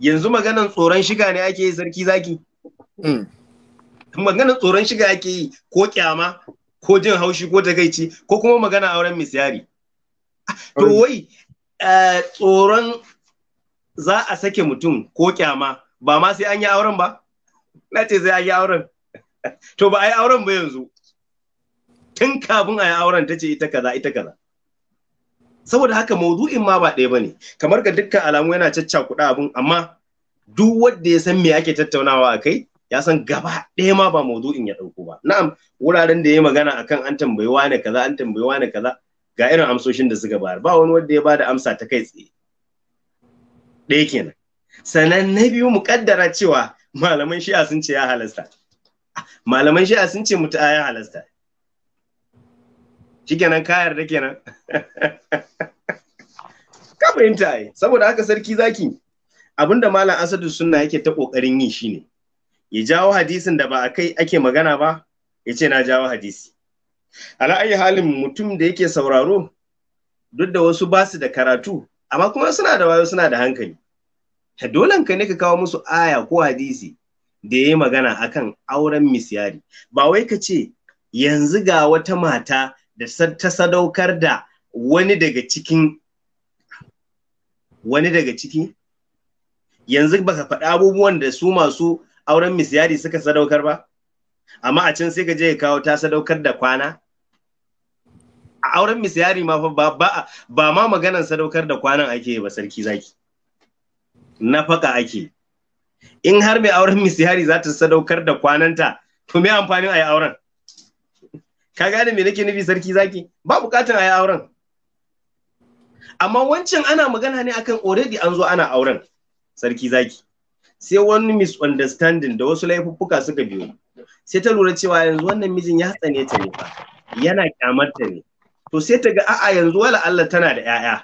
yanzu maganan tsoron shiga ne ake yi sarki zaki mm. maganan tsoron shiga ake yi ko kyama ko jin haushi ko takaici ko kuma magana auren misyari to wai eh, tsoron za a sake mutum ko kyama ba ma sai an yi auren ba na ce sai an yi auren to ba a yi auren ba yanzu tun kafin a yi auren ta ce ita kaza ita kaza saboda haka maudu'in ma ba ɗaya ba ne. kamar ga dukkan alamu yana cacca caccakuɗa abin, amma duk wanda ya san me ake tattaunawa a kai ya san gaba ɗaya ma ba maudu'in ya ɗauko ba na'am wuraren da ya yi magana akan an tambayi wane kaza an tambayi wane kaza ga irin amsoshin da suka bayar ba wani wanda ya bada amsa ta kai tsaye ɗaya kenan sannan na biyu mu kaddara cewa malaman shi'a sun ce ya halasta malaman shi'a sun ce mutu'a ya halasta shikenan ka yarda kenan ka fahimta ai saboda haka sarki zaki abinda malam asadu sunna yake ta kokarin yi shine ya jawo hadisin da ba a kai ake magana ba ya ce na jawo hadisi ala ayi halin mutum da yake sauraro duk da wasu basu da karatu amma kuma suna da wayo suna da hankali Ta ka ne ka kawo musu aya ko hadisi da ya yi magana akan auren misyari ba wai ka ce yanzu ga wata mata da ta sadaukar da wani daga cikin wani daga ciki yanzu baka faɗi abubuwan da su masu auren misiyari suka sadaukar ba amma a can sai ka je ka kawo ta sadaukar da kwana a auren misiyari ma ba, ba, ma maganan sadaukar da kwanan ake ba sarki zaki na faka ake in har mai auren misiyari za ta sadaukar da kwananta to me amfanin a yi auren ka gane me nake nufi sarki zaki ba bukatan a yi auren amma wancan ana magana ne akan already an zo ana auren sarki zaki sai wani misunderstanding da wasu laifuffuka suka biyo sai ta lura cewa yanzu wannan mijin ya hatsane ta ne fa yana kyamarta ne to sai ta ga a'a yanzu wala Allah tana da 'ya'ya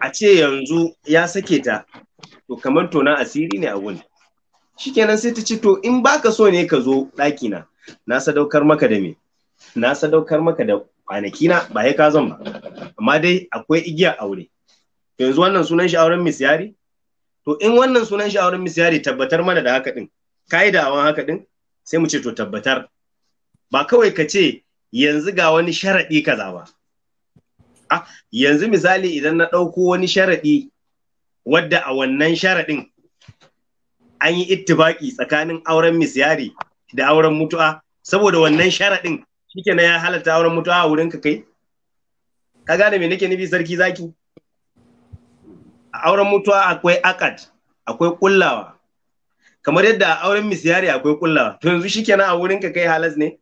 a ce yanzu ya sake ta to kamar tonan asiri ne a wuni shikenan sai ta ce to in baka so ne ka zo ɗakina na sadaukar maka da me na sadaukar maka da kwanaki na ba ya kazan ba amma dai akwai igiya aure yanzu wannan sunan shi auren misyari to in wannan sunan shi auren misyari tabbatar mana da haka din kai da awan haka din sai mu ce to tabbatar ba kawai ka ce yanzu ga wani sharaɗi kaza ba ah yanzu misali idan na ɗauko wani sharaɗi wadda a wannan sharaɗin an yi ittibaki tsakanin auren misyari da auren mutu'a saboda wannan sharaɗin Shike na ya halatta auren mutuwa a wurin ka kai ka gane me nake nufi sarki zaki auren mutuwa akwai akad akwai kullawa kamar yadda auren misyari akwai kullawa to yanzu shike na a wurin ka kai halas ne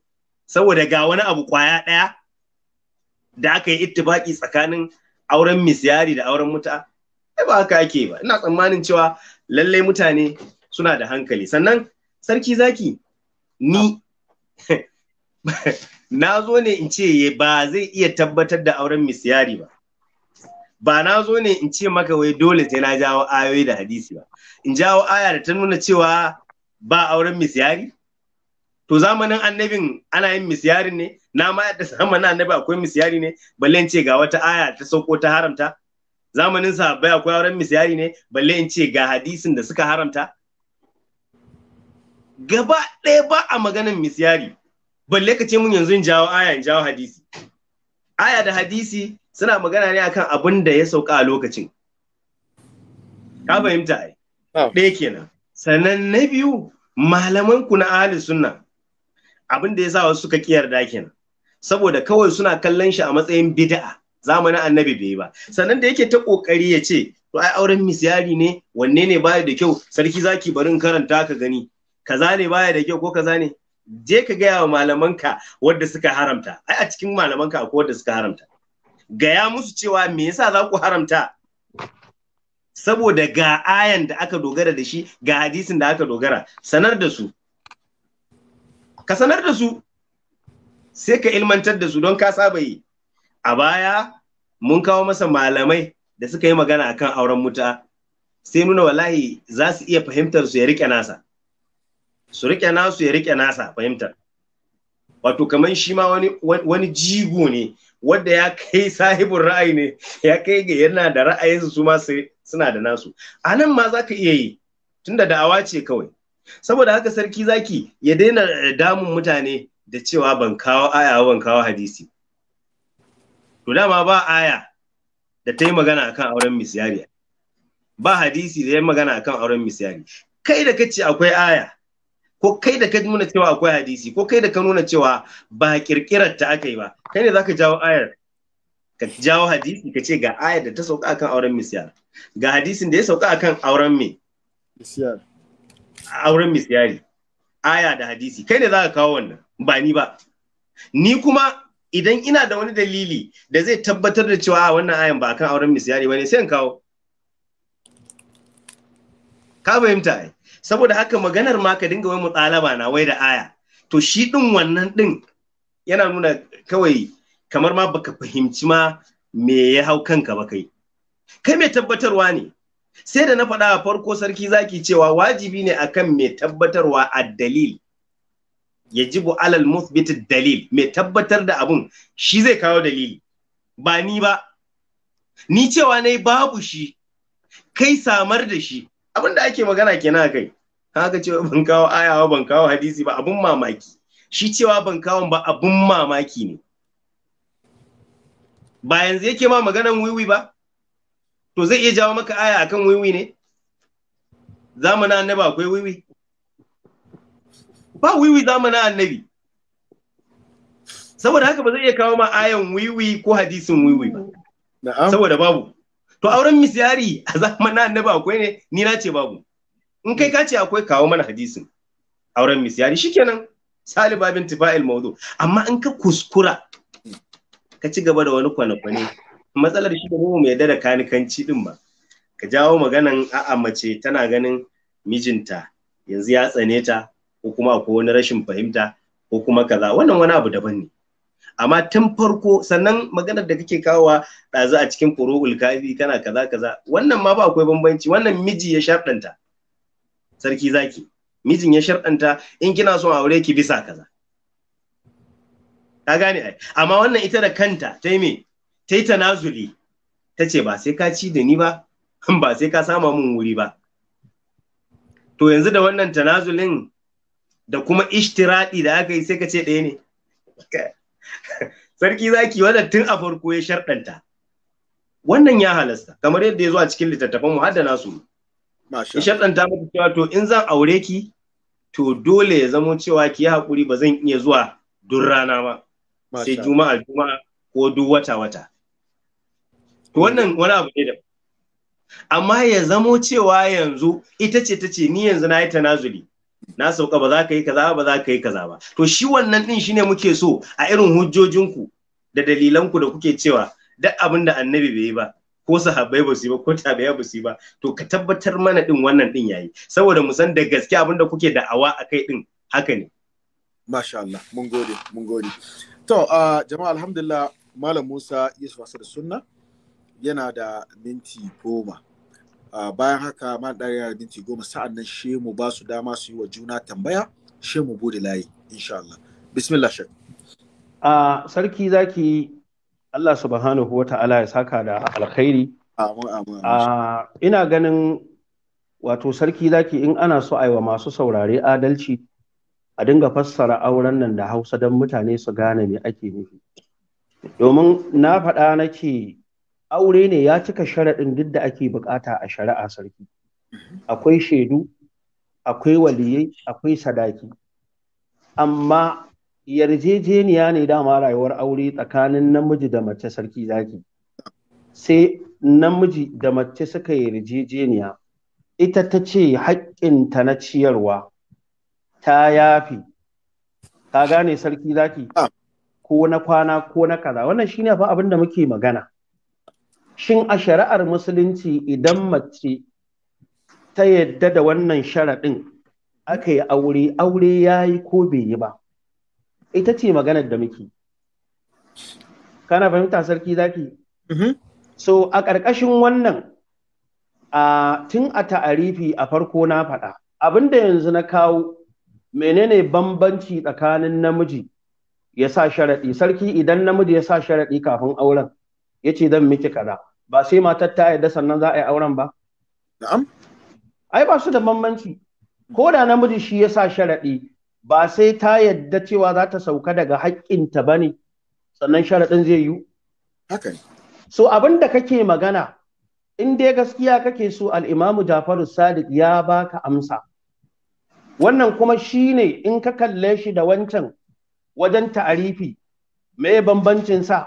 saboda ga wani abu kwaya daya da aka yi ittifaki tsakanin auren misyari da auren mutuwa ba haka ake ba ina tsammanin cewa lallai mutane suna da hankali sannan sarki zaki ni na zo ne in ce ba zai iya tabbatar da auren misiyari ba ba na zo ne in ce maka wai dole sai na jawo ayoyi da hadisi ba in jawo aya da ta nuna cewa ba auren misiyari? to zamanin annabin ana yin misiyari ne na ma da zamanin annabi akwai misiyari ne balle in ce ga wata aya ta sauko ta haramta zamanin sahabbai akwai auren misiyari ne balle in ce ga hadisin da suka haramta gaba ɗaya ba a maganin misiyari. balle ka ce mun yanzu in jawo aya in jawo hadisi aya da hadisi suna magana ne akan abin da ya sauka a lokacin ka fahimta ai ɗaya kenan sannan na biyu malaman ku na ahli sunna abin da ya sa wasu suka kiyarda kenan saboda kawai suna kallon shi a matsayin bid'a zamanin annabi bai yi ba sannan da yake ta kokari ya ce to ai auren misyari ne wanne ne baya da kyau sarki zaki bari karanta ka gani kaza ne baya da kyau ko kaza ne je ka gaya wa malamanka wadda suka haramta ai a cikin malamanka akwai wadda suka haramta gaya musu cewa me yasa za ku haramta saboda ga ayan da aka dogara da shi ga hadisin da aka dogara sanar da su ka sanar da su sai ka ilmantar da su don ka saba yi a baya mun kawo masa malamai da suka yi magana akan auren muta sai nuna wallahi za su iya fahimtar su ya rike nasa su riƙe nasu ya rike nasa fahimtar wato kamar shi ma wani wani jigo ne wanda ya kai sahibin ra'ayi ne ya kai ga yana da ra'ayinsu su ma suna da nasu a nan ma za ka iya yi tunda da'awa ce kawai saboda haka sarki zaki ya daina damun mutane da cewa ban kawo aya ban kawo hadisi to dama ba aya da ta yi magana akan auren misyari ba hadisi da ya magana akan auren misyari kai da kace akwai aya ko kai da ka nuna cewa akwai hadisi ko kai da ka nuna cewa ba kirkirar ta aka yi ba kai ne zaka jawo ayar ka jawo hadisi ka ce ga ayar da ta sauka akan auren misyar ga hadisin da ya sauka akan auren me misyar auren misyari aya da hadisi kai ne zaka kawo wannan ba ni ba ni kuma idan ina da wani dalili da zai tabbatar da cewa wannan ayan ba akan auren misyari bane sai in kawo ka fahimta ai saboda haka maganar ma ka dinga wai mutsalaba na wai da aya to shi din wannan din yana nuna kawai kamar ma baka fahimci ma me ya hau kanka ba kai kai mai tabbatarwa ne sai da na faɗa a farko sarki zaki cewa wajibi ne akan mai tabbatarwa a dalil yajibu alal muthbit dalil mai tabbatar da abun shi zai kawo dalili ba ni ba ni cewa yi babu shi kai samar da shi abin da ake magana kenan kai haka cewa ban kawo ayawa ban kawo hadisi ba abun mamaki shi cewa ban kawo ba abun mamaki ne ba yanzu yake ma maganan wiwi ba to zai iya jawo maka aya akan wiwi ne zamanin annabi akwai wiwi ba wiwi zamanin annabi saboda haka ba zai iya kawo ma ayan wiwi ko hadisin wiwi ba saboda babu to auren misyari a zamanin annabi akwai ne ni na ce babu in kai ka ce akwai kawo mana hadisin auren misyari shikenan sali babin tifa'il mawdu amma in ka kuskura ka ci gaba da wani kwane-kwane matsalar shi da mu mai da kanikanci din ba ka jawo maganan a'a mace tana ganin mijinta yanzu ya tsane ta ko kuma akwai wani rashin fahimta ko kuma kaza wannan wani abu daban ne amma tun farko sannan maganar da kake kawowa ɗazu a cikin ƙuru'ul kafi kana kaza kaza wannan ma ba akwai bambanci wannan miji ya sharɗanta sarki zaki mijin ya sharɗanta in kina son aure ki bisa kaza ka gane ai amma wannan ita da kanta ta yi me ta yi tanazuli ta ce ba sai ka ci da ni ba ba sai ka sama mun wuri ba to yanzu da wannan tanazulin da kuma ishtiradi da aka yi sai ka ce ɗaya ne sarki zaki wanda tun a farko ya sharɗanta wannan ya halasta kamar yadda ya zo a cikin littattafan mu hadda nasu ya sharɗanta mata cewa to in zan aure ki to dole ya zamo cewa ki yi haƙuri ba zan iya zuwa duk rana ba sai juma'a juma'a ko duk wata wata to wannan wani abu ne da amma ya zamo cewa yanzu ita ce ta ce ni yanzu na yi tanazuli na sauka ba za ka yi kaza ba za ka yi kaza ba to shi wannan din shine muke so a irin hujjojinku da dalilanku da kuke cewa duk abin da annabi bai yi ba ko sahabbai ba su yi ba ko tabi'a ba su yi ba to ka tabbatar mana din wannan din yayi saboda mu san da gaske abin da kuke da'awa kai din haka ne
masha Allah mun gode mun gode to jama'a alhamdulillah malam Musa Yusuf Asad Sunna yana da minti goma bayan haka ma ɗari da minti goma sa'an nan shi mu ba su dama su yi wa juna tambaya shi mu bude layi insha Allah bismillah shek a sarki zaki
Allah subhanahu wa ta'ala ya saka da alkhairi
a
ina ganin wato sarki zaki in ana so aiwa masu saurare adalci a dinga fassara auren nan da hausa don mutane su gane me ake nufi domin na faɗa nake aure ne ya cika sharaɗin duk da ake bukata a shari'a sarki akwai shaidu akwai waliyai akwai sadaki amma yarjejeniya ne dama rayuwar aure tsakanin namiji da mace sarki zaki sai namiji da mace suka yarjejeniya ita ta ce haƙƙinta na ciyarwa ta yafi ka gane sarki zaki ah. ko na kwana ko na kaza wannan shine fa abin da muke magana shin a shari'ar musulunci idan mace ta yadda da wannan sharaɗin aka yi aure aure ya yi ko bai yi ba ita ce maganar da muke kana fahimta sarki zaki mm-hmm. so a ƙarƙashin wannan a tun a ta'arifi a farko na faɗa abinda yanzu na kawo menene bambanci tsakanin namiji ya sa sharaɗi sarki idan namiji ya sa sharaɗi kafin auren yace zan miki kaza ba sai matar ta yadda sannan za a yi auren ba na'am ai ba su da bambanci ko da namiji shi ya sa sharaɗi ba sai ta yadda cewa za ta sauka daga haƙƙinta ba ne sannan sharaɗin zai yi haka so abin da kake magana in dai gaskiya kake so al'imamu jafaru sadiq ya baka amsa wannan kuma shi ne in ka kalle shi da wancan wajen ta'arifi me bambancin sa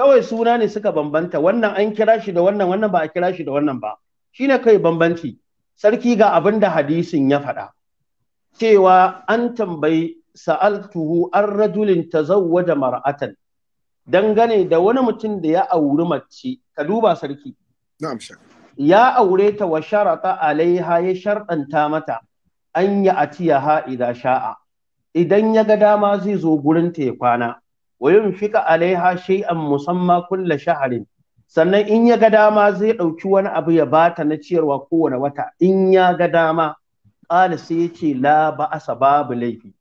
kawai suna ne suka bambanta wannan an kira shi da wannan wannan ba a kira shi da wannan ba shine kai bambanci sarki ga abin da hadisin ya faɗa cewa an tambayi sa'altuhu an rajulin tazawwaja mar'atan dangane da wani mutum da ya auri mace ka duba sarki ya aure ta wa sharata alaiha ya sharɗanta mata an yi atiyaha idan sha'a idan ya ga dama zai zo gurin ta ya kwana wa yunfika alaiha an musamma kulle shaharin sannan in ya ga dama zai ɗauki wani abu ya bata na ciyarwa kowane wata in ya ga dama ƙali sai ya ce la babu laifi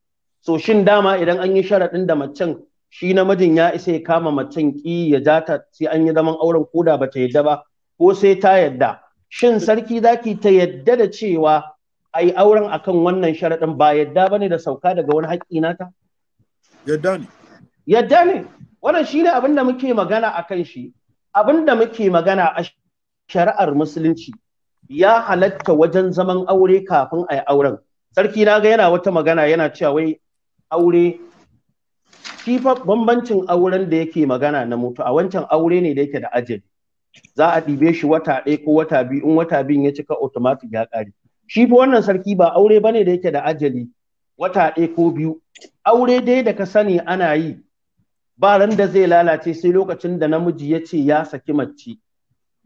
so shin dama idan an yi sharaɗin da macen shi namijin ya isa ya kama macen ƙiya ya ja ta, sai an yi zaman auren ko da bata yadda ba ko sai ta yadda shin sarki zaki ta yadda da cewa a yi auren akan wannan sharaɗin ba yadda ba ne da sauka daga wani haƙƙi nata yadda ne yadda ne wannan shine abin da muke magana akan shi abin da muke magana a shari'ar musulunci ya halatta wajen zaman aure kafin a yi auren sarki na ga yana wata magana yana cewa wai aure shi fa bambancin auren da yake magana na mutu a wancan aure ne da yake da ajali za a ɗibe shi wata ɗaya ko wata biyu in wata biyun ya cika automatic ya ƙare shi fa wannan sarki ba aure bane da yake da ajali wata ɗaya ko biyu aure dai da ka sani ana yi ba ran da zai lalace sai lokacin da namiji ya ce ya saki mace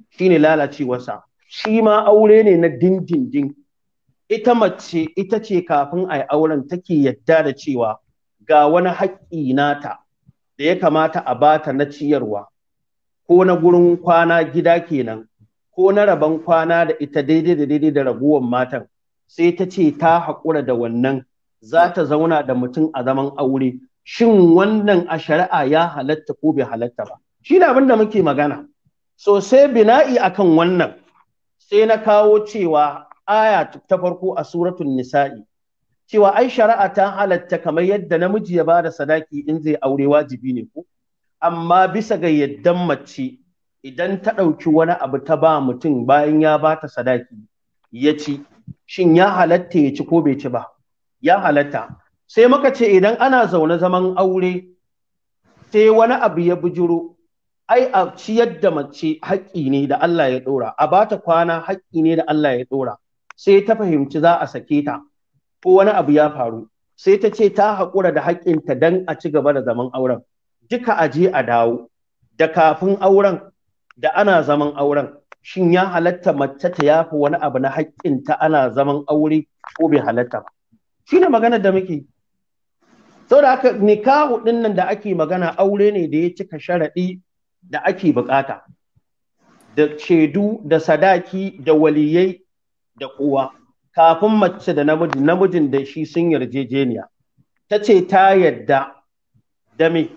shine lalacewarsa shi ma aure ne na dindindin ita mace ita ce kafin a yi auren take yadda da cewa ga wani haƙƙi nata da ya kamata a bata na ciyarwa ko na gurin kwana gida kenan ko na rabon kwana da ita daidai da daidai da raguwan matan sai ta ce ta haƙura da wannan za ta zauna da mutum a zaman aure shin wannan a shari'a ya halatta ko bai halatta ba shi ne abin da muke magana so sai bina'i akan wannan sai na kawo cewa aya ta farko a suratun nisa'i cewa ai shari'a ta halatta kamar yadda namiji ya bada sadaki in zai aure wajibi ne ko amma bisa ga yadda mace idan ta ɗauki wani abu ta ba mutum bayan ya bata sadaki ya ci shin ya halatta ya ci ko bai ci ba ya halatta sai muka ce idan ana zaune zaman aure sai wani abu ya bujuro ai a ciyar da mace haƙƙi ne da Allah ya ɗora a bata kwana haƙƙi ne da Allah ya ɗora sai ta fahimci za a sake ta ko wani abu ya faru sai ta ce ta haƙura da haƙƙinta dan a ci gaba da zaman auren duka a je a dawo da kafin auren da ana zaman auren shin ya halatta mace ta yafi wani abu na haƙƙinta ana zaman aure ko bai halatta ba shine ne maganar da muke saboda haka nikahu din nan da ake magana aure ne da ya cika sharaɗi da ake bukata da shaidu da sadaki da waliyai da kowa kafin mace da namiji namijin da shi sun yarjejeniya ta ce ta yadda da me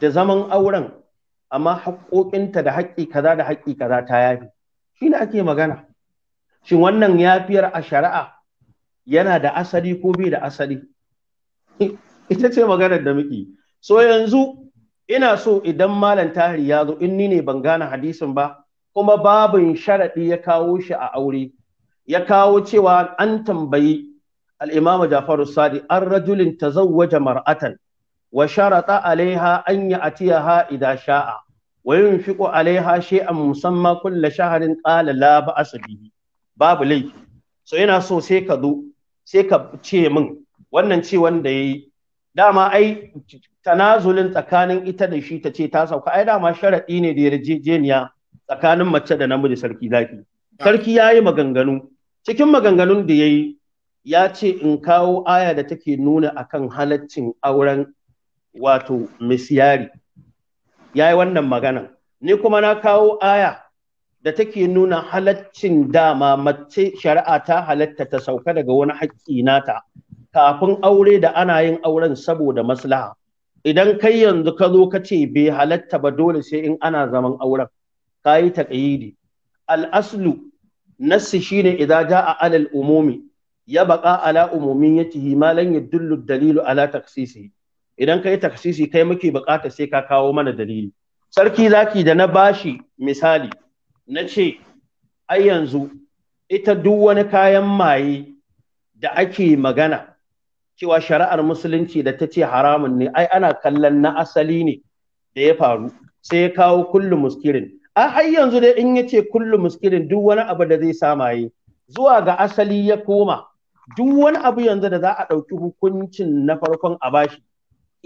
da zaman auren amma haƙoƙinta da haƙƙi kaza da haƙƙi kaza ta yafi shi ne ake magana shin wannan yafiyar a shari'a yana da asali ko bai da asali ita ce maganar da muke so yanzu ina so idan malam Tahir ya zo in ni ne ban gane hadisin ba kuma babin sharaɗi ya kawo shi a aure ya kawo cewa an tambayi al'imamu jafaru sadi an rajulin tazawwaja mar'atan wa sharaɗa alaiha an yi atiyaha idan sha'a wa yin fiƙo alaiha musamma musamman kulla shaharin ƙala la ba babu laifi so yana so sai ka zo sai ka ce min wannan ce wanda yayi dama ai tanazulin tsakanin ita da shi ta ce ta sauka ai dama sharaɗi ne da yarjejeniya tsakanin mace da namiji sarki zaki sarki ya yi maganganu cikin maganganun da ya yi ya ce in kawo aya da take nuna akan halaccin auren wato misiyari ya yi wannan magana ni kuma na kawo aya da take nuna halaccin dama mace shari'a ta halatta ta sauka daga wani haƙƙi nata kafin aure da ana yin auren saboda maslaha idan kai yanzu ka zo ka ce bai halatta ba dole sai in ana zaman auren ka yi taƙayidi al'aslu nassi shine idza jaa alal umumi ya baqa ala umumiyyatihi ma lan yadullu dalilu ala taksisi idan kai taksisi kai muke bukata sai ka kawo mana dalili sarki zaki da na bashi misali na ce ai yanzu ita duk wani kayan maye da ake magana cewa shari'ar musulunci da ta ce haramun ne ai ana kallon na asali ne da ya faru sai ya kawo kullu muskirin a har yanzu dai in ya ce kullu muskirin duk wani abu da zai samaye zuwa ga asali ya koma duk wani abu yanzu da za a ɗauki hukuncin na farkon a bashi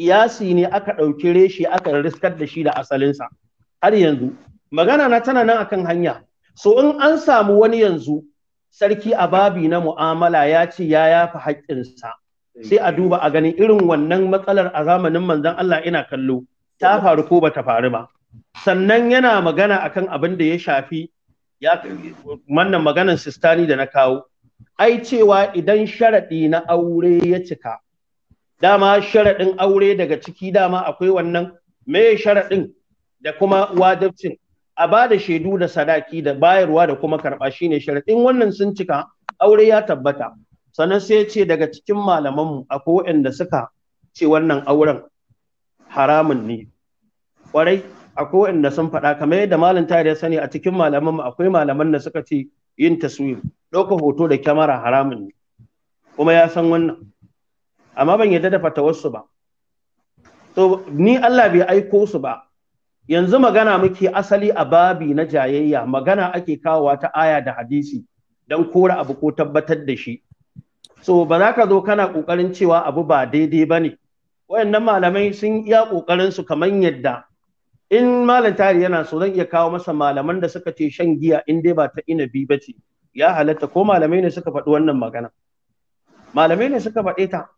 iyasi ne aka ɗauki reshe aka riskar da shi da asalinsa har yanzu magana na tana nan akan hanya so in an samu wani yanzu sarki a babi na mu'amala ya ce ya yafi haƙƙinsa sai a duba a gani irin wannan matsalar a zamanin manzon Allah ina kallo ta faru ko bata faru ba sannan yana magana akan abin da ya shafi ya wannan maganan sistani da na kawo ai cewa idan sharaɗi na aure ya cika dama sharaɗin aure daga ciki dama akwai wannan me sharaɗin da kuma wajibcin a ba da shaidu da sadaki da bayarwa da kuma karɓa shine sharaɗin wannan sun cika aure ya tabbata sannan sai ya ce daga cikin malamanmu akwai waɗanda suka ce wannan auren haramun ne ƙwarai akwai waɗanda sun faɗa kamar yadda malam tare ya sani a cikin malamanmu akwai malaman da suka ce yin taswir ɗaukar hoto da kyamara haramun ne kuma ya san wannan amma ban yadda da fatawarsu ba to ni Allah bai aiko su ba yanzu magana muke asali a babi na jayayya magana ake kawowa ta aya da hadisi don kora abu ko tabbatar da shi so ba za ka zo kana ƙoƙarin cewa abu ba daidai ba ne wayannan malamai sun iya ƙoƙarin su kamar yadda in malam tari yana so zan iya kawo masa malaman da suka ce shan giya in dai ba ta ina inabi ba ce ya halatta ko malamai ne suka faɗi wannan magana malamai ne suka faɗe ta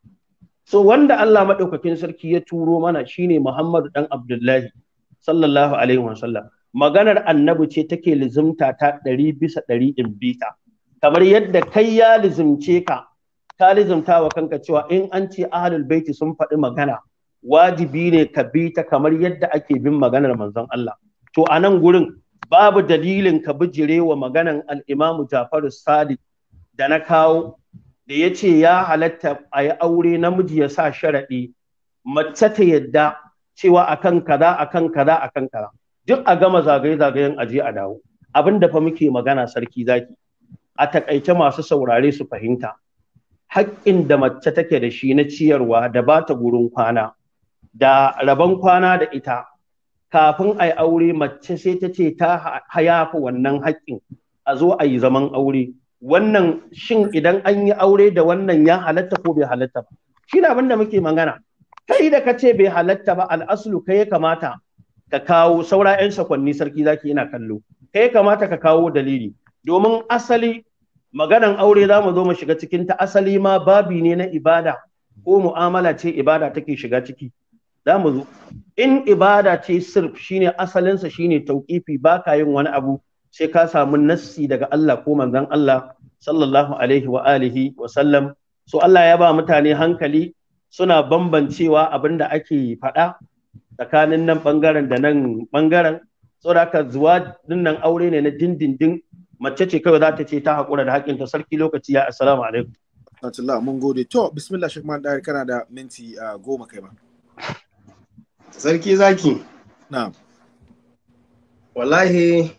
so wanda Allah maɗaukakin sarki ya turo mana shine Muhammadu dan Abdullahi sallallahu alaihi wasallam maganar annabi ce take lizumta ta ɗari bisa ɗari in bita kamar yadda kai ya lizumce ka ka lizumta wa kanka cewa in an ce ahlul baiti sun faɗi magana wajibi ne ka bi ta kamar yadda ake bin maganar manzon Allah to a nan gurin babu dalilin ka bijire wa maganan al-Imam Jafaru Sadiq da na kawo da ya ce ya halatta a yi aure namiji ya sa sharaɗi mace ta yadda cewa akan kaza akan kaza akan kaza duk a gama zagaye-zagayen aje a dawo abin da fa muke magana sarki zaki a takaice masu saurare su fahimta haƙƙin da mace take da shi na ciyarwa da ba ta gurin kwana da rabon kwana da ita kafin a yi aure mace sai ta ce ta hayafa wannan haƙƙin a zo a yi zaman aure wannan shin idan an yi aure da wannan ya halatta ko bai halatta ba shi ne abin da muke magana kai da ka ce bai halatta ba al'aslu kai ya kamata ka kawo saura 'yan sakonni sarki zaki yana kallo kai ya kamata ka kawo dalili domin asali maganan aure za mu zo mu shiga cikin ta asali ma babi ne na ibada ko mu'amala ce ibada take shiga ciki za mu zo in ibada ce sirf shine asalinsa shine tauƙifi ba ka yin wani abu sai ka samu nassi daga Allah ko manzon Allah sallallahu alaihi wa alihi wa sallam so Allah ya ba mutane hankali suna bambancewa abin da ake faɗa tsakanin nan ɓangaren da nan ɓangaren saboda haka zuwa nan aure ne na dindindin mace ce kawai za ta ce ta haƙura da haƙin ta sarki lokaci ya assalamu alaikum
Allah mun gode to bismillah Sheikh Man Dahir kana da minti ah, goma kai ma
sarki zaki na'am wallahi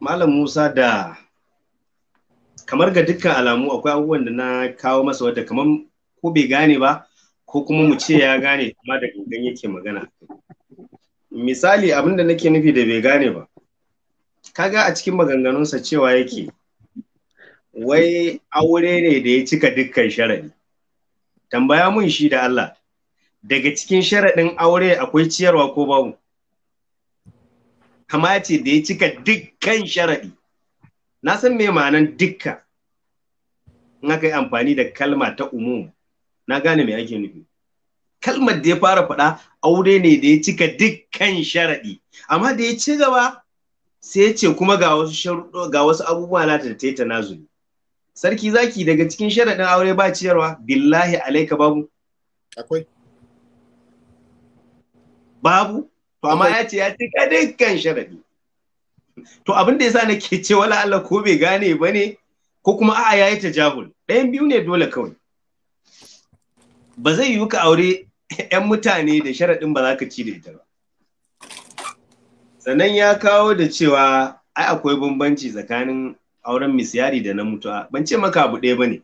malam Musa da kamar ga dukkan alamu akwai abubuwan da na kawo masa wadda kamar ko bai gane ba ko kuma mu ce ya gane kuma da gangan yake magana misali abin da nake nufi da bai gane ba kaga a cikin maganganunsa cewa yake wai aure ne da ya cika dukkan sharadi tambaya mun shi da Allah daga cikin sharaɗin aure akwai ciyarwa ko babu kama ce da ya cika dukkan sharaɗi na san me ma'anan dukka in aka yi amfani da kalma ta umum na gane me ake nufi kalmar da ya fara faɗa aure ne da ya cika dukkan sharaɗi amma da ya ci gaba sai ce kuma ga wasu sharuɗo ga wasu abubuwa na ta ta nazuli sarki zaki daga cikin sharaɗin aure ba ciyarwa billahi alaika babu akwai babu to amma ya ce ya ka dukkan sharaɗi to abin da yasa nake ce wala Allah ko bai gane ba ne ko kuma a'a yayi tajahul ɗayan biyu ne dole kawai ba zai yi ka aure 'yan mutane da sharaɗin ba za ka ci da ita ba sannan ya kawo da cewa ai akwai bambanci tsakanin auren misiyari da na mutuwa ban ce maka abu ɗaya ne.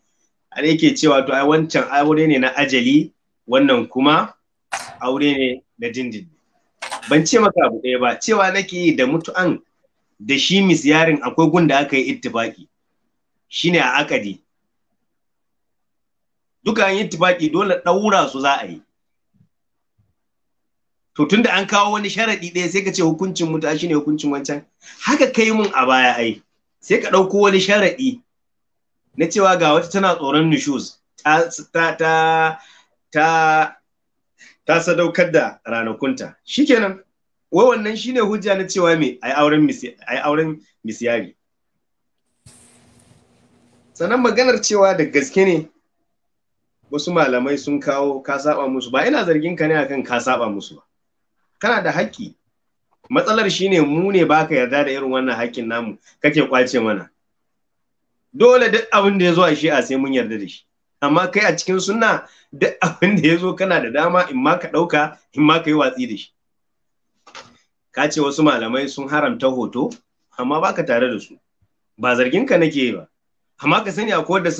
har yake cewa to ai wancan aure ne na ajali wannan kuma aure ne na dindindin ban ce maka abu ɗaya ba cewa nake yi da mutu'an da shi misiyarin akwai gun da aka yi ittifaki shine a akadi duka an yi ittifaki dole ɗaura su za a yi to tunda an kawo wani sharadi ɗaya sai ka ce hukuncin ta shine hukuncin wancan haka kai mun a baya ai sai ka ɗauko wani sharadi na cewa ga wata tana tsoron nushuz ta ta ta ta, ta sadaukar da ranakunta shikenan wai wannan shine hujja na cewa me ai auren ai auren misyari sannan maganar cewa da gaske ne wasu malamai sun kawo ka saba musu ba ina zargin ka ne akan ka saba musu ba kana da haƙƙi matsalar shine mu ne baka yarda da irin wannan haƙƙin namu kake kwace mana dole duk abin da ya zo a shi a sai mun yarda da shi amma kai a cikin sunna duk abin da ya zo kana da dama in ma ka ɗauka in ma ka yi watsi da shi ka ce wasu malamai sun haramta hoto amma baka tare da su ba zargin ka nake yi ba amma ka sani akwai wanda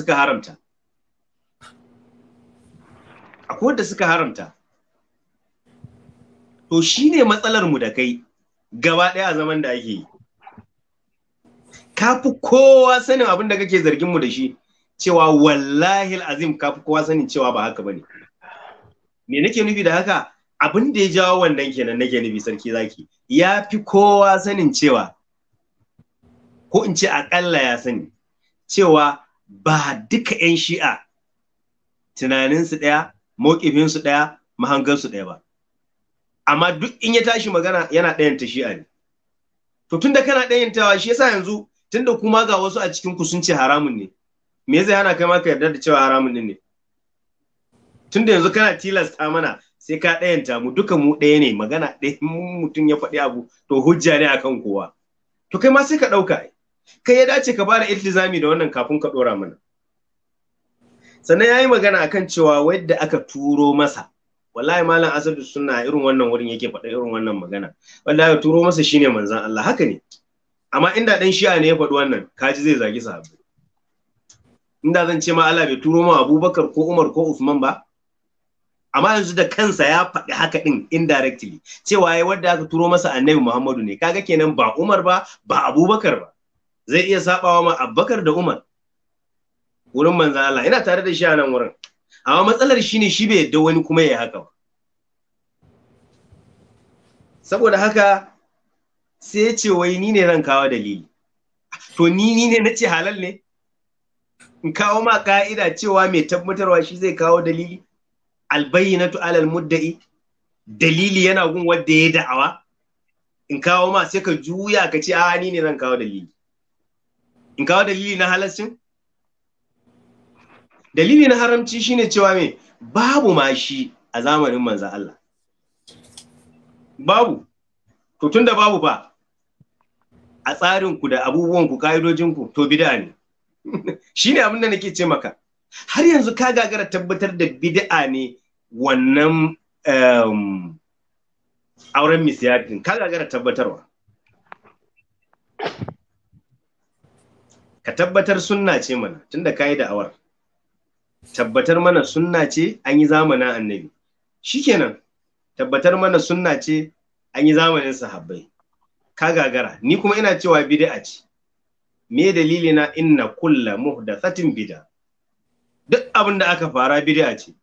akwai wanda suka haramta to shine matsalar mu da kai gaba ɗaya a zaman da ake yi ka kowa sanin abin da kake zargin mu da shi cewa wallahi azim ka kowa sanin cewa ba haka bane me nake nufi da haka abin da ya jawo wannan kenan nake nufi sarki zaki ya fi kowa sanin cewa ko in ce akalla ya sani cewa ba duka 'yan shi'a tunaninsu ɗaya mawkifinsu ɗaya mahangarsu ɗaya ba amma duk in ya tashi magana yana ɗayan ta shi'a ne to tunda kana ɗayan tawa shi yasa yanzu tun da kuma ga wasu a cikin ku sun ce haramun ne me zai hana kai ma ka yarda da cewa haramun ne tunda yanzu kana tilasta mana sai ka ta mu duka mu ɗaya ne magana ɗaya mutum ya faɗi abu to hujja ne akan kowa to kai ma sai ka ɗauka kai ya dace ka bada iltizami da wannan kafin ka ɗora mana sannan ya yi magana akan cewa wadda aka turo masa wallahi malam asadu suna irin wannan wurin yake faɗa irin wannan magana wallahi turo masa shine manzan Allah haka ne amma inda dan shi'a ne ya faɗi wannan kaji zai zagi sahabbai inda zan ce ma Allah bai turo ma Abubakar ko Umar ko Uthman ba amma yanzu da kansa ya faɗi haka ɗin indirectly cewa ya wadda aka turo masa annabi Muhammadu ne kaga kenan ba Umar ba ba Abubakar ba zai iya sabawa ma Abubakar da Umar wurin manzan Allah ina tare da shi a nan wurin amma matsalar shine shi bai yadda wani kuma ya haka ba saboda haka sai ya ce wai ni ne zan kawo dalili to ni ni na ce halal ne in kawo ma ka'ida cewa mai tabbatarwa shi zai kawo dalili Albayi na alal mudda'i dalili yana gun wadda ya da'awa in kawo ma sai ka juya ka ce a ni ne zan kawo dalili in kawo dalili na halarcin? dalili na haramci shine cewa me babu mashi a zamanin manzo Allah babu to tunda babu ba a tsarin ku da abubuwan ku ka'idojin ku to bid'a ne shine abin da nake ce maka har yanzu ka gagara tabbatar da bid'a ne wannan um, auren misiyadin? ka gagara tabbatarwa ka tabbatar sunna ce mana tunda kai da awar tabbatar mana sunna ce an yi zamanin annabi shikenan tabbatar mana sunna ce an yi zamanin sahabbai ka gagara ni kuma ina cewa bid'a ce me dalili na inna kulla muhdathatin bid'a duk abin da aka fara bid'a ce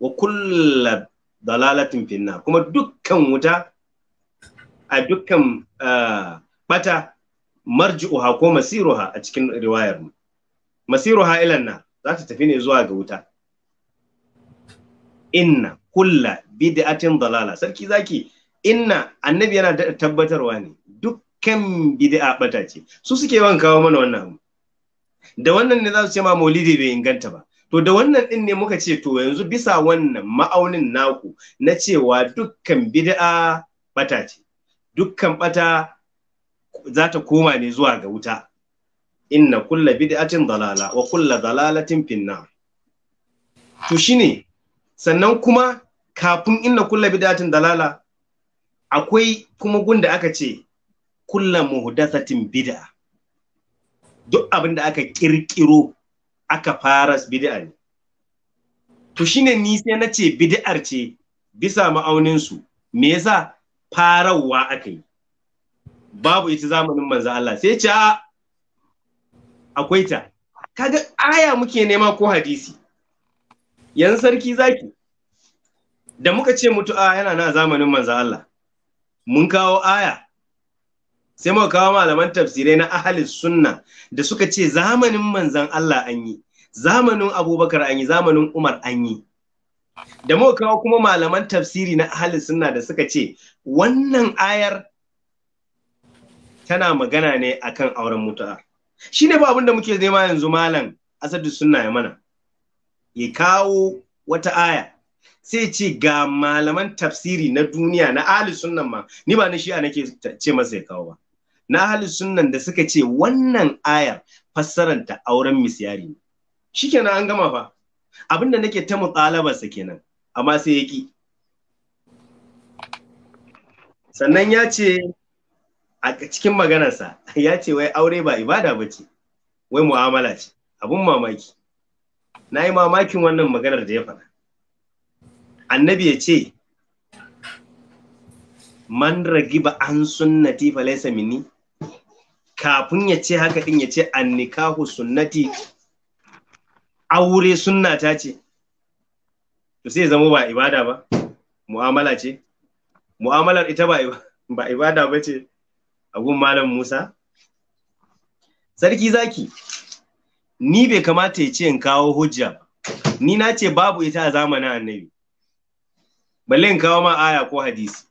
wa kulla dalalatin finna kuma dukkan wuta a dukkan bata marji'uha ko masiruha a cikin riwayar mu masiruha ilan na za ta tafi ne zuwa ga wuta inna kulla bid'atin dalala sarki zaki inna annabi yana da tabbatarwa ne dukkan bid'a bata ce su suke yawan kawo mana wannan abu da wannan ne za su ce ma maulidi bai inganta ba to da wannan din ne muka ce to yanzu bisa wannan ma'aunin naku na cewa dukkan bid'a bata ce dukkan bata za ta koma ne zuwa ga wuta inna kulla bid'atin dalala wa kulla dalalatin finna to shine sannan kuma kafin inna kulla bid'atin dalala akwai kuma gunda aka ce kulla muhdathatin bid'a duk abin da aka kirkiro aka fara bid'a ne to shine ni sai na ce bid'ar ce bisa ma'aunin su me yasa farawa aka yi babu ita zamanin manzo Allah sai ce a akwai ta kaga aya muke nema ko hadisi yanzu sarki zaki da muka ce mutu'a ah, yana na zamanin manzo Allah mun kawo aya sai muka kawo malaman tafsirai na ahli sunna da suka ce zamanin manzan Allah an yi zamanin abubakar an yi zamanin umar an yi da muka kawo kuma malaman tafsiri na ahalis sunna da suka ce wannan ayar tana magana ne akan auren mutu'a Shi ne ba abin da muke nema yanzu malam Asadu Sunna ya mana. Ya kawo wata aya sai ce ga malaman tafsiri na duniya na ahli sunnan ma ni ba na shi'a nake ce masa ya kawo ba. Na ahli sunnan da suka ce wannan ayar fassaranta auren misyari ne. Shikenan an gama fa. Abin nake ta mutsalabarsa kenan amma sai ya ki. Sannan ya ce a cikin maganarsa ya ce wai aure ba ibada ba ce wai mu'amala ce abun mamaki na yi mamakin wannan maganar da ya faɗa annabi ya ce man ba an sunnati fa mini kafin ya ce haka din ya ce an nikahu sunnati aure sunnata ce to sai zama ba ibada ba mu'amala ce mu'amalar ita ba ibada ba ce Agun malam Musa? Sarki zaki, ni bai kamata ya ce in kawo hujja ni na ce babu ita a zamanin annabi. Balle in kawo ma aya ko hadisi.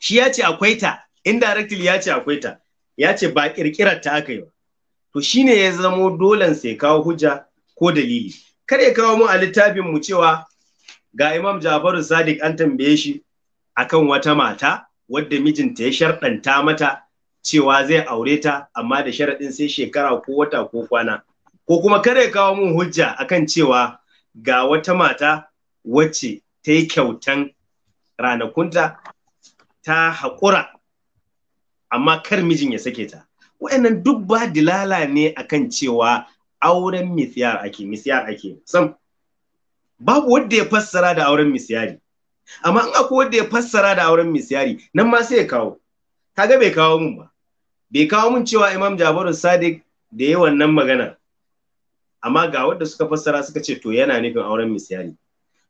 Shi ya ce akwai ta, indirectly ya ce akwai ta, ya ce ba ƙirƙirar ta aka yi ba. To shi ne ya zamo dolan sai kawo hujja ko dalili. Kar ya kawo mu a littafin mu cewa ga Imam Jafaru Sadiq an tambaye shi akan wata mata wadda mijinta ya sharɗanta mata cewa zai aure ta amma da sharaɗin sai shekara ko wata ko kwana ko kuma kare kawo mun hujja akan cewa ga wata mata wacce ta yi kyautan ranakunta ta haƙura amma kar mijin ya sake ta wa'annan duk ba dilala ne akan cewa auren misiyar ake misiyar ake sam babu wanda ya fassara da auren misiyari amma in akwai wanda ya fassara da auren misiyari nan ma sai ya kawo kaga bai kawo mun ba bai kawo mun cewa imam jabaru sadiq da yi wannan magana amma ga wanda suka fassara suka ce to yana nufin auren misali,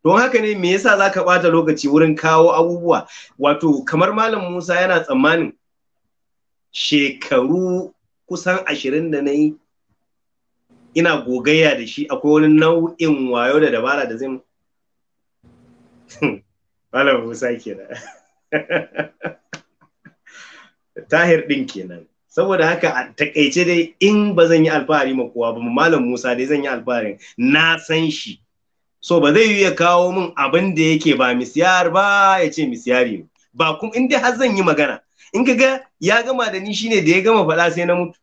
don haka ne me yasa zaka bata lokaci wurin kawo abubuwa wato kamar malam musa yana tsammanin shekaru kusan ashirin da na yi ina gogayya da shi akwai wani nau'in wayo da dabara da zai malam musa kenan tahir din kenan saboda haka a takaice dai in ba zan yi alfahari ma kowa ba malam Musa dai zan yi alfahari na san shi so ba zai ya kawo min abin da yake ba misyar ba ya ce misyari ne ba kuma in dai har zan yi magana in ka ga ya gama da ni shine da ya gama faɗa sai na mutu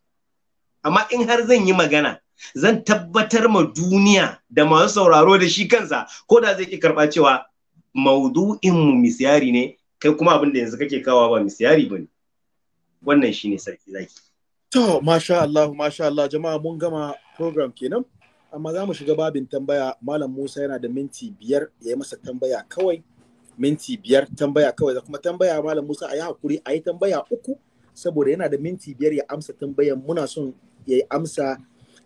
amma in har zan yi magana zan tabbatar ma duniya da masu sauraro da shi kansa ko da zai ki karɓa cewa maudu'in mu misyari ne kai kuma abin da yanzu kake kawa ba misyari bane wannan shi ne sarki zaki
to masha Allah masha Allah jama'a mun gama program kenan amma za mu shiga babin tambaya malam Musa yana da minti biyar ya yi masa tambaya kawai minti biyar tambaya kawai da kuma tambaya malam Musa a yi haƙuri a yi tambaya uku saboda yana da minti biyar ya amsa tambayan muna son ya yi amsa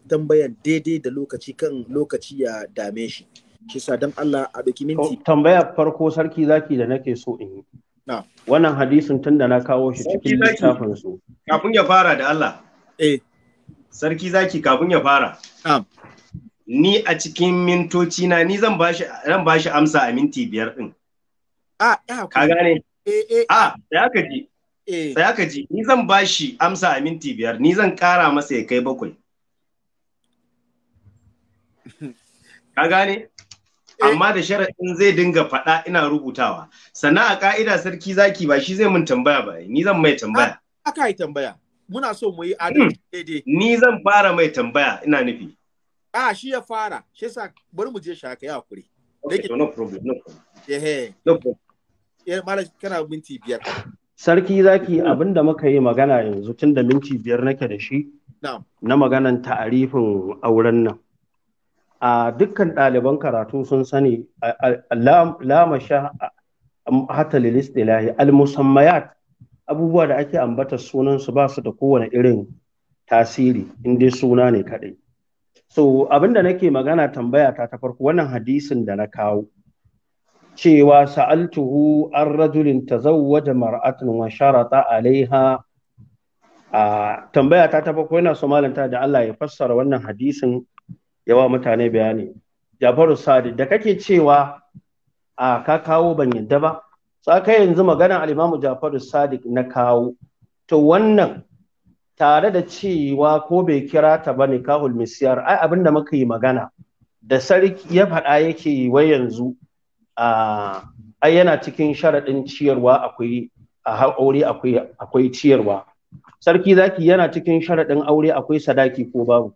tambayan daidai da lokaci kan lokaci ya dame shi shi sa don Allah
a ɗauki minti tambaya farko sarki zaki da nake so in yi wannan hadisin da na
kawo shi cikin littafin su kafin ya fara da Allah eh sarki zaki kafin ya fara ni a cikin mintoci na ni zan bashi zan bashi amsa a minti biyar din ah, a ka gane eh a sai aka ji eh. sai aka ji ni zan bashi amsa a minti biyar ni zan kara masa ya kai bakwai ka gane Eh. amma da sharaɗin zai dinga faɗa ina rubutawa sannan a ƙa'ida sarki zaki ba shi zai mun tambaya ba ni zan mai tambaya
aka yi tambaya muna so mu yi hmm. adalci
daidai ni zan fara mai tambaya ina nufi
a shi ya fara shi sa bari mu je shi haka ya hakuri no problem no problem eh kana minti biyar
sarki
zaki abinda muka yi magana yanzu tun da minti biyar nake da shi na maganan ta'arifin auren nan a dukkan ɗaliban karatu sun sani lamasha hata lilis al-musammayat abubuwa da ake ambata sunansu ba su da kowane irin tasiri in suna ne kaɗai so abinda nake magana tambaya ta ta farko wannan hadisin da na kawo cewa sa'altuhu an rajulin tazawwaja mar'atan wa sharata alaiha a tambaya ta ta farko yana so da Allah ya fassara wannan hadisin yawa mutane bayani jafaru sadi da kake cewa a ka kawo ban yadda ba tsaka yanzu magana alimamu jafaru Sadi na kawo to wannan tare da cewa ko bai kira ta ba ne kahul misiyar ai abin da muka yi magana da sarki ya faɗa yake yi wai yanzu ai yana cikin sharaɗin ciyarwa akwai a aure akwai ciyarwa sarki zaki yana cikin sharaɗin aure akwai sadaki ko babu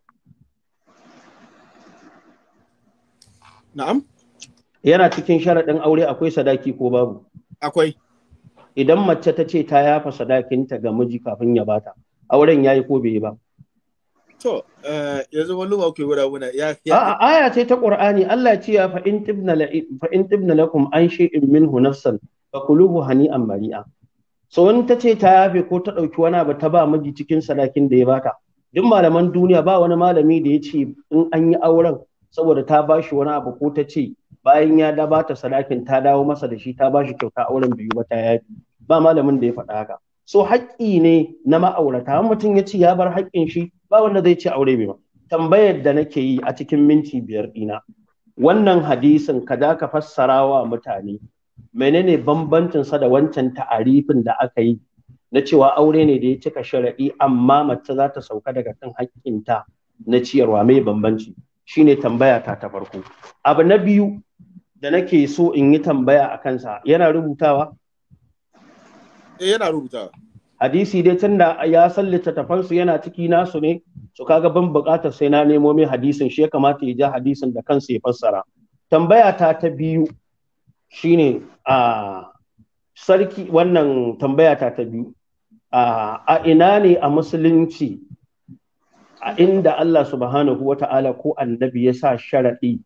Na'am? Yana cikin sharaɗin aure akwai sadaki ko babu? Akwai. Idan mace ta ce ta yafa sadakinta ga miji kafin ya bata, auren ya yi ko bai yi ba. To, eh,
yanzu wani ba ku muna A'a,
aya ce ta ƙur'ani: Allah ce ya fa'in tibna lakum an shay'in minhu nafsan fakuluhu hani'an mari'a. So wani ta ce ta yafe ko ta ɗauki wani abu ta ba miji cikin sadakin da ya bata. Duk malaman duniya ba wani malami da ya ce in an yi auren saboda ta ba shi wani abu ko ta ce bayan ya da bata sadakin ta dawo masa da shi ta ba shi kyauta auren biyu ba ta yafi ba malamin da ya faɗa haka so haƙƙi ne na ma'aurata mutum ya ce ya bar haƙƙin shi ba wanda zai ce aure bai ba tambayar da nake yi a cikin minti biyar ɗina wannan hadisin ka za ka fassara wa mutane menene bambancin sa da wancan ta'arifin da aka yi na cewa aure ne da ya cika shari'i amma mace za ta sauka daga kan haƙƙinta na ciyarwa mai bambanci shine tambaya ta ta farko abu na biyu da nake so in yi tambaya a kansa yana rubutawa eh yana rubutawa hadisi dai tunda ya san littattafansu yana ciki nasu ne su kaga ban buƙatar sai na nemo mai hadisin shi ya kamata ya ja hadisin da kansa ya fassara tambaya ta ta biyu shine a sarki wannan tambaya ta ta biyu a ina ne a musulunci a inda Allah subhanahu wa ta'ala ko annabi ya sa sharaɗi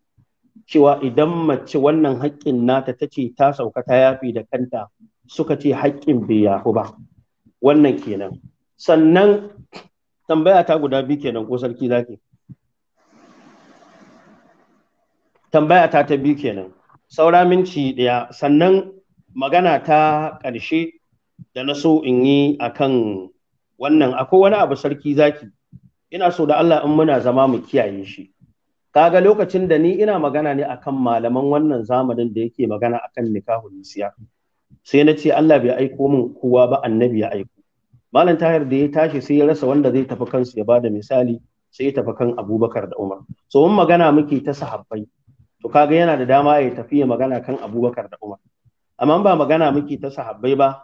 cewa idan mace wannan haƙƙin nata ta ce ta sauka ta yafi da kanta suka ce haƙƙin bai yafi ba wannan kenan sannan tambaya ta guda biyu kenan ko sarki zaki tambaya ta ta biyu kenan saura minci ɗaya sannan magana ta ƙarshe da na so in yi akan wannan akwai wani abu sarki zaki ina so da Allah in muna zama mu kiyaye shi kaga lokacin da ni ina magana ne akan malaman wannan zamanin da yake magana akan nikahu nisiya sai na ce Allah bai aiko min kowa ba annabi ya aiko malam tahir da ya tashi sai ya rasa wanda zai tafi kansu ya bada misali sai ya tafi kan abubakar da umar so in magana muke ta sahabbai to kaga yana da dama ya tafi ya magana kan abubakar da umar amma ba magana muke ta sahabbai ba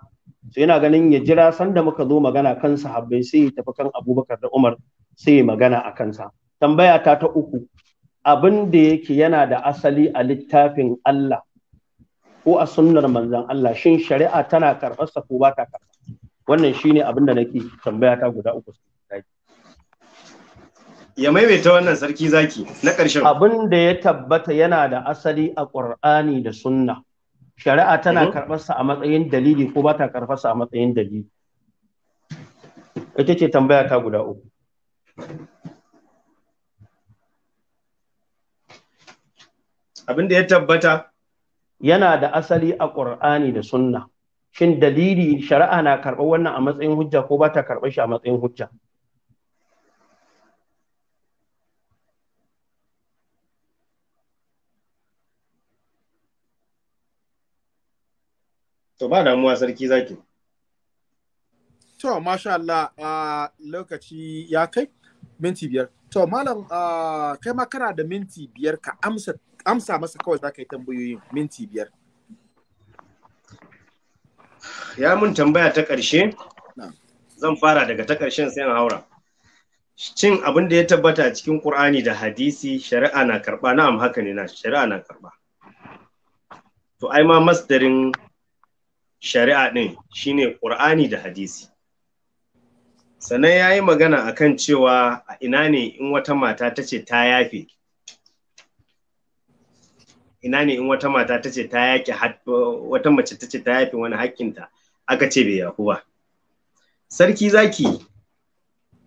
sai yana ganin ya jira sanda muka zo magana kan sahabbai sai ya tafi kan abubakar da umar sai magana a kansa tambaya ta ta uku abin da yake yana da asali a littafin Allah ko a sunnar manzan Allah shin shari'a tana karɓarsa ko ba ta karɓa wannan shine abin da nake tambaya ta guda uku
ya maimaita wannan sarki zaki na ƙarshen
abin da ya tabbata yana da asali a ƙur'ani da sunna shari'a tana karɓarsa a matsayin dalili ko ba ta karɓarsa a matsayin dalili ita ce tambaya ta guda uku
abin da ya tabbata
yana da asali a ƙur'ani da sunna shin dalili shari'a na karɓar wannan a matsayin hujja ko ba ta karɓar shi a matsayin hujja
to ba damuwa sarki zaki
to masha Allah lokaci ya kai minti biyar to malam ah, kai ma kana da minti biyar ka amsa masa kawai za ka yi tambayoyin minti biyar
ya mun tambaya ta ƙarshe zan fara daga ta ƙarshen sai na haura cin abin da ya tabbata cikin ƙur'ani da hadisi shari'a na karɓa na'am haka ne na shari'a na karɓa to ai ma masdarin shari'a ɗin shine ƙur'ani da hadisi sannan ya yi magana a kan cewa a ina ne in wata mata ta ce ta yafe ina ne in wata mata ta ce ta yaƙi wata mace ta ce ta yafe wani hakkinta aka ce bai yafu ba sarki zaki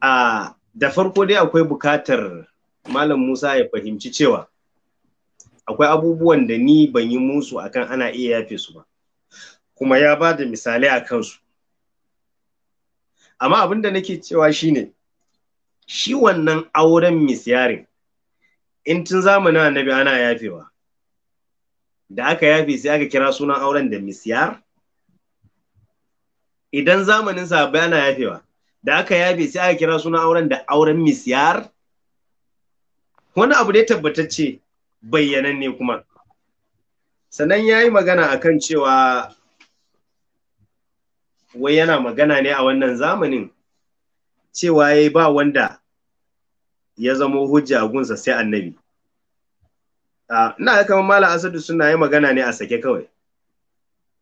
a da farko dai akwai bukatar malam musa ya fahimci cewa akwai abubuwan da ni ban yi musu akan ana iya yafe su ba kuma ya ba da misalai a kansu amma abin da nake cewa shi ne, shi wannan auren misyarin in tun zamanin annabi ana yafewa da aka yafe sai aka kira sunan auren da misyar idan zamanin sahabbai ana yafewa da aka yafe sai aka kira sunan auren da auren misyar wani abu ne tabbatacce bayyananne kuma sannan ya yi magana akan cewa wai yana magana ne a wannan zamanin cewa ya ba wanda ya zama hujja gunsa sai annabi ina ga kamar mala asadu suna yi magana ne a sake kawai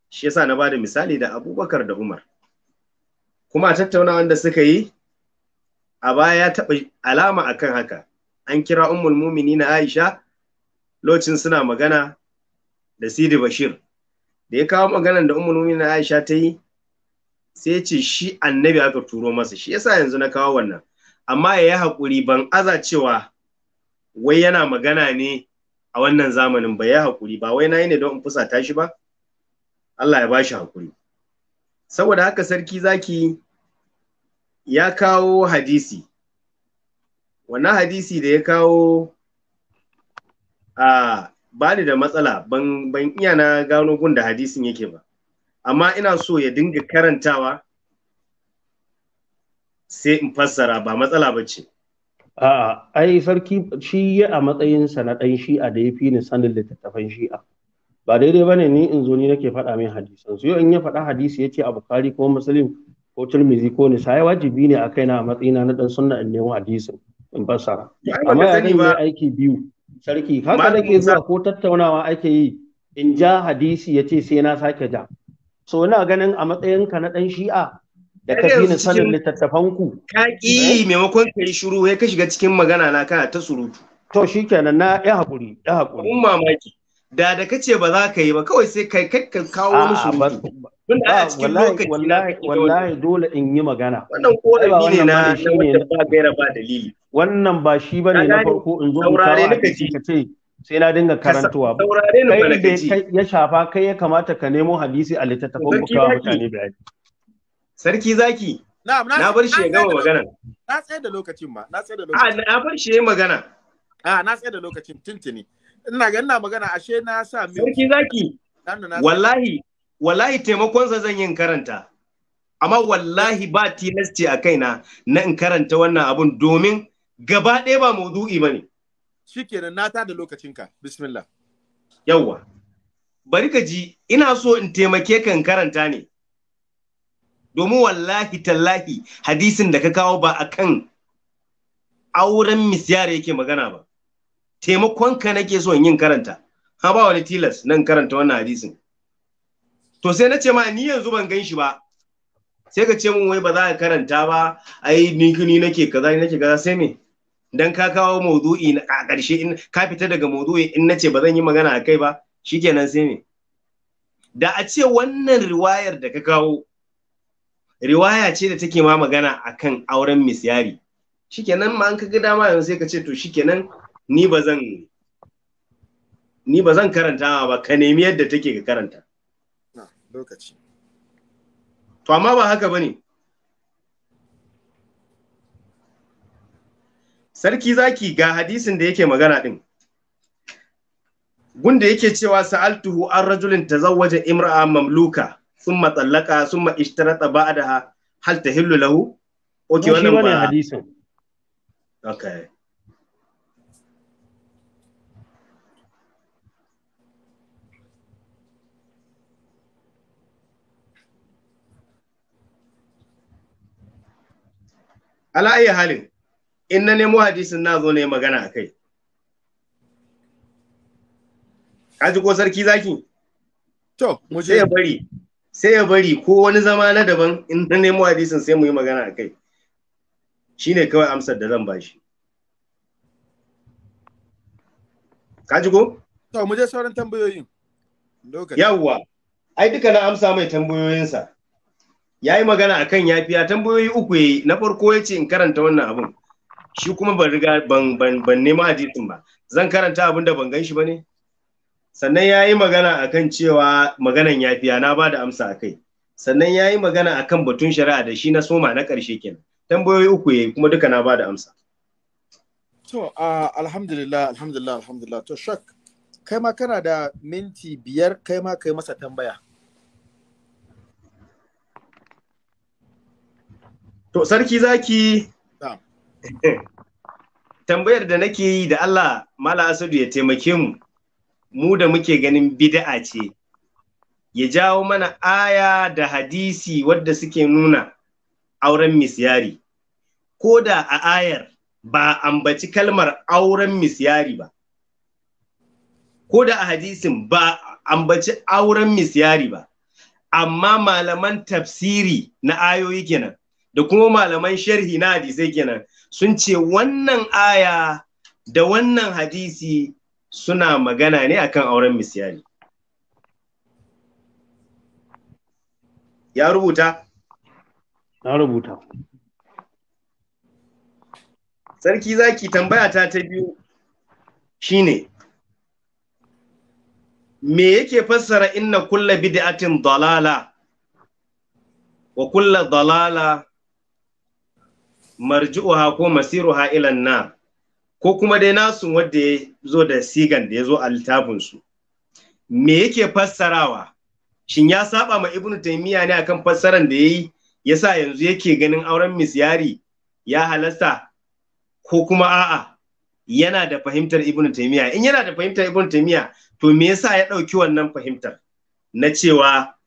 shi yasa na bada misali da abubakar da umar kuma tattauna wanda suka yi a baya ya taɓa alama akan haka an kira ummul mumini na aisha lokacin suna magana da sidi bashir da ya kawo maganan da ummul mumini na aisha ta yi sai ce shi annabi aka turo masa shi yasa yanzu na kawo wannan amma ya yi hakuri ban aza cewa wai yana magana ne a wannan zamanin ba ya hakuri. ba wai na yi ne don in fusata shi ba Allah ya bashi hakuri. saboda haka sarki zaki ya kawo hadisi wannan hadisi da ya kawo a ba da matsala ban iya na gano gun da hadisin yake ba amma ina so ya dinga karantawa sai in fassara ba matsala ba ce.
A'a, ai sarki shi ya a matsayinsa na ɗan shi'a da ya fi ni sanin littattafan shi'a. Ba daidai ba ne ni in zo ni nake faɗa min hadisan su yau in ya faɗa hadisi ya ce a Bukhari ko Muslim ko Tirmidhi ko Nisa ya wajibi ne a kaina a matsayina na ɗan sunna in nemo hadisin in fassara. Amma ya zan yi aiki biyu. Sarki, haka nake zuwa ko tattaunawa ake yi in ja hadisi ya ce sai na sake ja. so ina ganin a matsayinka na ɗan shi'a da ka fi sanin
littattafan ku ka ki maimakon ka yi shiru sai ka shiga cikin magana na kana ta surutu to shikenan na ya hakuri ya hakuri mun mamaki da da kace ba za ka yi ba kawai sai kai kai ka kawo wani surutu wallahi wallahi wallahi dole in yi magana wannan korafi ne na ne ba gaira ba dalili wannan ba shi
bane na farko in zo in kawo ka ce sai na dinga karantuwa kai da ya shafa kai ya kamata ka nemo hadisi a littattafan ku kawo mutane bayani sarki
zaki
na bar shi ya gama magana na tsaye da lokacin ma na tsaye da ah, lokacin a na bar shi ya magana a ah, na tsaye da lokacin tintini ina ga ina magana ashe na sa mi sarki
zaki wallahi wallahi taimakon sa zan yin karanta amma wallahi ba tilasti a kaina na in karanta wannan abun domin gaba ɗaya ba maudu'i bane shikenan na tada lokacinka bismillah yawwa bari ka ji ina so in taimake kan karanta ne domin wallahi tallahi hadisin da ka kawo ba a kan auren misyara yake magana ba taimakonka nake so in yin karanta ha ba wani tilas nan karanta wannan hadisin to sai na ce ma ni yanzu ban gan shi ba sai ka ce mun wai ba za ka karanta ba ai ni nake kaza ni nake kaza sai me dan ka kawo maudu'i a ƙarshe in ka fita daga maudu'i in nace ba zan yi magana a kai ba shikenan sai me da a ce wannan riwayar da ka kawo riwaya ce da take ma magana akan auren misyari shikenan ma an ka dama yanzu sai ka ce to shikenan ni ba zan ni ba zan karanta ba ka nemi yadda take ka karanta ah, lokaci to amma ba haka bane sarki zaki ga hadisin da yake magana din gunda yake cewa sa'altuhu an rajulin zawaje imra'a mamluka sun sun ma'ishtarata ba ishtarata ba'daha hal hillu lahu okay wannan ba hadisin okay ala ayi halin in na nemo hadisin na zo ne magana a kai kaji ko sarki zaki to sai ya bari sai ya bari ko wani zama na daban in na nemo hadisin sai mu yi magana a kai Shi ne kawai amsar da zan bashi kaji ko to mu je sauran tambayoyin yawwa ai duka na amsa mai tambayoyinsa ya yi magana a kan yafiya tambayoyi uku ya yi na farko ya ce in karanta wannan abin shi kuma ban riga ban ban ban nema hadisin ba zan karanta abin da ban gan shi ba ne sannan ya yi magana akan cewa maganan yafiya na bada amsa a kai sannan ya yi magana akan batun shari'a da shi na soma na ƙarshe kenan tambayoyi uku yayi kuma duka na ba da amsa
to alhamdulillah alhamdulillah alhamdulillah to shak kai ma kana da minti biyar kai ma kai masa tambaya
to sarki zaki tambayar da nake yi da Allah Mala Asadu ya taimake mu mu da muke ganin bida'a ce ya jawo mana aya da hadisi wadda suke nuna auren misyari ko da a ayar ba ambaci kalmar auren misyari ba ko da a hadisin ba ambaci auren misyari ba amma malaman tafsiri na ayoyi kenan da kuma malaman sharhi na hadisai kenan sun ce wannan aya da wannan hadisi suna magana ne akan auren misyari ya rubuta na rubuta sarki zaki tambaya ta ta biyu shine me yake fassara inna kulla bid'atin dalala wa kulla dalala marji'uha ko masiruha ilan na ko kuma dai nasu wanda ya zo da sigan da ya zo a littafinsu me yake fassarawa shin ya saba ma ibnu taimiya ne akan fassaran da ya yi ya sa yanzu yake ganin auren misyari ya halasta ko kuma a'a yana da fahimtar ibnu taimiya in yana da fahimtar ibnu taimiya to me yasa ya ɗauki wannan fahimtar na cewa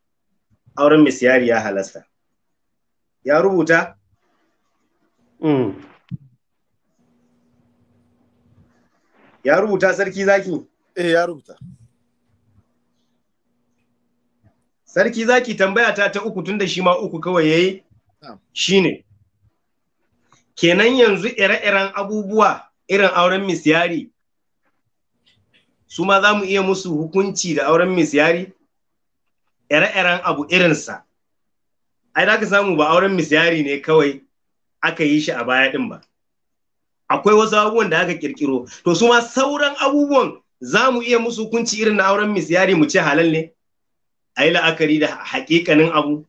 auren misyari ya halasta ya rubuta Mm. Ya rubuta sarki zaki? Eh, ya rubuta. Sarki zaki tambaya ta ta uku tunda shi ma uku kawai yayi shine kenan yanzu ire-iren abubuwa irin auren misyari su ma za mu iya musu hukunci da auren misyari ire-iren abu irinsa ai da ka samu ba auren misyari ne kawai aka yi shi a baya din ba akwai wasu abubuwan da aka kirkiro to su ma sauran abubuwan za mu iya musu hukunci irin na auren misyari mu ce halal ne a yi la'akari da haƙiƙanin abu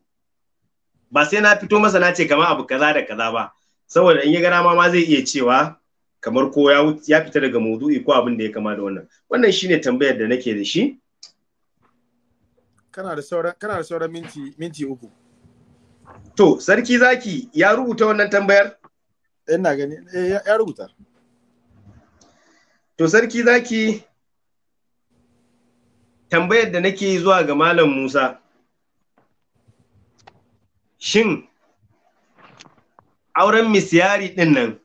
ba sai na fito masa na ce kama abu kaza da kaza ba saboda in ya gana ma zai iya cewa kamar ko ya fita daga maudu'i ko abin da ya kama da wannan wannan shi ne tambayar da nake da shi
kana da sauran minti uku To, sarki zaki ya rubuta wannan tambayar? Ina gani, eh, ya rubuta.
To, sarki zaki tambayar da nake zuwa ga Malam Musa. Shin, auren misiyari ɗin nan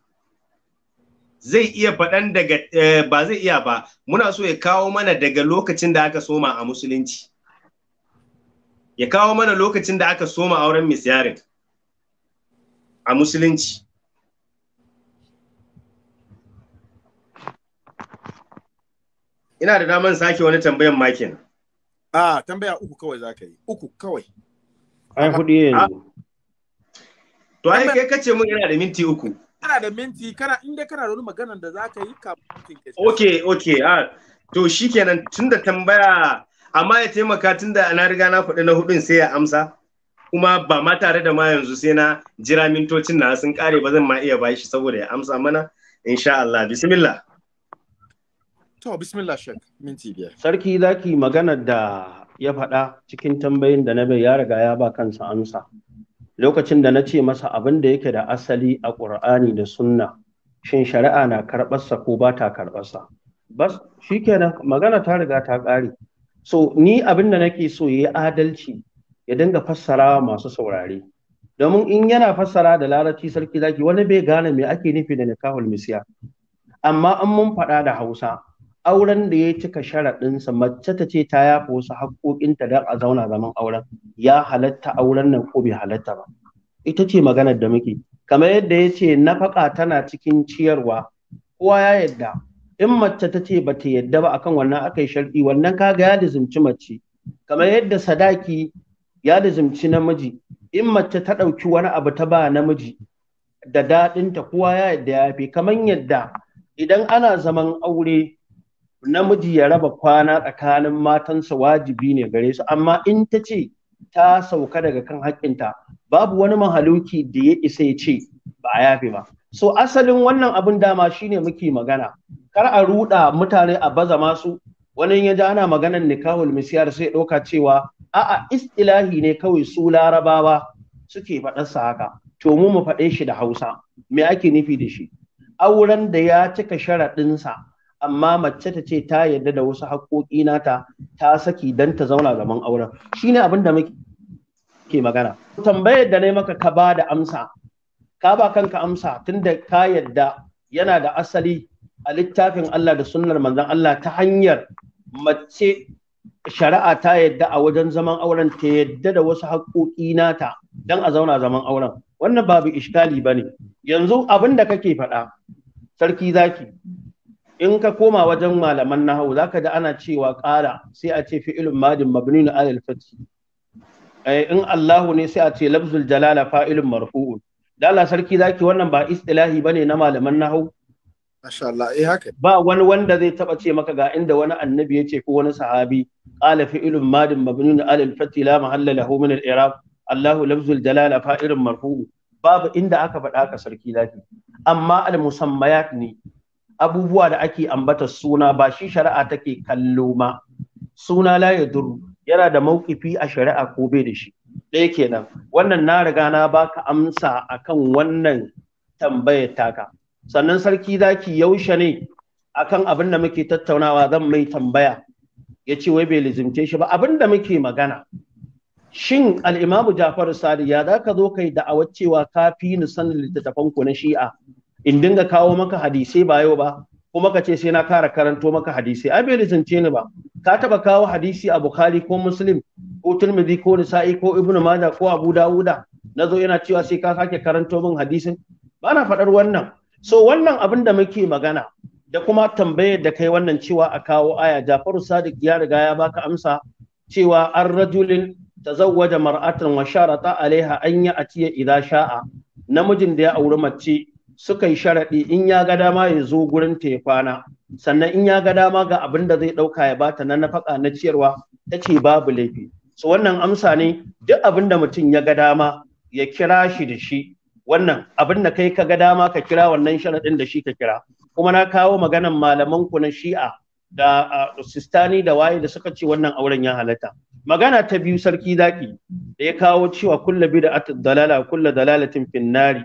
zai iya faɗan daga, eh, ba zai iya ba, muna so ya kawo mana daga lokacin da aka soma a Musulunci. ya kawo mana lokacin da aka soma auren misyarin a musulunci ina da daman sake wani tambayan makin
a tambaya uku kawai za ka yi uku kawai
ai hudu yanzu to ai kai kace mun yana da minti uku
kana da minti kana inda kana da wani maganar da za ka yi kafin Ok,
ok, ah to shi kenan tun da tambaya amma ya taimaka tun da na riga na faɗi na hudun sai ya amsa kuma ba ma tare da ma yanzu sai na jira mintocin na sun kare ba zan ma iya ba shi saboda ya amsa mana insha Allah bismillah
to bismillah shek minti biyar
sarki zaki magana da ya faɗa cikin tambayin da na bai ya riga ya ba kansa amsa lokacin da na ce masa abin da yake da asali a ƙur'ani da sunna shin shari'a na karɓarsa ko ba ta karɓarsa bas shikenan magana ta riga ta ƙare so ni abin da nake so ya yi adalci ya dinga fassara masu saurare domin in yana fassara da larabci sarki zaki wani bai gane me ake nufi da nikahul misya amma an mun faɗa da hausa auren da ya cika sharaɗinsa mace ta ce ta yafa wasu haƙoƙinta don a zauna zaman auren ya halatta auren nan ko bai halatta ba ita ce maganar da muke kamar yadda ya ce nafaka tana cikin ciyarwa kowa ya yadda in mace ta ce ba ta yadda ba akan wannan aka yi sharɗi wannan kaga ya lizimci mace kamar yadda sadaki ya lizimci namiji in mace ta ɗauki wani abu ta ba namiji da daɗinta kowa ya yadda ya fi kamar yadda idan ana zaman aure namiji ya raba kwana tsakanin matansa wajibi ne gare su amma in ta ce ta sauka daga kan haƙƙinta babu wani mahaluki da ya isa ya ce ba a yafe ba so asalin wannan abin dama shine muke magana kar a ruɗa mutane a baza masu wani ya ji ana maganar nikahul misiyar sai ɗauka cewa a'a istilahi ne kawai su larabawa suke sa haka to mu mu faɗe shi da hausa me ake nufi da shi auren da ya cika sharaɗinsa amma mace ta ce ta yarda da wasu haƙoƙi nata ta saki dan ta zauna zaman auren shine abin da muke magana tambayar da na maka ka ba da amsa ka ba kanka amsa tunda ka yarda yana da asali a littafin Allah da sunnar manzan. Allah ta hanyar mace shari'a ta yadda a wajen zaman auren ta yadda da wasu haƙoƙi nata don a zauna zaman auren wannan babu Ishkali ba ne yanzu abin da kake faɗa sarki zaki in ka koma wajen malaman za ka ji ana cewa ƙara sai a ce fi'ilun madin mabnin alal fathi eh, in Allahu ne sai a ce labzul jalala fa'ilun marfu'un dala sarki zaki wannan ba istilahi bane na malaman nahawu Eh, ba wani wanda zai taba ce maka ga inda wani annabi ya ce ko wani sahabi qala ilm madin mabnun ala al fati la mahalla lahu min al-i'rab Allahu lafzul jalala fa'irun marfu babu inda aka faɗa ka sarki lafi amma al-musammayat ne abubuwa da ake ambata suna ba shi shari'a take kallo ma suna la yadur yana da maukifi a shari'a ko bai da shi ɗaya kenan wannan na riga na baka amsa akan wannan tambayar taka sannan sarki zaki yaushe ne akan abin da muke tattaunawa zan mai tambaya ya ce wai bai lizimce shi ba abin da muke magana shin al'imamu jafar sadi ya za ka zo kai da'awar cewa ka fi ni sanin littattafan ku na shi'a in dinga kawo maka hadisai ba yau ba kuma ka ce sai na kara karanto maka hadisai ai bai lizimce ni ba ka taba kawo hadisi a bukhari ko muslim ko tirmidhi ko nisa'i ko ibnu majah ko abu dawuda na zo yana cewa sai ka sake karanto min hadisin ba na faɗar wannan so wannan abin da muke magana da kuma tambayar da kai wannan cewa a kawo aya Jafaru Sadiq ya riga ya baka amsa cewa an rajulin tazawwaja mar'atan wa sharata alaiha an ya atiya idza sha'a namijin da ya auri mace suka yi sharaɗi in ya ga dama ya zo gurin ta ya kwana sannan in ya ga dama ga abin da zai ɗauka ya bata na nafaka na ciyarwa ta ce babu laifi so wannan amsa ne duk abin da mutum ya ga dama ya kira shi da shi wannan abin da kai ka ga dama ka kira wannan sharaɗin da shi ka kira kuma na kawo maganan malaman ku na shi'a da sistani da waye da suka ce wannan auren ya halatta magana ta biyu sarki zaki da ya kawo cewa kulla bid'atid dalala kulla dalalatin finnari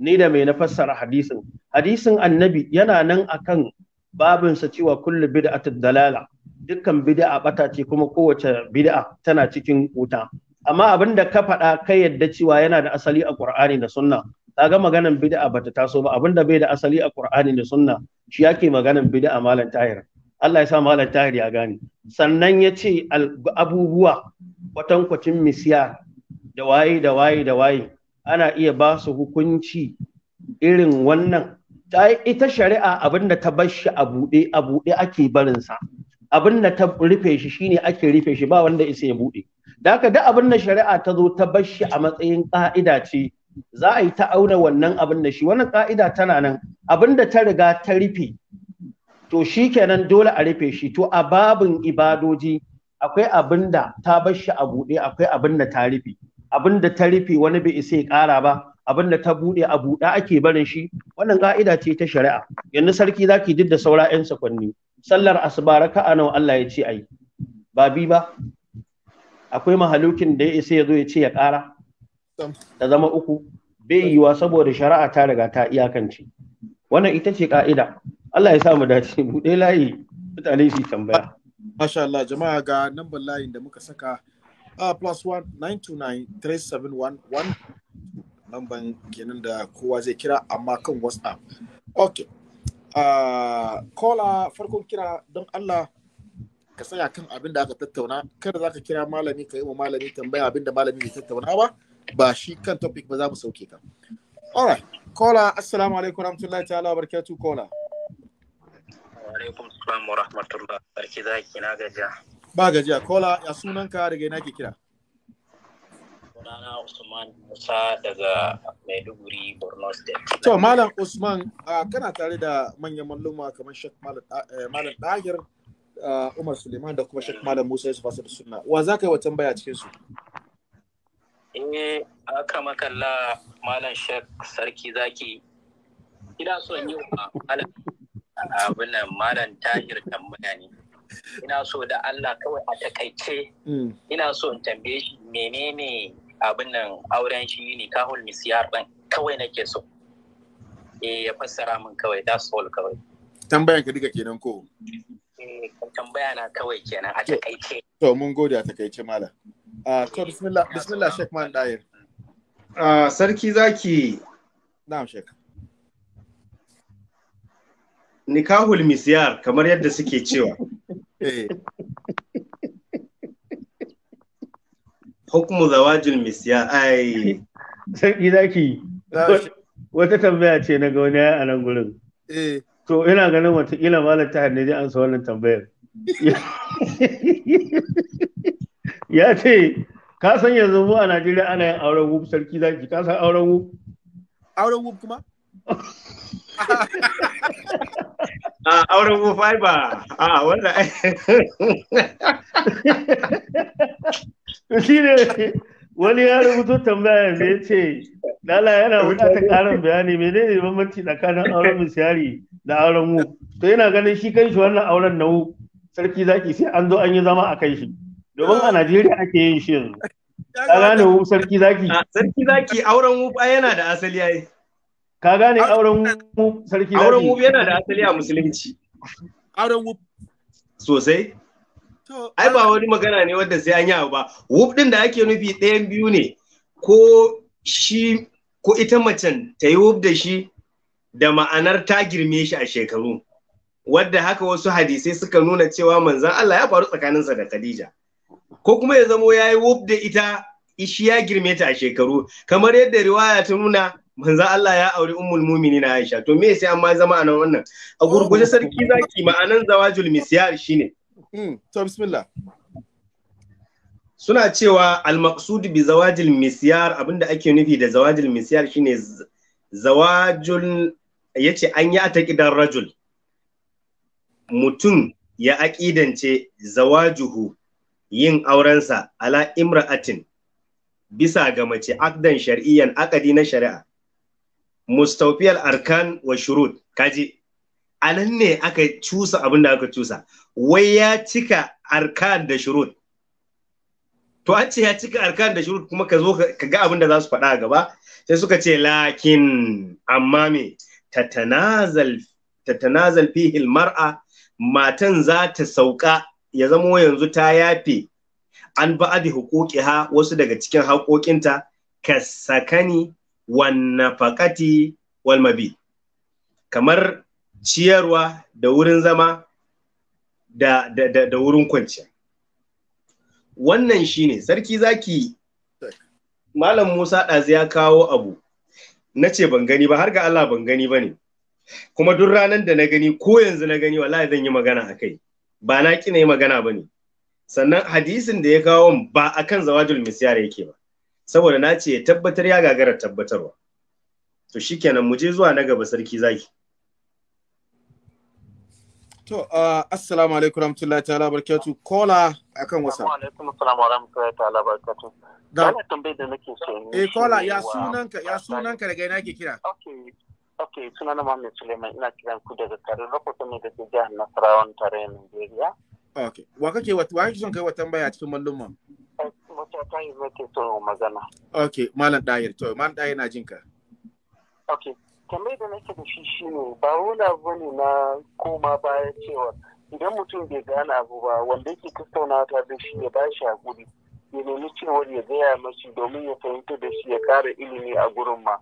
ni da mai na fassara hadisin hadisin annabi yana nan akan babinsa cewa bi da dalala dukkan bid'a bata ce kuma kowace bid'a tana cikin wuta amma abin da ka faɗa ka yadda cewa yana da asali a Qur'ani da Sunna kaga maganan bid'a bata taso ba abin da bai da asali a Qur'ani da Sunna shi yake maganan bid'a malam tahir Allah ya sa malam tahir ya gane sannan ya ce abubuwa kwatankwacin misiya da waye da waye da waye ana iya ba su hukunci irin wannan ta ita shari'a abinda ta bar shi a buɗe a buɗe ake barinsa abin da ta rufe shi shine ake rufe shi ba wanda isa ya buɗe da haka duk abin da shari'a ta zo ta bar shi a matsayin ka'ida ce za a yi ta auna wannan abin da shi wannan ka'ida tana nan abin da ta riga ta rufe to shi kenan dole a rufe shi to a babin ibadoji akwai abin da ta bar shi a buɗe akwai abin da ta rufe abin da ta rufe wani bai isa ya kara ba abin da ta buɗe a buɗe ake barin shi wannan ƙa'ida ce ta shari'a yanzu sarki zaki duk da saura 'yan sakwanni sallar asuba raka'a nawa Allah ya ce ayi ba bi ba akwai mahalukin da ya isa ya zo ya ce ya ƙara ta zama uku bai yi wa saboda shari'a ta riga ta iyakance wannan ita ce ka'ida Allah ya sa mu dace
mu layi mutane su tambaya masha Allah jama'a ga nambar layin da muka saka uh, plus one nine two nine three seven one one Lamban kenan da kowa zai kira amma kan whatsapp okay kola farkon kira don Allah ka tsaya kan abin da aka tattauna kada za ka kira malami ka yi wa malami tambaya abin da malami bai tattauna ba ba shi kan topic ba za mu sauke ka alright kola assalamu alaikum warahmatullahi ta'ala barkatu kola
alaikum salam wa rahmatullah sarki zaki na gajiya
ba gajiya kola ya sunanka daga ina ke kira
sunana Usman Musa daga
Maiduguri, Borno State. To, Malam Usman, kana tare da manyan malluma kamar Sheikh Malam eh, Dahir, Umar Suleiman da kuma Sheikh Malam Musa Yusuf Asadu Sunna. Wa za ka yi wa baya cikin su?
Eh, aka makalla Malam Sheikh Sarki Zaki. Ina son yi wa Malam abin nan Malam Tahir tambaya ne. ina so da Allah kawai a takaice mm. ina so in tambaye shi menene abin nan auren shi ne kahul misiyar ɗan kawai nake so E, ya fassara min kawai that's all kawai
tambayan ka duka kenan ko
eh tambaya na kawai kenan a takaice
to mun gode a takaice mala ah to bismillah bismillah shek man dair ah, sarki zaki na'am shek nikahul
misyar kamar yadda suke cewa eh. hukumu zawajin misiya ai
sarki zaki wata tambaya ce na ga wani a nan gurin eh. to ina ganin watakila malam ta hannu an sa wannan tambayar ya ce ka san yanzu mu a najeriya ana yin auren wuf sarki zaki ka san auren wuf
auren wuf kuma
a auren wufai ba a wannan
shi ne wani ya rubuto tambaya da ya ce lala yana bukatar karin bayani menene bambanci tsakanin auren misiyari da auren wu to yana ganin shi kan shi wannan auren na wu sarki zaki sai an zo an yi zama a kan shi domin a
najeriya ake yin shi yanzu lala ne wu sarki zaki sarki zaki auren wu yana da asali yayi ka gane auren mu sarki auren mu yana da asali a musulunci auren mu sosai ai ba wani magana ne wanda sai an yi ba wuf din da ake nufi ɗayan biyu ne ko shi ko ita macen ta yi wuf da shi da ma'anar ta girme shi a shekaru wadda haka wasu hadisai suka nuna cewa manzan Allah ya faru tsakaninsa da Khadija ko kuma ya zamo ya yi da ita shi ya girme ta a shekaru kamar yadda riwaya ta nuna manzo Allah ya auri ummul mu'minin Aisha to me sai amma zama anan wannan a gurguje sarki zaki ma'anan zawajul misyar shine hmm, to bismillah suna cewa al-maqsud bi zawajil misyar abinda ake nufi da zawajil misyar shine zawajul yace an yi ataqidan rajul mutum ya aƙidance zawajuhu yin aurensa ala imra'atin bisa ga mace akdan shar'iyyan akadi na shari'a mustaufiyar arkan wa shurut kaji a nan ne aka cusa abin da aka cusa wai ya cika arkan da shurut to an ce ya cika arkan da shurut kuma ka zo ka ga abin da za su faɗa gaba sai suka ce lakin amma me tatanazal tatanazal fihi mar'a matan za ta sauka ya zamo yanzu ta yafe an ba'adi hukuki ha wasu daga cikin haƙoƙinta ka sakani wannafakati walmabi kamar ciyarwa da wurin zama da, da, da, da wurin kwanciya wannan shine sarki zaki malam musa ɗazu ya kawo abu na ce ban gani ba har ga allah ban gani ba ne kuma duk ranar da na gani ko yanzu na gani wallahi zan yi magana a kai ba na kina yi magana ba ne sannan hadisin da ya kawo ba a kan zawajul misyar yake ba saboda na ce tabbatar ya gagara tabbatarwa to shikenan mu je zuwa na gaba sarki zaki
to assalamu alaikum warahmatullahi ta'ala barkatu kola akan wasa assalamu alaikum
rahmatullahi ta'ala barakatuh da tambayar da nake so eh kola ya sunanka ya sunanka daga ina ke kira okay okay sunana Muhammad Suleiman ina kiran ku daga Kano lokacin ne da ke jihar Nasarawa tarayyar Najeriya
okay wa kake wa kake son kai wa tambaya cikin mallumman
matakan nake so magana.
Ok, Malam Ɗayir, to, Malam Ɗayir na jinka.
Ok, kamar da nake da shi shi ne ba wani abu na koma baya cewa idan mutum bai gane abu ba wanda yake tattauna ta da shi ya bashi hakuri ya nemi cewar ya gaya mashi domin ya fahimta da shi ya ƙara ilimi a gurin ma.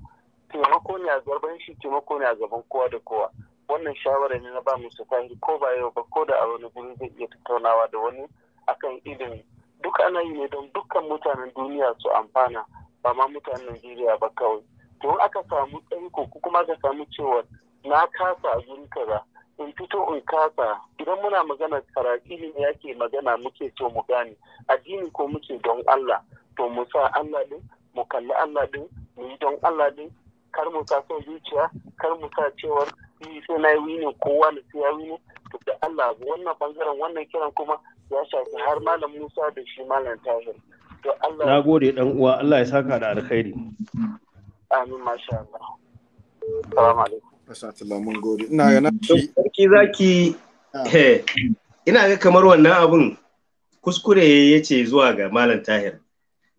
Taimako ne a gaban shi, taimako ne a gaban kowa da kowa. Wannan shawara ne na ba mu su ko ba yau ba ko da a wani guri zai iya tattaunawa da wani akan ilimi. duk ana yi ne don dukkan mutanen duniya su amfana ba ma mutanen Najeriya ba kawai to aka samu ko kuma aka samu cewa na kasa a guri kaza in fito in kasa idan muna magana karatu ne yake magana muke so mu gane addini ko muke don Allah to mu sa Allah din mu kalli Allah din mu yi don Allah din kar mu sa son zuciya kar mu sa cewar yi sai na yi wini kowa da sai ya wini to da Allah wannan bangaren wannan kiran kuma ya shafi har malam Musa da shi malam Tahir to Allah na
gode dan uwa Allah ya saka da alkhairi
amin
masha Allah assalamu alaikum Asatullah mun gode
ina ga na sarki zaki ah. ina ga kamar wannan abun kuskure ya ce zuwa ga malam Tahir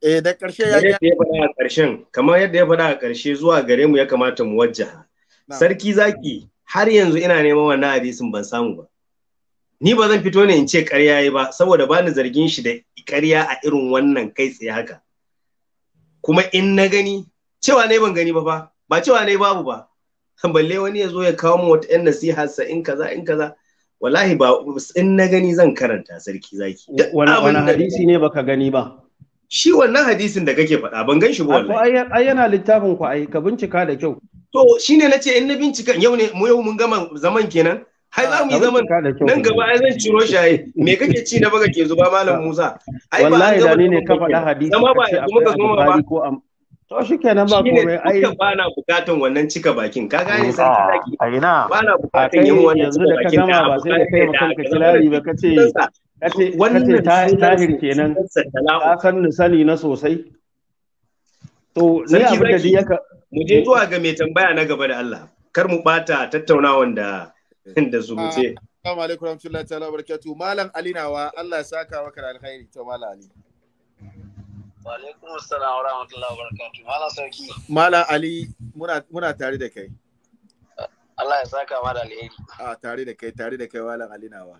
eh da karshe ya ya faɗa
a karshen kamar yadda ya faɗa a karshe zuwa gare mu ya kamata mu wajjaha sarki zaki har yanzu ina neman wannan hadisin ban samu ba ni ba zan fito ne in ce ƙarya yi ba saboda ba ni zargin shi da ƙarya a irin wannan kai tsaye haka kuma in na gani cewa ne ban gani ba fa ba cewa ne babu ba balle wani ya zo ya kawo mu wata 'yan nasiha sa in kaza in kaza wallahi ba in na gani zan karanta sarki zaki wani hadisi ne baka gani ba shi wannan hadisin da kake faɗa ban gan shi ba wallahi ai yana littafin ku ai ka bincika da kyau To shine na ce in na bincika yau ne mu yau mun gama zaman kenan. Hai za mu yi zaman nan gaba ai zan ciro shaye. Me kake ci na baga ke zuba malam Musa? Ai wallahi da ni ne ka faɗa hadisi. Zama ba kuma ka zo ba.
To shi kenan ba komai ai.
ba na bukatan wannan cika bakin. Ka gane san ka daki. Ina. Ba na bukatan yin wannan cika bakin. Yanzu da ka gama ba sai da kai maka ka kilari ba kace kace tahir kenan.
Ka san ni sani na sosai. To ne abin da ya
mu je zuwa ga mai tambaya na gaba da Allah kar mu bata tattaunawan da da su ce ah,
assalamu alaikum warahmatullahi ta'ala barakatuh malam ali nawa Allah ya saka maka da alkhairi to malam ali
wa alaikum assalam wa wabarakatuh malam sarki
malam ali muna muna tare da kai
Allah ya saka ma da alheri
Ah, tare da kai tare da kai malam ali nawa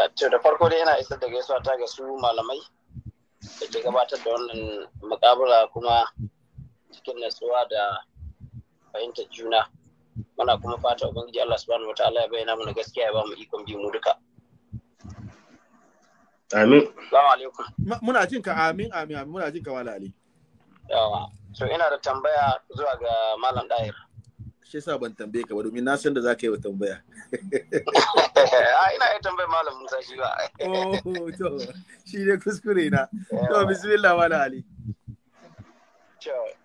ah, to da farko dai yana isar da gaisuwa ta ga su malamai da ke gabatar da wannan mukabara kuma cikin natsuwa da fahimtar juna muna kuma fata ubangiji Allah subhanahu wa ta'ala ya bayyana mana gaskiya ya ba mu ikon bi mu duka amin assalamu alaikum
muna jin ka amin amin amin muna jin ka wala ali yawa so ina da tambaya zuwa ga malam dair shi yasa ban tambaye ka ba domin na san da zaka yi wa tambaya ah, ina yi tambaye malam Musa shi ba oh to shi ne kuskure na to bismillah wala ali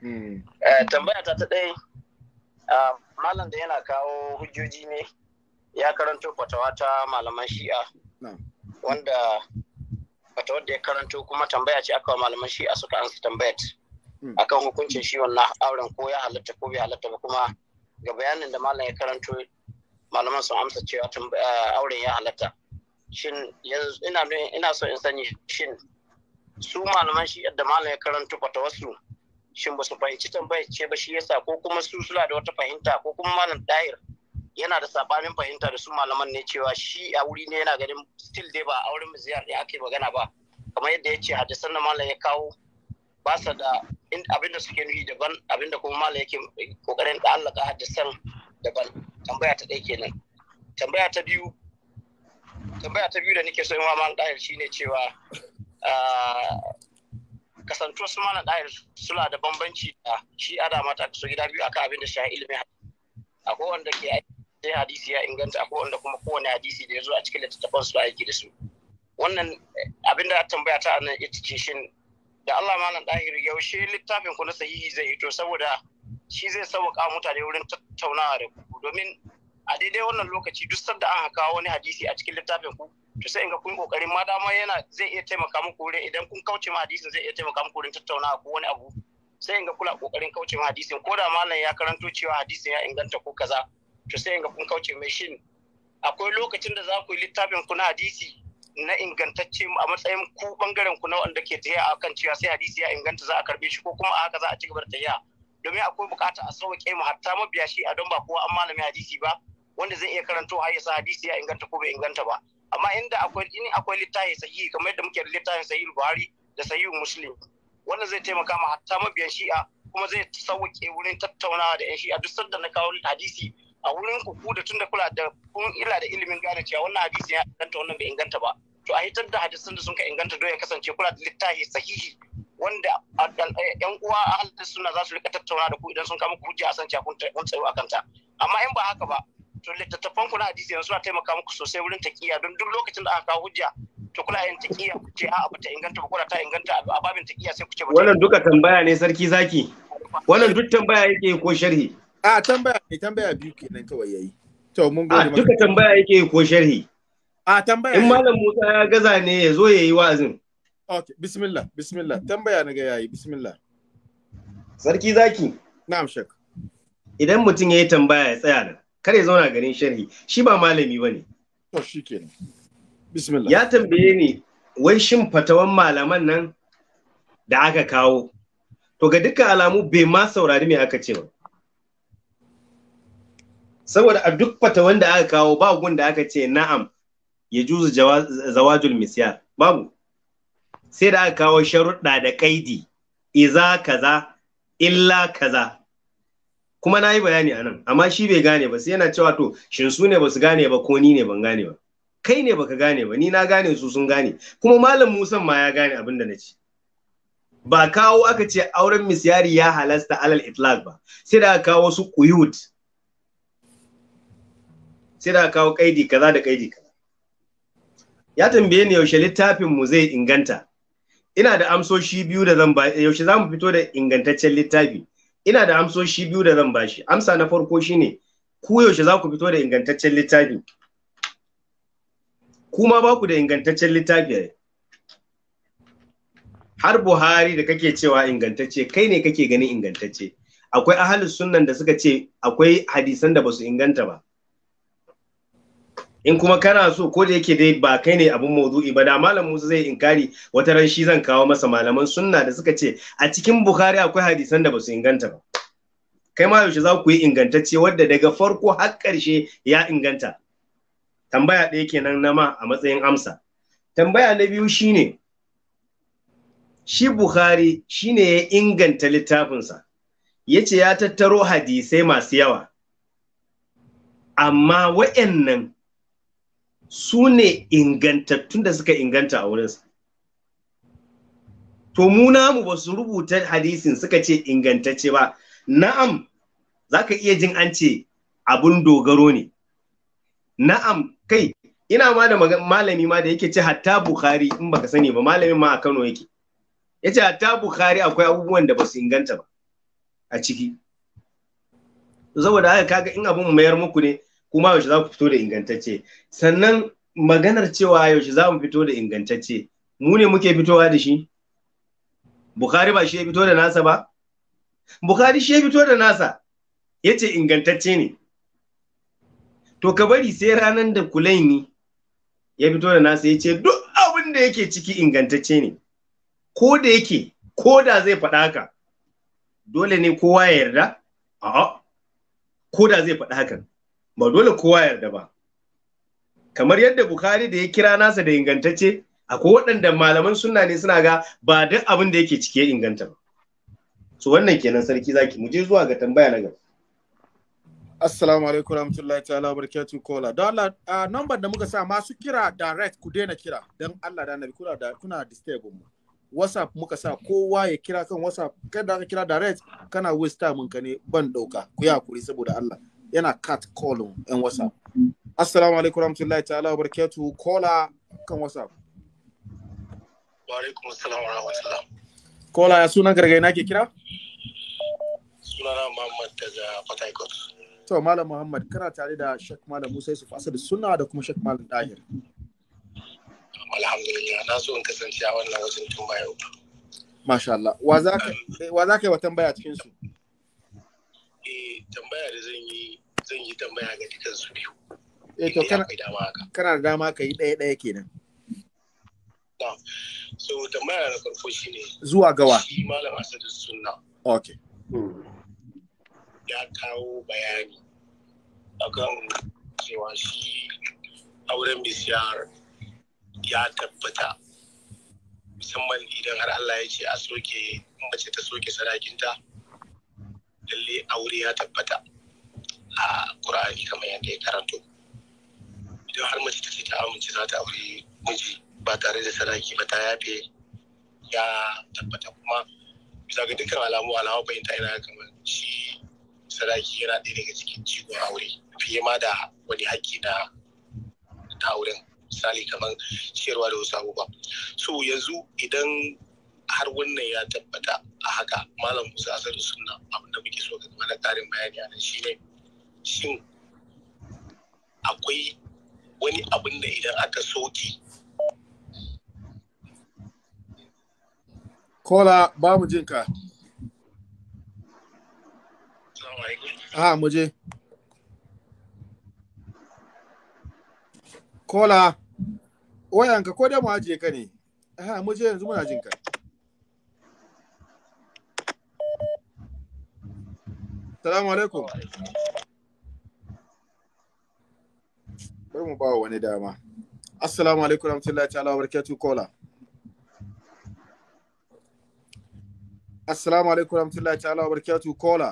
Eh,
tambaya ta ta ɗaya malam da yana kawo hujjoji ne ya karanto fatawa ta malaman shi'a wanda fatawar da ya karanto kuma tambaya ce aka wa malaman shi'a suka ansa tambayat hmm. akan hukuncin shi wannan auren ko ya halatta ko bai halatta ba kuma ga bayanin da malam ya karanto malaman sun amsa cewa auren ya halatta shin ina so in sani shin su malaman shi'a da malam ya karanto fatawarsu shin ba su fahimci tambayar ce ba shi yasa ko kuma su suna da wata fahimta ko kuma malam dair yana da sabanin fahimta da su malaman ne cewa shi a wuri ne yana ganin still dai ba a auren ziyar da ake magana ba kamar yadda ya ce hadisan na malam ya kawo ba sa da abinda suke nuhi daban abinda kuma malam yake kokarin da allaka hadisan daban tambaya ta ɗaya kenan tambaya ta biyu tambaya ta biyu da nake so in wa malam dair shine cewa ah, kasantuwar su malam ɗayar suna da bambanci da shi ada mata su gida biyu akan abin da shi ilimin akwai wanda ke aiki hadisi ya inganta akwai wanda kuma kowane hadisi da ya zo a cikin littattafan su aiki da su wannan eh, abin da tambaya ta nan ita ce shin da Allah malam ɗahir yaushe littafin ku na sahihi zai hito saboda shi zai sauƙaƙa mutane wurin tattaunawa da ku domin a daidai wannan lokaci duk sanda an kawo wani hadisi a cikin littafin ku to sai in ga kun kokarin ma dama yana zai iya taimaka muku wurin idan kun kauce ma hadisin zai iya taimaka muku wurin tattaunawa ko wani abu sai in ga kula kokarin kauce ma hadisin ko da malam ya karanto cewa hadisin ya inganta ko kaza to sai in ga kun kauce mai shin akwai lokacin da za ku yi littafin ku na hadisi na ingantacce a matsayin ku bangaren ku na wanda ke tafiya kan cewa sai hadisi ya inganta za a karbe shi ko kuma a haka za a ci gaba da tafiya domin akwai bukata a sauƙe mu hatta mabiya shi a don ba kowa an malami hadisi ba wanda zai iya karanto har yasa hadisi ya inganta ko bai inganta ba amma inda akwai in akwai littafi sahihi kamar yadda muke da littafin sahihi Buhari da sahihi Muslim wanda zai taimaka ma hatta mabiyan Shi'a kuma zai sauke wurin tattaunawa da yan Shi'a duk sanda na kawo hadisi a wurin ku ku da tunda kula da kun ila da ilimin gane cewa wannan hadisi ya inganta wannan bai inganta ba to a hitar da hadisin da sun ka inganta don ya kasance kula da littafi sahihi wanda yan uwa a halin suna za su rika tattauna da ku idan sun kama ku hujja a san cewa kun tsayo a kanta amma in ba haka ba to littattafan kuna hadisi yanzu suna taimaka muku sosai wurin taqiya don duk lokacin da aka kawo hujja to kula yin taqiya ku ce a'a ta inganta ba kula ta inganta a babin taqiya sai ku ce
wannan duka tambaya ne sarki zaki wannan duk tambaya yake ko sharhi a tambaya ne tambaya biyu kenan kawai yayi to mun gode maka duka tambaya yake ko sharhi
a tambaya in malam Musa ya gaza ne ya zo yayi wa'azin okay bismillah bismillah tambaya na ga yayi bismillah sarki zaki na'am
shek idan mutum ya yi tambaya ya tsaya nan kare zauna garin sharhi shi ba malami ba ne ya tambaye ni wai shin fatawan malaman nan da aka kawo to ga dukkan alamu bai ma saurari me aka ce ba saboda a duk fatawan da aka kawo ba gun da aka ce na'am ya juzu zawajul misyar babu sai da aka kawo sharuɗa da kaidi iza kaza illa kaza kuma na yi bayani a nan amma shi bai gane ba sai yana cewa to shin su ne ba su gane ba ko ni ne ban gane ba kai ne baka gane ba ni na gane su sun gane kuma malam musan ma ya gane abin da na ce ba kawo aka ce auren misyari ya halasta alal itlaq ba sai da kawo su quyut sai da kawo kaidi kaza da kaidi kaza ya tambaye ni yaushe littafin mu zai inganta ina da amsoshi biyu da zan ba yaushe za mu fito da ingantaccen littafi ina da amsoshi biyu da zan bashi amsa na farko shine ku yaushe za ku fito da ingantaccen littafi kuma ba ku da ingantaccen littafi har buhari da kake cewa ingantacce kai ne kake ganin ingantacce akwai ahalus sunnan da suka ce akwai hadisan da basu inganta ba in kuma kana so ko da yake dai ba kai ne abin maudu'i ba da malam Musa zai inkari wata ran shi zan kawo masa malaman sunna da suka ce a cikin Bukhari akwai hadisan da ba su inganta ba kai ma yaushe za ku yi ingantacce wadda daga farko har ƙarshe ya inganta tambaya ɗaya kenan na ma a matsayin amsa tambaya na biyu shine shi Bukhari shine ya inganta littafinsa ya ce ya tattaro hadisai masu yawa amma wa'annan su ne ingantattun da suka inganta a wurinsa to mu namu ba su rubuta hadisin suka ce ingantacce ba na'am za ka iya jin an ce abun dogaro ne na'am kai ina ma da malami ma da yake ce hatta bukhari in baka sani ba malamin ma a kano yake ya ce hatta bukhari akwai abubuwan da ba su inganta ba a ciki saboda haka kaga in abun mayar muku ne kuma yaushe za ku fito da ingantacce sannan maganar cewa yaushe za mu fito da ingantacce mu ne muke fitowa da shi Bukhari ba shi ya fito da nasa ba bukari shi ya fito da nasa ya ce ingantacce ne to ka bari sai ranar da kulaini ya fito da nasa ya ce duk abin da yake ciki ingantacce ne ko da yake ko da zai faɗa haka dole ne kowa ya yarda a'a ko da zai faɗa hakan ba dole kowa yarda ba kamar yadda bukhari da ya kira nasa da ingantacce akwai waɗanda malaman suna ne suna ga ba duk abin da yake cike inganta ba so wannan kenan sarki zaki mu je zuwa ga tambaya
na gaba assalamu alaikum rahmatullahi ta'ala barakatuh kola don Allah uh, number da muka sa masu kira direct ku daina kira don Allah da annabi kuna da kuna disturb mu whatsapp muka sa kowa ya kira kan whatsapp kada ka kira direct kana waste time ka ne ban dauka ku yi hakuri saboda Allah yana cut callin yan whatsapp assalamu alaikum warahmatullahi ta'ala wa barakatu kola kan whatsapp
wa alaikum assalam wa rahmatullah
kola ya sunan gargai nake kira? kira
sunana muhammad
daga port to malam muhammad kana tare da shek malam musa yusuf asad sunna da kuma shek malam dahir
alhamdulillah na so in kasance a wannan wajen tun bayan
masha Allah wa za ka yi wa tambaya cikin su eh tambaya da zan yi zan yi tambaya ga dukan su biyu eh to kana kana da dama ka yi ɗaya ɗaya kenan
so tambaya na farko
shine zuwa gawa shi malam
asadu sunna okay ya kawo bayani akan cewa shi
auren bisiyar ya tabbata musamman idan har Allah ya ce a soke mace ta soke sadakinta aure ya tabbata a ƙura'ani kamar yadda ya karanto idan har mace ta ce ta amince za ta aure miji ba tare da sadaki ba ta yafe ya tabbata kuma bisa ga dukkan alamu alamu fahimta yana kamar shi sadaki yana ɗaya daga cikin jigon aure fiye ma da wani haƙƙi na ta auren misali kamar ciyarwa da wasu abubuwa so yanzu idan har wannan ya tabbata a haka malam musa asadu suna abin da muke so ga game da
karin bayani a nan ne, shin akwai wani abin da idan aka soke
kola ba mu jin ka ah mu je kola wayanka ko da mu ajiye ka ne a ah, mu je yanzu muna jin ka Salamu alaikum. Bari mu ba wa wani dama. Assalamu alaikum rahmatullahi ta'ala wa barakatu kola. Assalamu alaikum rahmatullahi ta'ala wa barakatu kola.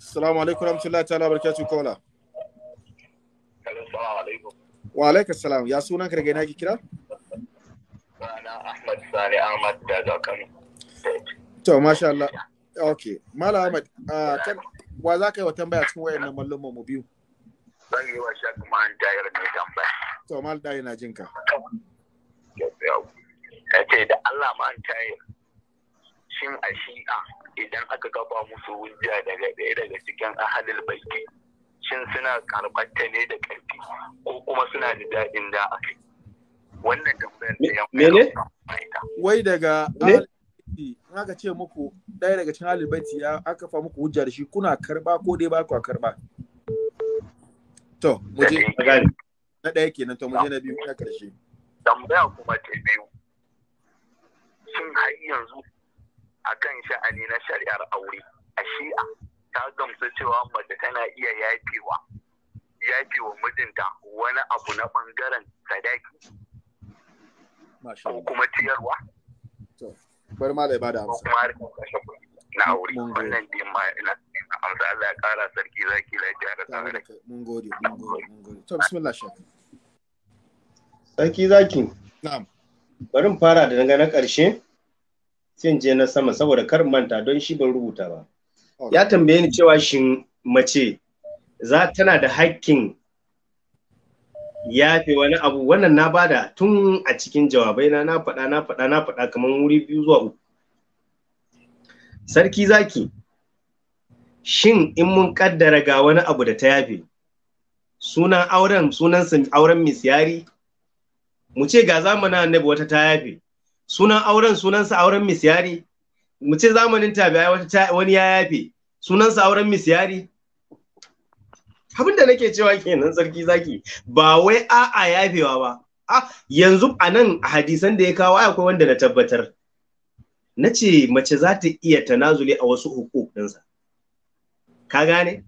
Assalamu alaikum rahmatullahi ta'ala wa barakatu kola. Wa alaikum salam. Ya sunan ka daga ina ki kira? Ahmad Sani Ahmad Kano. To, masha Allah. Ok, Mala Ahmad, wa za ka yi wa tambaya cikin wayan nan mallon mu biyu?
Zan yi wa kuma an Dayar ne tambaya.
To, Mal dayi na jinka.
Ya ce da Allah an tayar.
shin a shi'a idan aka gaba musu hujja daga ɗaya daga cikin ahalil baiki, shin suna karɓar ta ne da ƙarfi ko kuma suna da daɗin da aka yi?
wannan tambayar da
ya mene
wai daga haka ce muku ɗaya daga cikin alibaiti ya aka fa muku hujja shi kuna karba ko dai ba ku karba to mu je na ɗaya kenan to mu je na biyu na karshe tambaya kuma ta biyu
shin har
yanzu akan sha'ani na shari'ar aure a shi'a ta gamsu cewa
mace tana iya yafewa yafewa mijinta wani abu na bangaren sadaki ko kuma ciyarwa
ma da ibada amsa na aure wannan
din ma ina amsa Allah ya kara
sarki zaki lafiya da tsare mun gode mun gode mun gode to bismillah shafi
sarki zaki na'am bari mu fara da na ƙarshe sai je na sama saboda kar manta don shi ban rubuta ba ya tambaye ni cewa shin mace za tana da hakkin yafe wani abu wannan na bada tun a cikin jawabai na na faɗa na faɗa na faɗa kamar wuri biyu zuwa uku sarki zaki shin in mun kaddara ga wani abu da ta yafe sunan auren sunan auren misyari mu ce ga zamanin annabi wata ta yafe sunan auren sunansa auren misyari mu ce zamanin tabiya wata wani ya yafe sunansa auren misyari abin da nake cewa kenan sarki zaki ba wai a'a yafewa ba a yanzu a nan hadisan da ya kawo akwai wanda na tabbatar na ce mace za ta iya tanazuli a wasu hukuk ka gane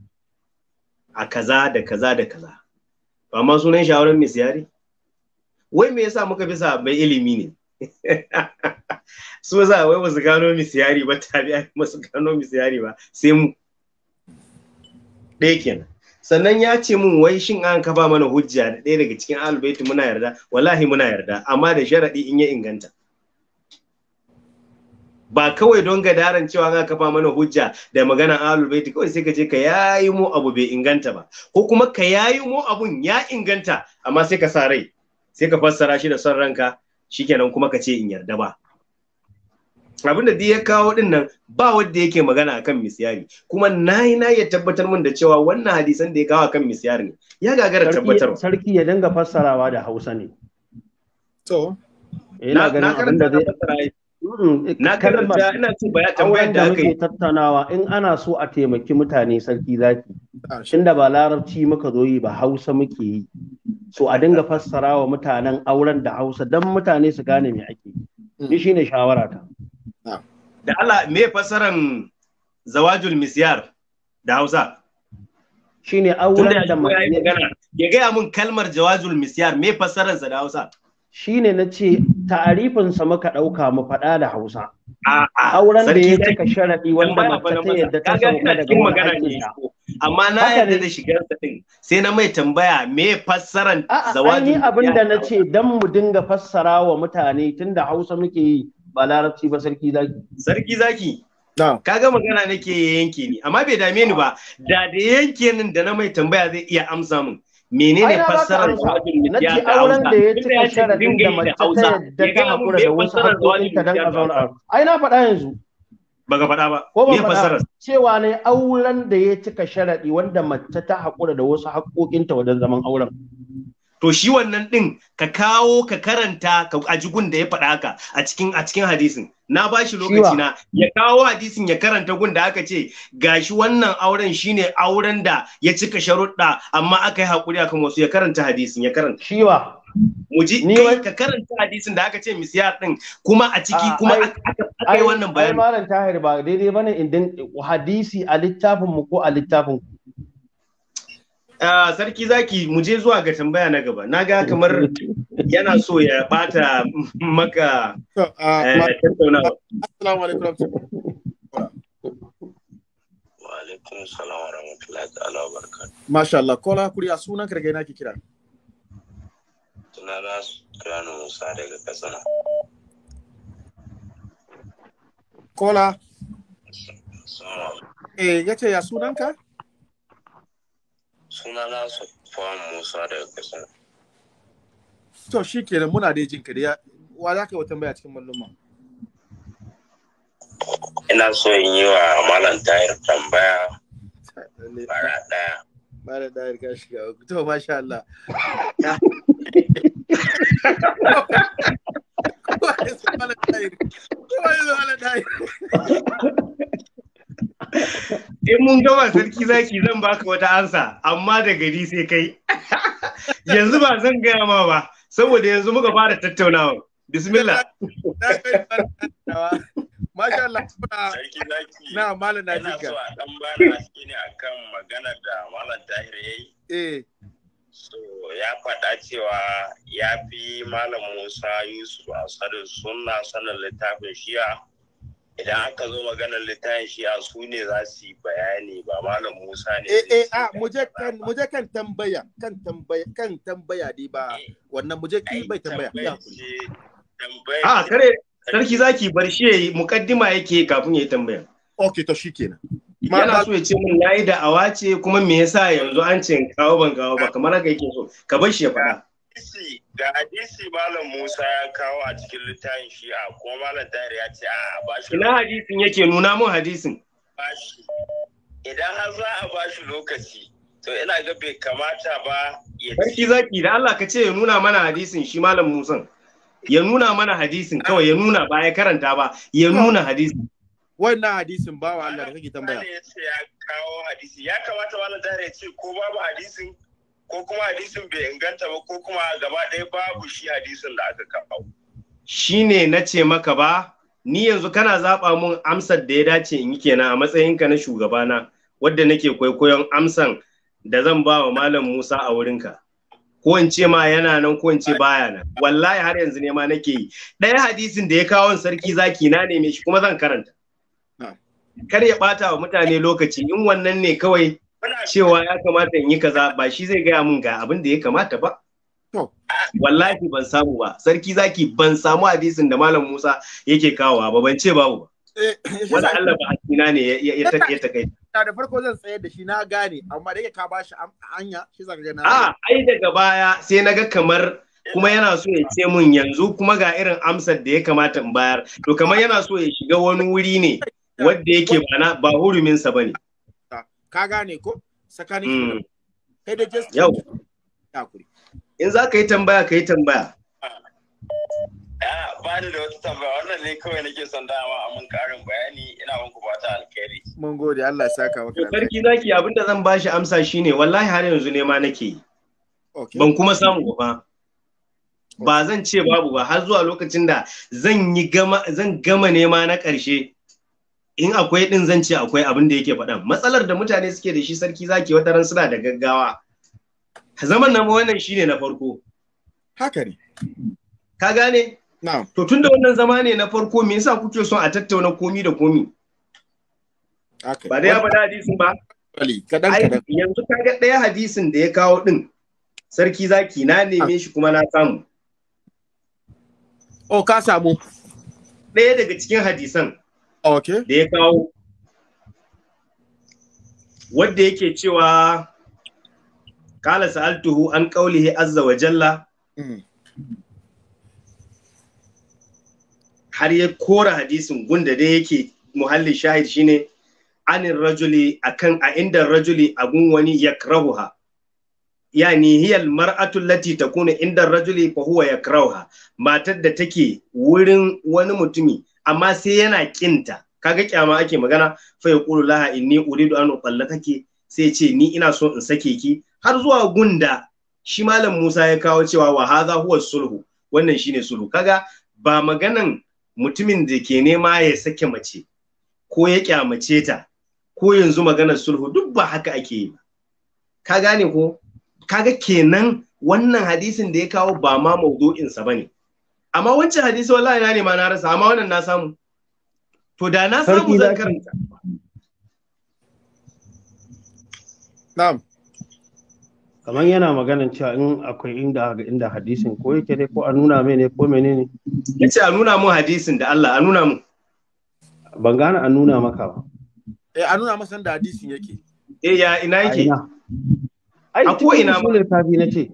a kaza da kaza da kaza ba ma sunan shawarar siyari wai me yasa muka fi mai ilimi ne su za wai ba su gano siyari ba tabi ba su gano siyari ba sai mu ɗaya kenan sannan ya ce mun wai shin an ka ba mana hujja da ɗaya daga cikin albaitu muna yarda wallahi muna yarda amma da sharaɗi in ya inganta ba kawai don gadaran cewa za ka ba mana hujja da magana ahlul baiti kawai sai ka je ka yayi mu abu bai inganta ba ko kuma ka yayi mu abun ya inganta amma sai ka sa rai sai ka fassara shi da son ranka shikenan kuma ka ce in yarda ba abinda duk ya kawo din nan ba wanda yake magana akan misyari kuma nayi na ya tabbatar min da cewa wannan hadisan da ya kawo akan misyari ne ya gagara tabbatar
sarki ya dinga fassarawa da Hausa ne
to
eh, ina ganin abin da zai eh, na
karanta ina
so ya tambayar da kai
tattaunawa in ana so a taimaki mutane sarki zaki ah, shin da ba larabci muka zo yi ba Hausa muke yi so a dinga fassara wa mutanen auren da Hausa dan mutane su gane me ake yi ni mm. shine shawara ta
da Allah me fasaran zawajul misyar da Hausa shine auren da ya gaya mun kalmar jawazul misyar me fasaran sa da Hausa
shine nace ta'arifin sa muka dauka mu faɗa da Hausa
auren da ya cika sharadi wanda mace ta yadda ta sauka daga magana ne amma na yadda da shigar sa din sai na mai tambaya me fassaran zawajul misyar abin da
nace dan mu dinga fassara wa mutane tunda Hausa muke yi ba larabci ba sarki
zaki sarki zaki kaga magana nake yanke ni amma bai dame ni ba da da yanke nin da na mai tambaya zai iya amsa min menene fassarar zuwajin mikiya da hausa da ya cika sharadin da mace ta yadda ta hakura da wasu hakkokin ta dan a zauna
ai na faɗa yanzu
Baga faɗa ba ko ba fassara
cewa ne auren da ya cika sharaɗi
wanda mace ta hakura da wasu hakkokin wajen zaman auren to shi wannan din ka kawo ka karanta ka ajigun da ya faɗa haka a cikin a cikin hadisin na ba shi lokaci na ya kawo hadisin ya karanta gun da aka ce gashi wannan auren shine auren da ya cika sharuɗa amma aka yi hakuri akan wasu ya karanta hadisin ya karanta shiwa mu ji ka karanta hadisin da aka ce misiyar din kuma a ciki kuma aka yi wannan bayani ai
malam tahir ba daidai bane in hadisi a littafin mu ko a littafin ku
Ah, sarki zaki mu je zuwa ga tambaya na gaba na ga kamar yana so ya bata maka
ah, eh, masha Allah kola kuri a sunan ka ina kira
Musa daga Katsina
kola eh yace ya sunanka sunana Sufwan Musa daga kasa To shi ke kenan muna da jin kariya wa za ka yi wata baya cikin malluma.
Ina so in yi wa Malam tayar tambaya
bara ɗaya. Bara daya ka shiga To masha Allah. Kowa
Malam Kowa Malam in mun gama sarki zaki zan baka wata ansa amma da gari sai kai yanzu ba zan gaya ma ba saboda yanzu muka fara tattaunawa bismillah
Masha Allah na malam na jika. Dan bana shi ne
akan magana da malam Tahir yayi. Eh. So ya faɗa cewa ya fi malam Musa Yusuf a sanin suna sanin littafin Shia. idan aka zo maganar littafin shi a su ne za su yi bayani ba malam musa ne eh
eh ah, a muje kan muje kan tambaya kan tambaya kan tambaya dai ba eh. wannan muje ki bai tambaya ya a ah, kare sarki zaki bar shi yayi
mukaddima yake kafin yayi tambaya okay to shikenan yana so ya ce mun nayi da awace kuma me yasa yanzu an ce kawo ban kawo ba kamar haka yake so ka bar shi ya faɗa hadisi da hadisi malam Musa ya kawo a cikin littafin shi a ko malam Tahir ya ce a ba shi ina hadisin yake nuna mun hadisin ba shi
idan har za a ba shi lokaci to ina ga bai kamata ba
ya Sarki zaki da Allah ka ce ya nuna mana hadisin shi malam Musa ya nuna mana hadisin kawai ya nuna ba ya karanta ba ya nuna
hadisin wannan hadisin ba wa Allah da kake tambaya ya kawo hadisi ya kamata
malam Tahir ya ce ko babu hadisin ko kuma hadisin bai inganta
ba ko kuma gaba ɗaya babu shi hadisin da aka kawo ne na ce maka ba ni yanzu kana zaɓa mun amsar da ya dace in yi kenan a matsayinka na shugabana wadda nake kwaikwayon amsan da zan ba wa malam Musa a wurinka ko in ce ma yana nan ko in ce baya nan wallahi har yanzu ne ma nake yi ɗaya hadisin da ya kawo sarki zaki na neme shi kuma zan karanta kar ya ɓata wa mutane lokaci in wannan ne kawai cewa ya kamata in yi kaza ba shi zai gaya mun ga abin da ya kamata ba wallahi ban samu ba sarki zaki ban samu hadisin da malam Musa yake kawowa ba ban ce babu ba eh, Wala eh, Allah ba hakina ne ya takai
da farko zan tsaye da shi na gane amma da yake ka bashi hanya shi zaka na a ai
daga baya sai na ga kamar kuma yana so ya ce mun yanzu kuma ga irin amsar da ya kamata in bayar to kamar yana so ya shiga wani wuri ne wanda yake ba na ba hurumin sa bane
ka gane ko tsakanin hmm. kai da just
yau in za ka yi tambaya ka yi
tambaya ah, ba ni da wata tambaya wannan ne kawai nake son dama a mun karin bayani ina muku fata alkhairi mun gode Allah ya saka maka sarki zaki
abinda zan bashi amsa shine wallahi har yanzu ne ma nake
ban kuma samu
ba ba zan ce babu ba har zuwa lokacin da zan yi gama zan gama nema na ƙarshe in akwai din zan ce akwai abin da yake faɗan matsalar da mutane suke da shi sarki zaki wata ran suna da gaggawa zaman nan wannan shine na farko haka ne ka gane to tunda wannan zama ne na farko me yasa kuke son a tattauna komi da komi ba da ya faɗa hadisin ba yanzu ka ga ɗaya hadisin da ya kawo ɗin sarki zaki na neme shi kuma na samu o oh, ka samu ɗaya daga cikin hadisan Okay. Da ya kawo wadda yake cewa kala sa'altuhu an qaulihi azza wa jalla hmm. har ya kora hadisin gunda da yake Muhallin shahid shine anin rajuli akan a inda rajuli abun wani yakrahuha yani hiyal mar'atu lati takuna inda rajuli fa huwa yakrahuha matar da take wurin wani mutumi amma sai yana kinta kaga kyama ake magana fa Kulu, laha inni uridu an kake sai ce ni ina so in sake ki har zuwa gunda shi malam Musa ya kawo cewa wa hadha huwa sulhu wannan shine sulhu kaga ba maganan mutumin da ke nema ya sake mace ko ya kyamace ta ko yanzu maganar sulhu duk ba haka ake yi ka gane ko kaga kenan wannan hadisin da ya kawo ba ma maudu'insa bane amma wancan hadisi wallahi na ne ma na rasa amma wannan na samu to da na samu zan karanta
na'am kamar yana maganan cewa in akwai inda inda hadisin ko
yake ne ko a nuna mai ne ko menene yace a nuna mu hadisin da Allah a nuna mu. ban gane a nuna maka ba
eh a nuna masa da hadisin yake eh ya ina yake ai ko ina mu
ne tafi nace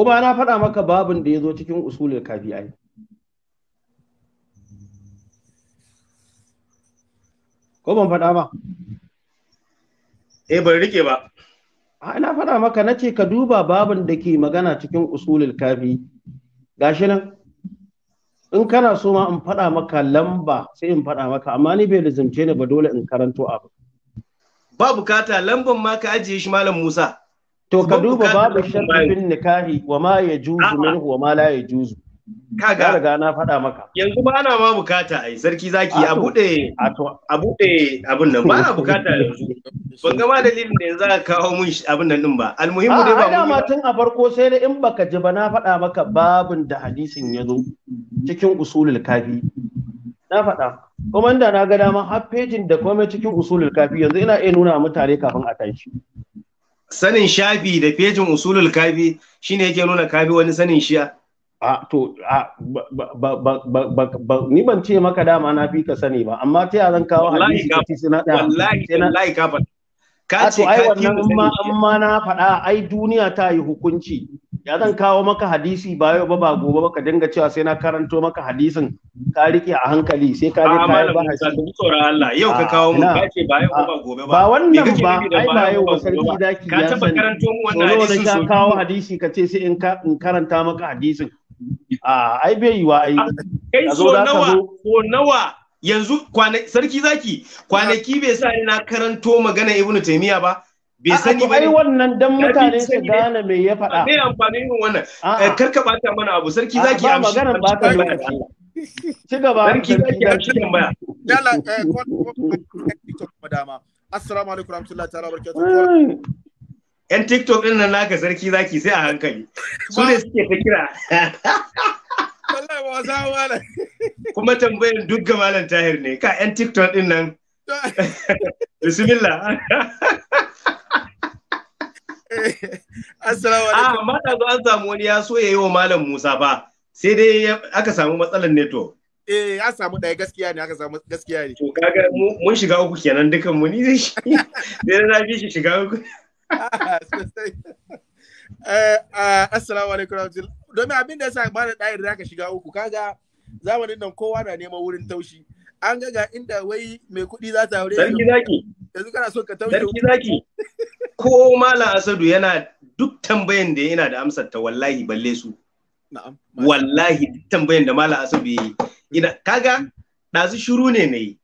kuma na faɗa maka babin da ya zo cikin usulul kafi ai ko ban faɗa ba
eh ban rike ba
ina faɗa maka na ce ka duba babin da ke magana cikin usulul kafi gashi nan in kana so ma in faɗa maka lamba sai in faɗa maka amma ni bai lizimce ni ba dole in karanto abu ba bukata lamban ma ka ajiye shi malam Musa To ka duba babu sharɗin nikahi wa ma ya juzu minhu wa ma la ya juzu. Kaga riga
na faɗa maka. Yanzu ba ana ma bukata ai sarki zaki
a
buɗe
a buɗe abin nan ba ana bukata yanzu. Ban gama dalilin da yanzu aka kawo mun abin nan din ba. Almuhimmu dai ba mu. Dama
tun a farko sai da in baka ji ba na faɗa maka babin da hadisin ya zo cikin usulul kafi. Na faɗa. Kuma da na ga dama har pejin da kuma
cikin usulul kafi yanzu ina iya nuna mutane kafin a tashi. sanin shafi da fejin usulul kafi shine yake nuna kafi wani sanin shi'a a to a
ni ban ce maka dama na fi ka sani ba amma ta zan kawo hadisi ka fi suna wallahi ka ka ce ka ki amma amma na faɗa ai duniya ta yi hukunci ya zan kawo maka hadisi ba yau ba ba gobe ba ka dinga cewa sai na karanto maka hadisin ka rike a hankali sai ka je ba ba Allah yau ka kawo mu ka ce
ba yau ba gobe ba ba wannan ba ai ba yau ba sarki daki ya san ka taba karanto mu wannan hadisi ka kawo
hadisi ka ce sai in ka in karanta maka hadisin a ai bai yi wa
ai kai so nawa ko nawa yanzu sarki zaki kwanaki bai sa na karanto magana ibnu taymiya ba bai sani ba ai
wannan dan mutane su gane me ya faɗa bai
amfani yin wannan eh, karka bata mana abu sarki zaki amshi magana ba ka
lokaci
ci gaba sarki zaki amshi tambaya yalla tiktok eh, madama assalamu alaikum warahmatullahi ta'ala
barakatuh
yan tiktok din nan naka
sarki zaki sai a hankali su ne suke ta kira wallahi ba wasa malam kuma tambayar duk ga malam tahir ne ka yan tiktok din nan bismillah eh, assalamu ah, alaikum amma da zo an samu wani ya so yayi wa malam Musa fa sai dai aka samu matsalar network
eh ya samu ɗaya gaskiya ne aka samu gaskiya ne. To kaga mun
shiga uku kenan dukan mu ni zai shi da na bi shi shiga uku. Ah,
eh, ah, assalamu alaikum domin abin da yasa ba da ɗayar da ka shiga uku kaga zamanin nan kowa na neman wurin taushi an ga ga inda wai mai kuɗi za ta aure sarki zaki yanzu kana so ka taushe sarki zaki ko Malam asadu yana
duk tambayan da yana da amsar ta wallahi balle su wallahi duk tambayan da Malam asadu yayi ina kaga ɗazu shiru ne ne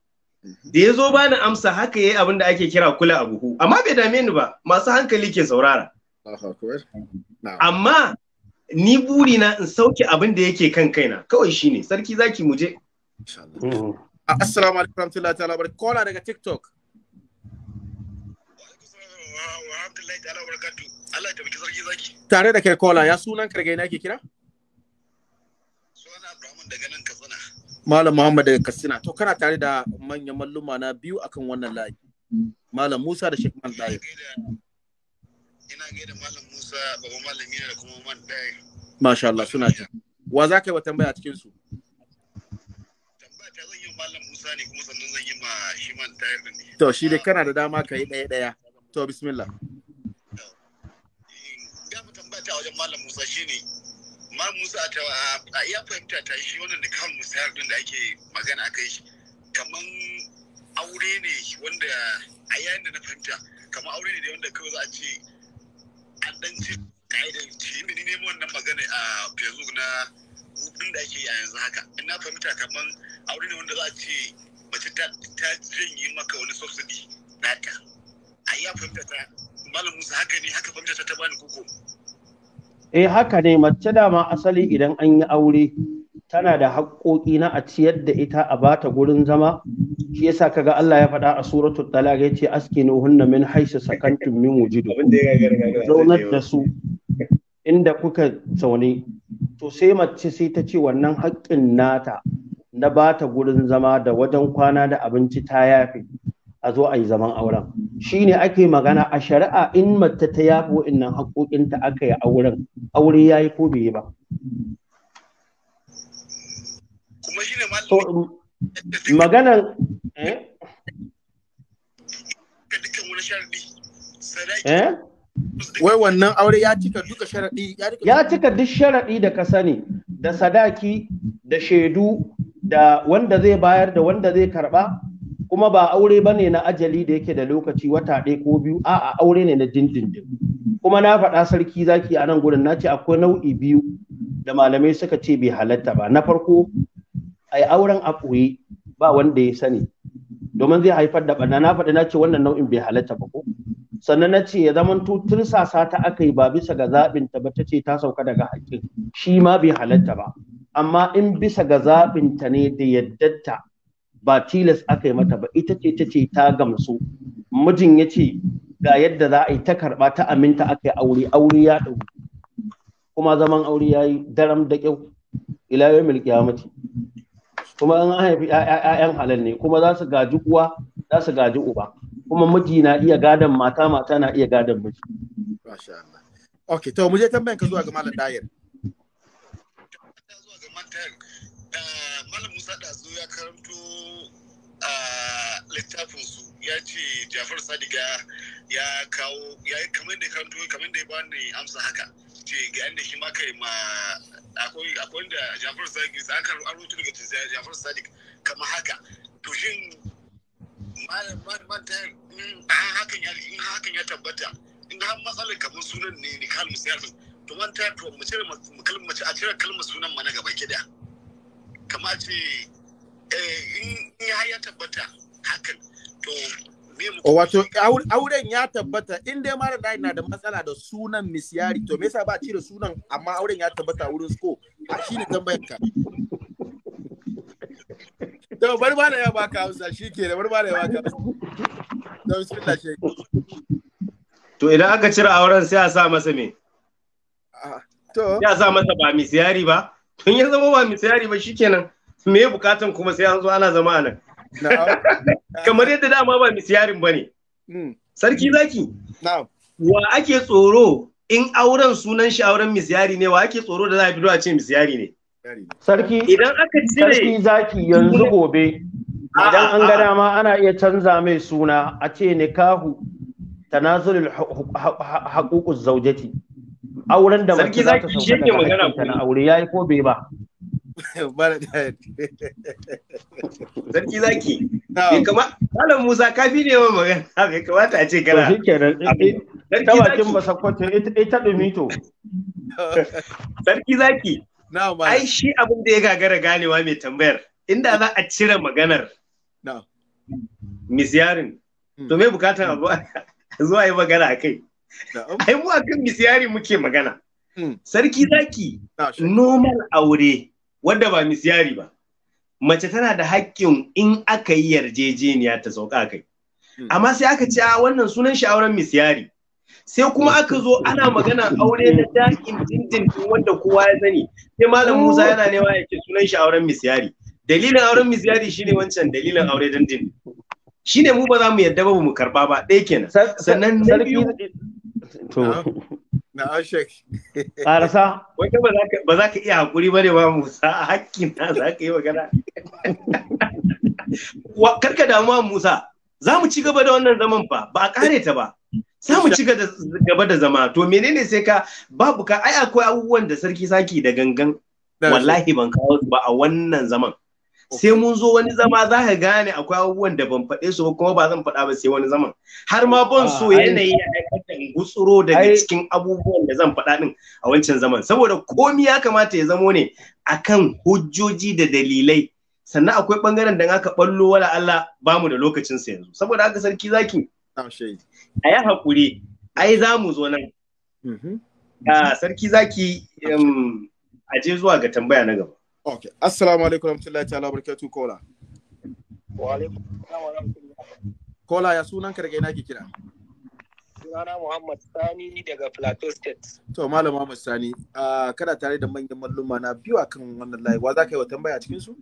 da ya zo bani amsa haka yayi abin da ake kira kula a buhu amma bai dame ni ba masu hankali ke saurara amma ni burina in sauke abin da yake kan kaina kawai shine
sarki zaki mu je mm. assalamu alaikum warahmatullahi ta'ala barakatuh kola daga tiktok tare da kai kola ya sunan karge na ke kira malam muhammad daga katsina to kana tare da manyan malluma na biyu akan wannan layi malam musa da shekman layi
ina gaida malam Musa babban malami ne da kuma man ɗaya.
Masha Allah suna ci. Wa za ka yi wa tambaya cikin su? Tambaya ta zan yi malam Musa ne kuma sannan zan yi ma shi man ɗaya ne. To shi dai kana da dama ka yi ɗaya ɗaya. To bismillah. Ya eh, mu tambaya ta
wajen malam Musa shi ne. Malam Musa ta a iya fahimta ta shi wannan da kan Musa din da ake magana a kai shi kaman aure ne wanda a yayin da na fahimta kamar aure ne da wanda kawai za a ce an dan ci ka'idar ci ni ne wannan magana a facebook na hudun da ake yanzu haka ina fahimta kamar aure ne wanda za a ce mace ta janye maka wani subsidy naka a iya fahimta
ta malam musa haka ne haka fahimta ta bani kuko. eh haka ne mace dama asali idan an yi aure tana da haƙoƙi na a ciyar da ita a bata gurin zama shi yasa kaga Allah ya faɗa a suratul talaq yace hunna min haythu sakantum min wujudu zaunar da su inda kuka zaune to sai mace sai ta ce wannan haƙƙin nata na bata gurin zama da wajen kwana da abinci ta yafe a zo a yi zaman auren Shi ne ake magana a shari'a in mace ta yafe wa'annan haƙoƙinta aka yi auren aure ya yi ko bai yi ba
kuma shi ne maganan eh? eh? wai wannan aure ya cika duka sharaɗi
ya cika duk sharaɗi da ka sani da sadaki da shaidu da wanda zai bayar da wanda zai karɓa kuma ba aure ba ne na ajali da yake da lokaci wata ɗaya ko biyu a'a aure ne na dindindin kuma na faɗa sarki zaki a nan gurin na ce akwai nau'i biyu da malamai suka ce bai halatta ba na farko Ai auren a ba wanda ya sani domin zai haifar da bana na faɗi na ce wannan nau'in bai halatta ba ko sannan na ce ya zaman tutun sasa ta aka yi ba bisa ga zaɓin ta ba ta ce ta sauka daga hakkin. shi ma bai halatta ba amma in bisa ga zaɓin ta ne da yaddarta ba tilas aka yi mata ba ita ce ta ce ta gamsu mijin ya ce ga yadda za a yi ta karɓa ta aminta aka aure aure ya ɗau kuma zaman aure yayi, yi daram da kyau ila yau milki kuma an haifi ‘ya'yan halal ne kuma za su gaji uwa za su gaji uba kuma miji na iya gadon mata mata na iya gadon miji.
Ok, to mu je tambayan ka zuwa ga Malam Dayar. Malam
Musa Dazu ya karanto a littafin su ya ce Jafar Sadiga ya kawo ya kamar da karanto kamar da ya bani amsa haka. ce ga yadda shi ma kai ma akwai akwai da Jafar Sadiq an karu an rutu daga Jafar Sadiq kamar haka to shin malaman ta in hakan ya in hakan ya tabbata in har matsalar kamar sunan ne ni kalmu siyasa to man ta to mu cire a cire kalmar sunan mana gaba kida da
kamar ce eh, in ya tabbata hakan to Oh, wato auren ya tabbata in dai mara dai na da matsala da sunan misyari to me yasa ba cire sunan amma auren ya tabbata wurin sko a ne tambayar ka to bar ba da ya baka hausa ke da bar ba da ya baka
to bismillah shi to idan aka cire auren sai a sa masa me to ya sa masa ba misiyari ba tun ya zama ba misiyari ba shikenan me bukatan kuma sai an zo ana zama a nan Kamar yadda dama ba misiyarin ba ne. Hmm. Sarki zaki. Wa ake tsoro in auren sunan shi auren misiyari ne wa ake tsoro da za a fito a ce misiyari ne. Sarki idan aka Sarki zaki yanzu gobe idan an ga
dama ana iya canza mai suna a ce ta tanazulul haququz zaujati."
auren da mace za ta sauka daga na aure ya yi ko bai ba. Bara da Sarki zaki. Bai kama Malam Musa ka bi ne wa magana bai kamata a ce kana. Shi kenan. Eh, eh, ta bakin ba sakwato ita eh, dumito. Sarki zaki. Ai shi abin da ya gagara ganewa mai tambayar. Inda za a cire maganar. Misiyarin. Hmm. To me bukatar zuwa yi magana a kai. Ai mu a kan akan misiyari muke magana. Hmm. Sarki zaki normal aure wadda ba misyari ba mace tana da haƙƙin in aka yi yarjejeniya ta sauka kai hmm. amma sai aka ce a wannan sunan shi auren misyari sai kuma aka zo ana magana aure na dakin dindindin wanda kowa ya sani sai malam Musa yana nema ya sunan shi auren misyari dalilin auren misyari shine wancan dalilin aure dindindin shine mu ba za mu yarda ba mu karba ba ɗaya kenan sannan na biyu Na ashek Ƙarasa? Wata ba za ka iya haƙuri ba ne ba Musa a za ka yi magana. Karka damuwa Musa, za mu ci gaba da wannan zaman fa ba a kare ta ba. Za mu ci gaba da zama to menene sai ka babu ka ai akwai abubuwan da sarki saki da gangan wallahi ban kawo ba a wannan zaman. sai mun zo wani zama za ka gane akwai abubuwan da ban faɗe su kuma ba zan faɗa ba sai wani zaman har ma ban ah, so yanayi ya aikatan gutsuro daga cikin abubuwan da zan faɗa din a wancan zaman saboda komi ya kamata ya zamo ne akan hujjoji da dalilai sannan akwai bangaren da aka ballo wala Allah ba mu da lokacin sa yanzu saboda haka sarki zaki a yi hakuri ai za mu zo nan mhm. ah, sarki zaki je zuwa ga tambaya na gaba
Okay. Assalamu alaikum warahmatullahi ta'ala barakatuh kola. Wa alaikum assalam wa rahmatullahi. Kola ya sunan ka daga ina ke kira? Sunana Muhammad Sani daga Plateau State.
To Malam Muhammad Sani,
uh, kana tare da manyan malluma na biyu akan wannan layi. Wa za ka yi wa tambaya cikin su?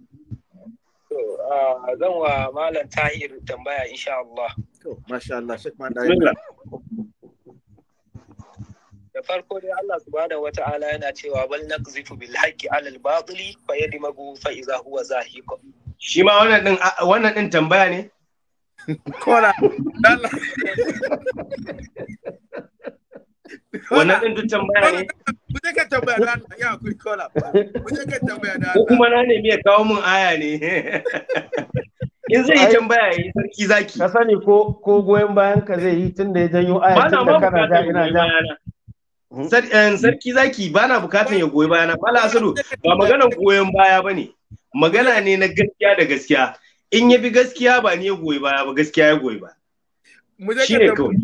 To, uh, zan wa Malam Tahir tambaya insha Allah.
To, masha Allah, Sheikh Mandai.
da farko dai Allah subhanahu wata'ala yana cewa bal naqzifu bil haqqi alal batili fa yadmagu fa idza huwa zahiq
shi ma wannan din wannan din tambaya ne kora wannan din duk tambaya ne
kuje ka tambaya da Allah ya ku kola
kuje ka tambaya da Allah ko kuma na ne me kawo mun aya ne in zai yi tambaya yi sarki zaki ka sani ko
ko goyen bayan ka zai yi tunda ya janyo aya tunda kana ga ina ja
Hmm? Eh, sarki zaki ba na bukatan ya goyi bayana ba asadu ba magana goyon baya ba ne magana ne na gaskiya da gaskiya in ya bi gaskiya ba ne ya goyi baya ba gaskiya ya goyi ba shi ne kawai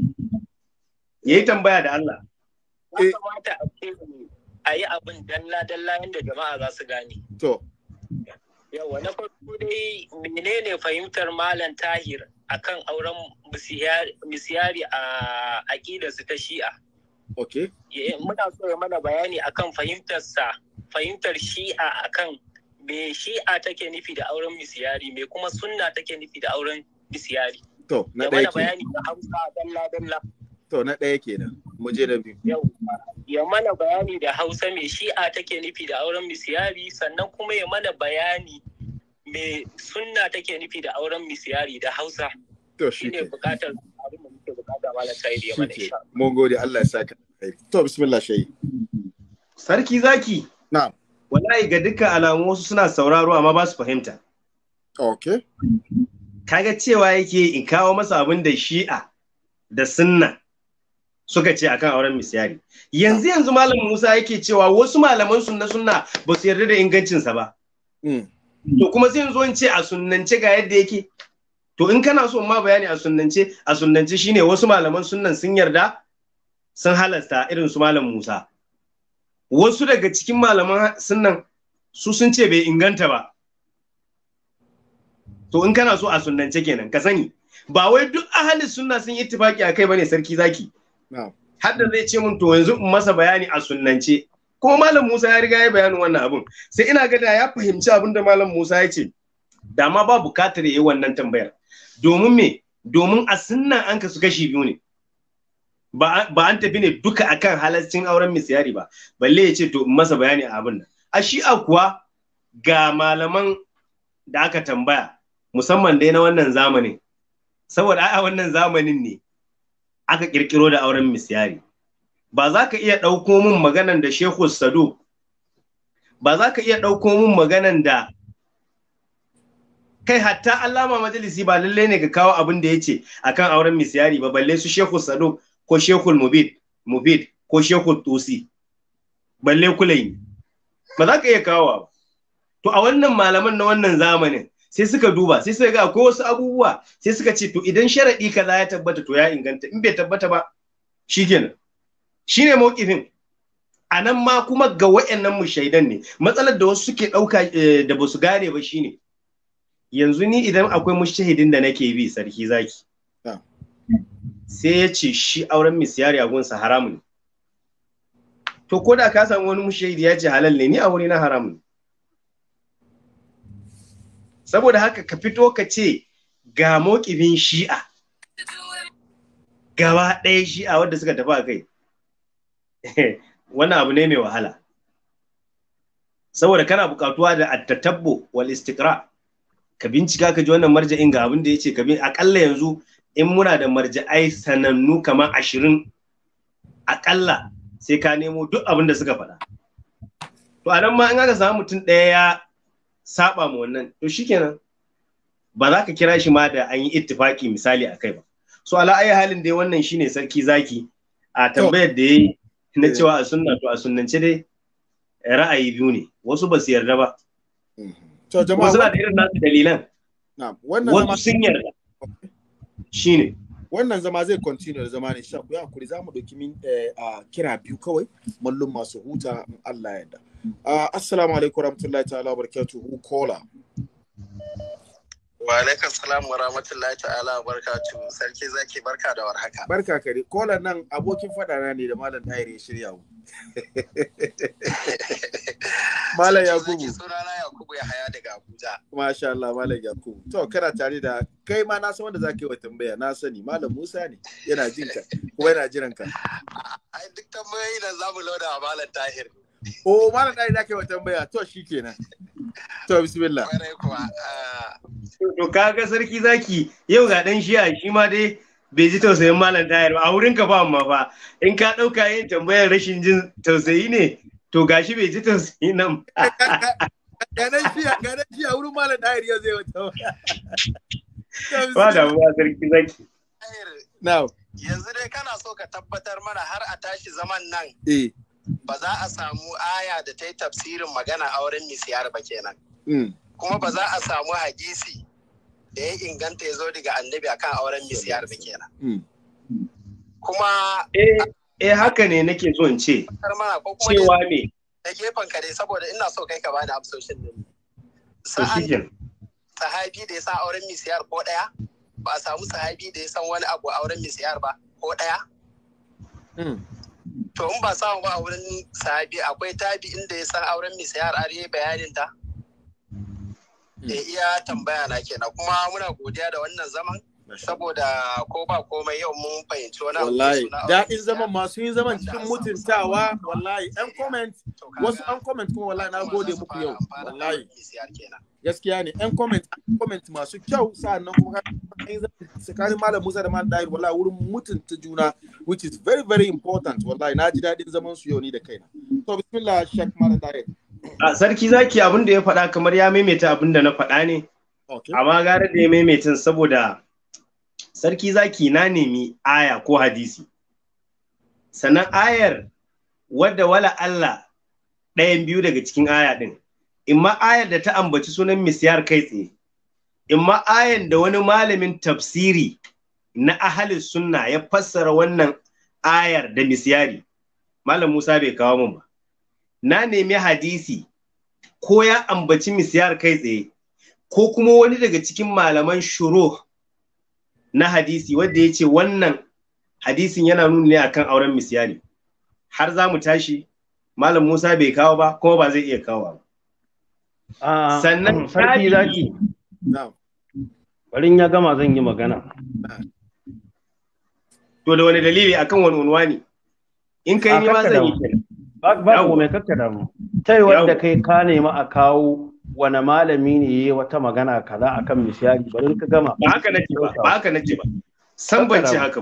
ya yi tambaya da Allah eh.
a yi abin dalla-dalla yadda jama'a za su gane to yawa na farko dai menene fahimtar malam tahir akan auren misiyari a aƙidarsu ta shi'a Okay. Muna so ya mana bayani akan fahimtarsa, fahimtar shi'a akan me shi'a take nufi da auren misiyari, me kuma sunna take nufi da auren misiyari.
To, na ɗaya ke. Ya mana bayani
da Hausa dalla dalla.
To, na ɗaya nan. Mu je da biyu. Yau,
ya mana bayani da Hausa me shi'a take nufi da auren misiyari, sannan kuma ya mana bayani me sunna take nufi da auren misiyari da Hausa. To, shi ne
bukatar abin
sarki zaki na'am wallahi ga dukkan alamu wasu suna sauraro
amma ba su fahimta okay kaga cewa yake in kawo masa abin da shi'a da sunna suka ce akan auren misyari yanzu yanzu malam Musa yake cewa wasu malaman sunna sunna ba su yarda da ingancinsa ba mm. to kuma sai zo in ce a sunnance ga yadda yake to in kana so ma bayani a sunnance a sunnance shine wasu malaman sunnan sun yarda sun halasta irin su malam Musa wasu daga cikin malaman sunnan su sun ce bai inganta ba to in kana so a sunnance kenan ka sani ba wai duk ahli sunna sun ittifaki akai bane sarki zaki hadda zai ce mun to yanzu in masa bayani a sunnance kuma malam Musa ya riga ya bayanin wannan abun sai ina ga da ya fahimci abin da malam Musa ya ce Dama ma ba bukatar yi wannan tambayar domin me domin a sunna an kasu kashi biyu ne ba an tafi ne duka akan halaccin auren misyari ba balle ya ce to masa bayani a abin nan a shi'a kuwa ga malaman da aka tambaya musamman dai na wannan zamanin saboda a wannan zamanin ne aka kirkiro da auren misyari ba za ka iya ɗauko min maganan da shehu sadu ba za ka iya ɗauko min maganan da kai hatta allama majalisi ba lallai ne ga kawo abin da ya ce akan auren misyari ba balle su shehu Sadu ko shehul mubid mubid ko shehul tusi balle kulayi ba za ka iya kawo ba to a wannan malaman na wannan zamanin sai suka duba sai suka ga akwai wasu abubuwa sai suka ce to idan sharadi kaza ya tabbata to ya inganta in bai tabbata ba shikenan shine mawkifin a nan ma kuma ga wa'annan mushaidan ne matsalar da wasu suke ɗauka eh, da ba su gane ba shine yanzu ni idan akwai mushahidin da nake bi sarki zaki sai ya ce shi auren misiyar yagunsa gunsa haramun to ko da ka samu wani mushahidi ya ce halal ne ni a wuri na haramun saboda haka ka fito ka ce ga mokibin shi'a gaba ɗaya shi'a wadda suka tafi a kai wannan abu ne mai wahala saboda kana buƙatuwa da attatabbo wal istiqra' ka bincika ka ji wannan marja'in ga abin da ya ce ka akalla yanzu in muna da marja'ai sanannu kamar ashirin akalla sai ka nemo duk abin da suka faɗa to a nan ma in aka samu mutum ɗaya ya saba ma wannan to shikenan ba za ka kira shi ma da an yi ittifaki misali a kai ba so ala ayi halin dai wannan shine sarki zaki a tambayar da yi na eh. cewa a sunna to a sunnance dai ra'ayi biyu ne wasu ba su yarda ba mm-hmm. To jama'a suna da irin nasu dalilan.
Na'am. Wannan zama sun yarda. Shine. Wannan zama zai continue da zama ne sha ku ya za mu doki min eh, a kira biyu kawai mallum masu huta in Allah ya yarda. Assalamu alaikum warahmatullahi ta'ala barakatuhu kola.
Wa alaikum salam wa rahmatullahi ta'ala wa barakatuhu sarki
zaki barka da warhaka. Barka kare kola nan abokin na ne da malam Tahir ya shirya mu. Malam Yakubu. Sunana Yakubu ya haya daga Abuja. Masha Allah Malam Yakubu. To kana tare da kai ma na san wanda zaka yi wa tambaya na sani Malam Musa ne yana jin ka kuma yana jiran ka.
Ai duk tambayoyi da zamu lauda
a Malam Tahir.
Oh Malam Tahir zaka yi wa tambaya to shikenan. To bismillah.
Ah.
To kaga sarki zaki yau ga dan shiya shi ma dai bai ji tausayin malam tayar ba a wurin ka ba amma ba in ka ɗauka yin tambayar rashin jin tausayi ne to gashi bai ji tausayi nan ba ganin
shi a wurin malam tahir yau zai wata ba da
ba sarki zaki
yanzu dai kana so ka tabbatar mana har a tashi zaman nan eh.
ba za a samu aya da ta yi tafsirin magana auren misiyar ba kenan mm. kuma ba za a samu hadisi da ya inganta ya zo daga annabi akan auren misiyar da kenan hmm. kuma eh,
eh haka ne nake so in ce cewa me
da gefen ka dai saboda ina so kai ka bada amsoshin din sa'an sahabi da ya sa auren misiyar ko daya ba a samu sahabi da ya san wani abu auren misiyar ba ko daya hmm. to in ba samu ba a wurin sahabi akwai tabi inda ya san auren misiyar are bayanin ta eh hmm. iya tambaya na kenan kuma muna godiya da wannan zaman saboda ko
ba komai yau mun
fahimci
wani wallahi daɗin
zaman masu yin zaman cikin mutuntawa wallahi ɗan comment wasu ɗan comment kuma wallahi na gode muku yau wallahi gaskiya ne ɗan comment ɗan comment masu kyau sa'annan kuma tsakanin malam Musa da malam Dahir wallahi wurin mutunta juna which is very very important wallahi na ji daɗin zaman su yau ni da kaina to bismillah shek malam Dahir a sarki zaki abin da ya faɗa kamar ya maimaita
abin da na faɗa ne amma gara da ya maimaitin saboda sarki zaki na nemi aya ko hadisi sannan ayar wadda wala Allah ɗayan biyu daga cikin aya ɗin imma ayar da ta ambaci sunan misiyar kai tsaye imma ayar da wani malamin tafsiri na ahali sunna ya fassara wannan ayar da misiyari, malam Musa bai kawo mun ba na nemi hadisi ko ya ambaci misiyar kai tsaye ko kuma wani daga cikin malaman shuru na hadisi wanda ya ce wannan hadisin yana nuni ne akan auren misiyari. har za mu tashi malam musa bai kawo ba kuma ba zai iya kawo ba ah, sannan mm, sarki zaki barin ya gama zan yi magana to da wani dalili akan wani unwani in
kai ni ah, ma zan yi
kenan
ba ku mai kakkada mu tai wanda kai ka nemi a kawo wani malami ne yayi wata magana kaza akan misali bari ka gama ba haka
nake ba ba haka nake ba san ban ce haka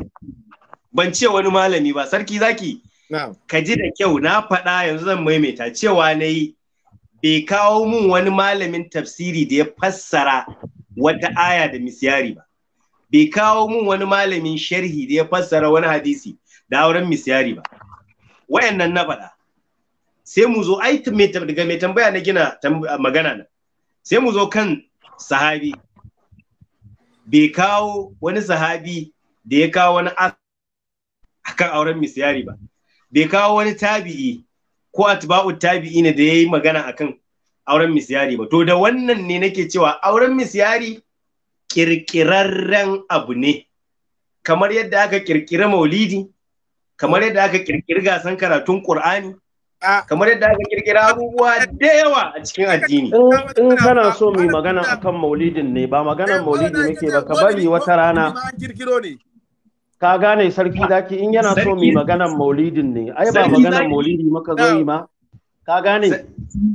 ban ce wani malami ba sarki zaki ka ji da kyau na faɗa yanzu zan maimaita cewa na yi bai kawo min wani malamin tafsiri da ya fassara wata aya da misyari ba bai kawo min wani malamin sharhi da ya fassara wani hadisi da auren misyari ba wayannan na faɗa sai mu zo ai daga mai tambaya na gina magana na sai mu zo kan sahabi bai kawo wani sahabi da ya kawo wani a kan auren misiyari ba bai kawo wani tabi'i ko atba'u tabi'i ne da ya yi magana a kan auren misiyari ba to da wannan ne nake cewa auren misiyari kirkirarren abu ne kamar yadda aka kirkiri maulidi kamar yadda aka kirkiri gasan karatun ƙur'ani. kamar yadda aka kirkira abubuwa da yawa a cikin addini in kana so
mu magana akan maulidin ne ba magana eh, maulidi muke ba ka bari wata rana ka gane sarki zaki in yana so mu magana maulidin ne ai ba magana maulidi maka zo yi ma ah. ka gane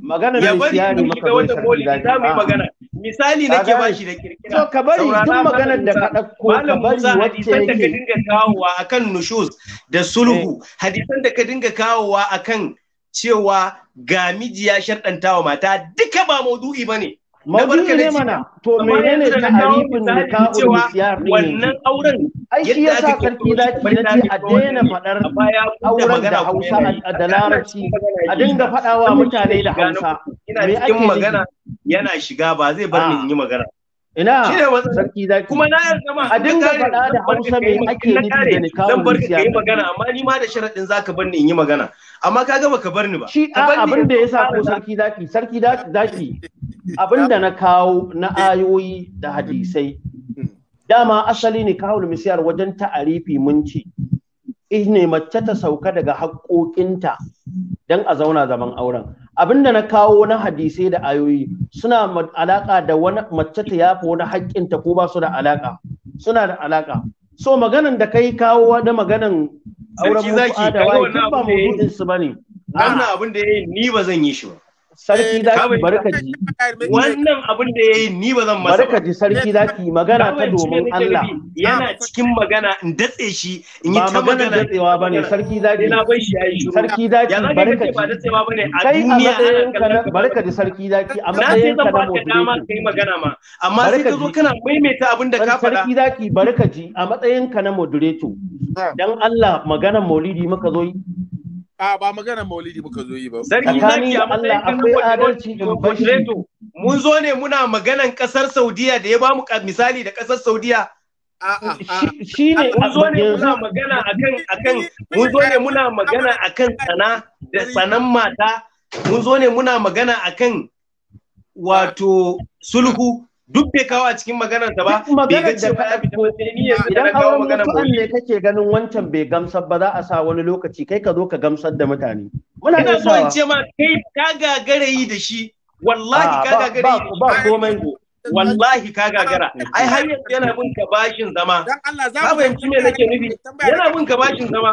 magana siya ne maka zo sarki zaki
misali nake ba shi da kirkira to ka bari duk maganar da ka dauko ka bari wacce yake da ka dinga kawowa akan nushuz da sulhu eh. hadisan da ka dinga kawowa akan cewa ga miji ya sharɗanta wa mata duka ba maudu'i ba ne. Maudu'i ne mana, to menene ta'arifin da misyar ne? Wannan auren ai
shi yasa sarki zaki na ce a daina faɗar auren da Hausa da Larabci
a dinga faɗawa mutane da Hausa. Ina cikin magana yana shiga ba zai bar ni ah. in yi magana. Ina sarki zaki. Kuma na yarda ma. A dinga faɗa da Hausa me ake nufi da nikahun Zan barka yi magana amma ni ma da sharaɗin zaka bar ni in yi magana. Amma ka gama ka bar ni ba. Shi abin da ya sa ko
sarki zaki sarki zaki abin da na kawo na ayoyi da hadisai. Dama asali ne kahul misiyar wajen ta'arifi mun ce ne mace ta sauka daga haƙoƙinta don a zauna zaman auren. abinda na kawo na hadisai da ayoyi suna alaka da wani mace ta yafa wani haƙƙinta ko ba su da alaka suna da alaka so maganan da kai kawo da maganan auren mutu'a da waye duk ba maudu'in su bane
wannan abin da yayi ni ba zan yi shi ba sarki zaki barkaji wannan abin da yayi ni ba zan masa barkaji sarki ki magana ta domin Allah yana cikin magana in datse shi in yi ta magana datsewa bane sarki da ki sarki da ki sarki zaki
barkaji ba datsewa bane a duniya barkaji sarki ki a matsayin ka da dama
kai magana ma
amma sai ka zo kana maimaita abin da ka faɗa sarki zaki barkaji a matsayin ka na moderator dan Allah maganar maulidi muka zo yi
A ba magana maulidi muka zo yi ba. Sarki zaki a matsayin Mun zo ne muna
maganan kasar Saudiya da ya ba mu misali da kasar Saudiya. Shi ne mun zo ne muna magana akan akan mun zo ne muna magana akan tsana da tsanan mata mun zo ne muna magana akan wato sulhu duk bai kawo a cikin maganar ta ba maganar ce ba idan auren mutu'an ne
kake ganin wancan bai gamsar ba za a sa wani lokaci kai ka zo ka gamsar da mutane
muna ina so in ce ma kai ka gagara yi da shi wallahi ka ah, gagara, yi ba komai wallahi ka gagara ai har yanzu yana bin ka bashin zama dan Allah za mu yanzu
me nake nufi yana bin ka bashin zama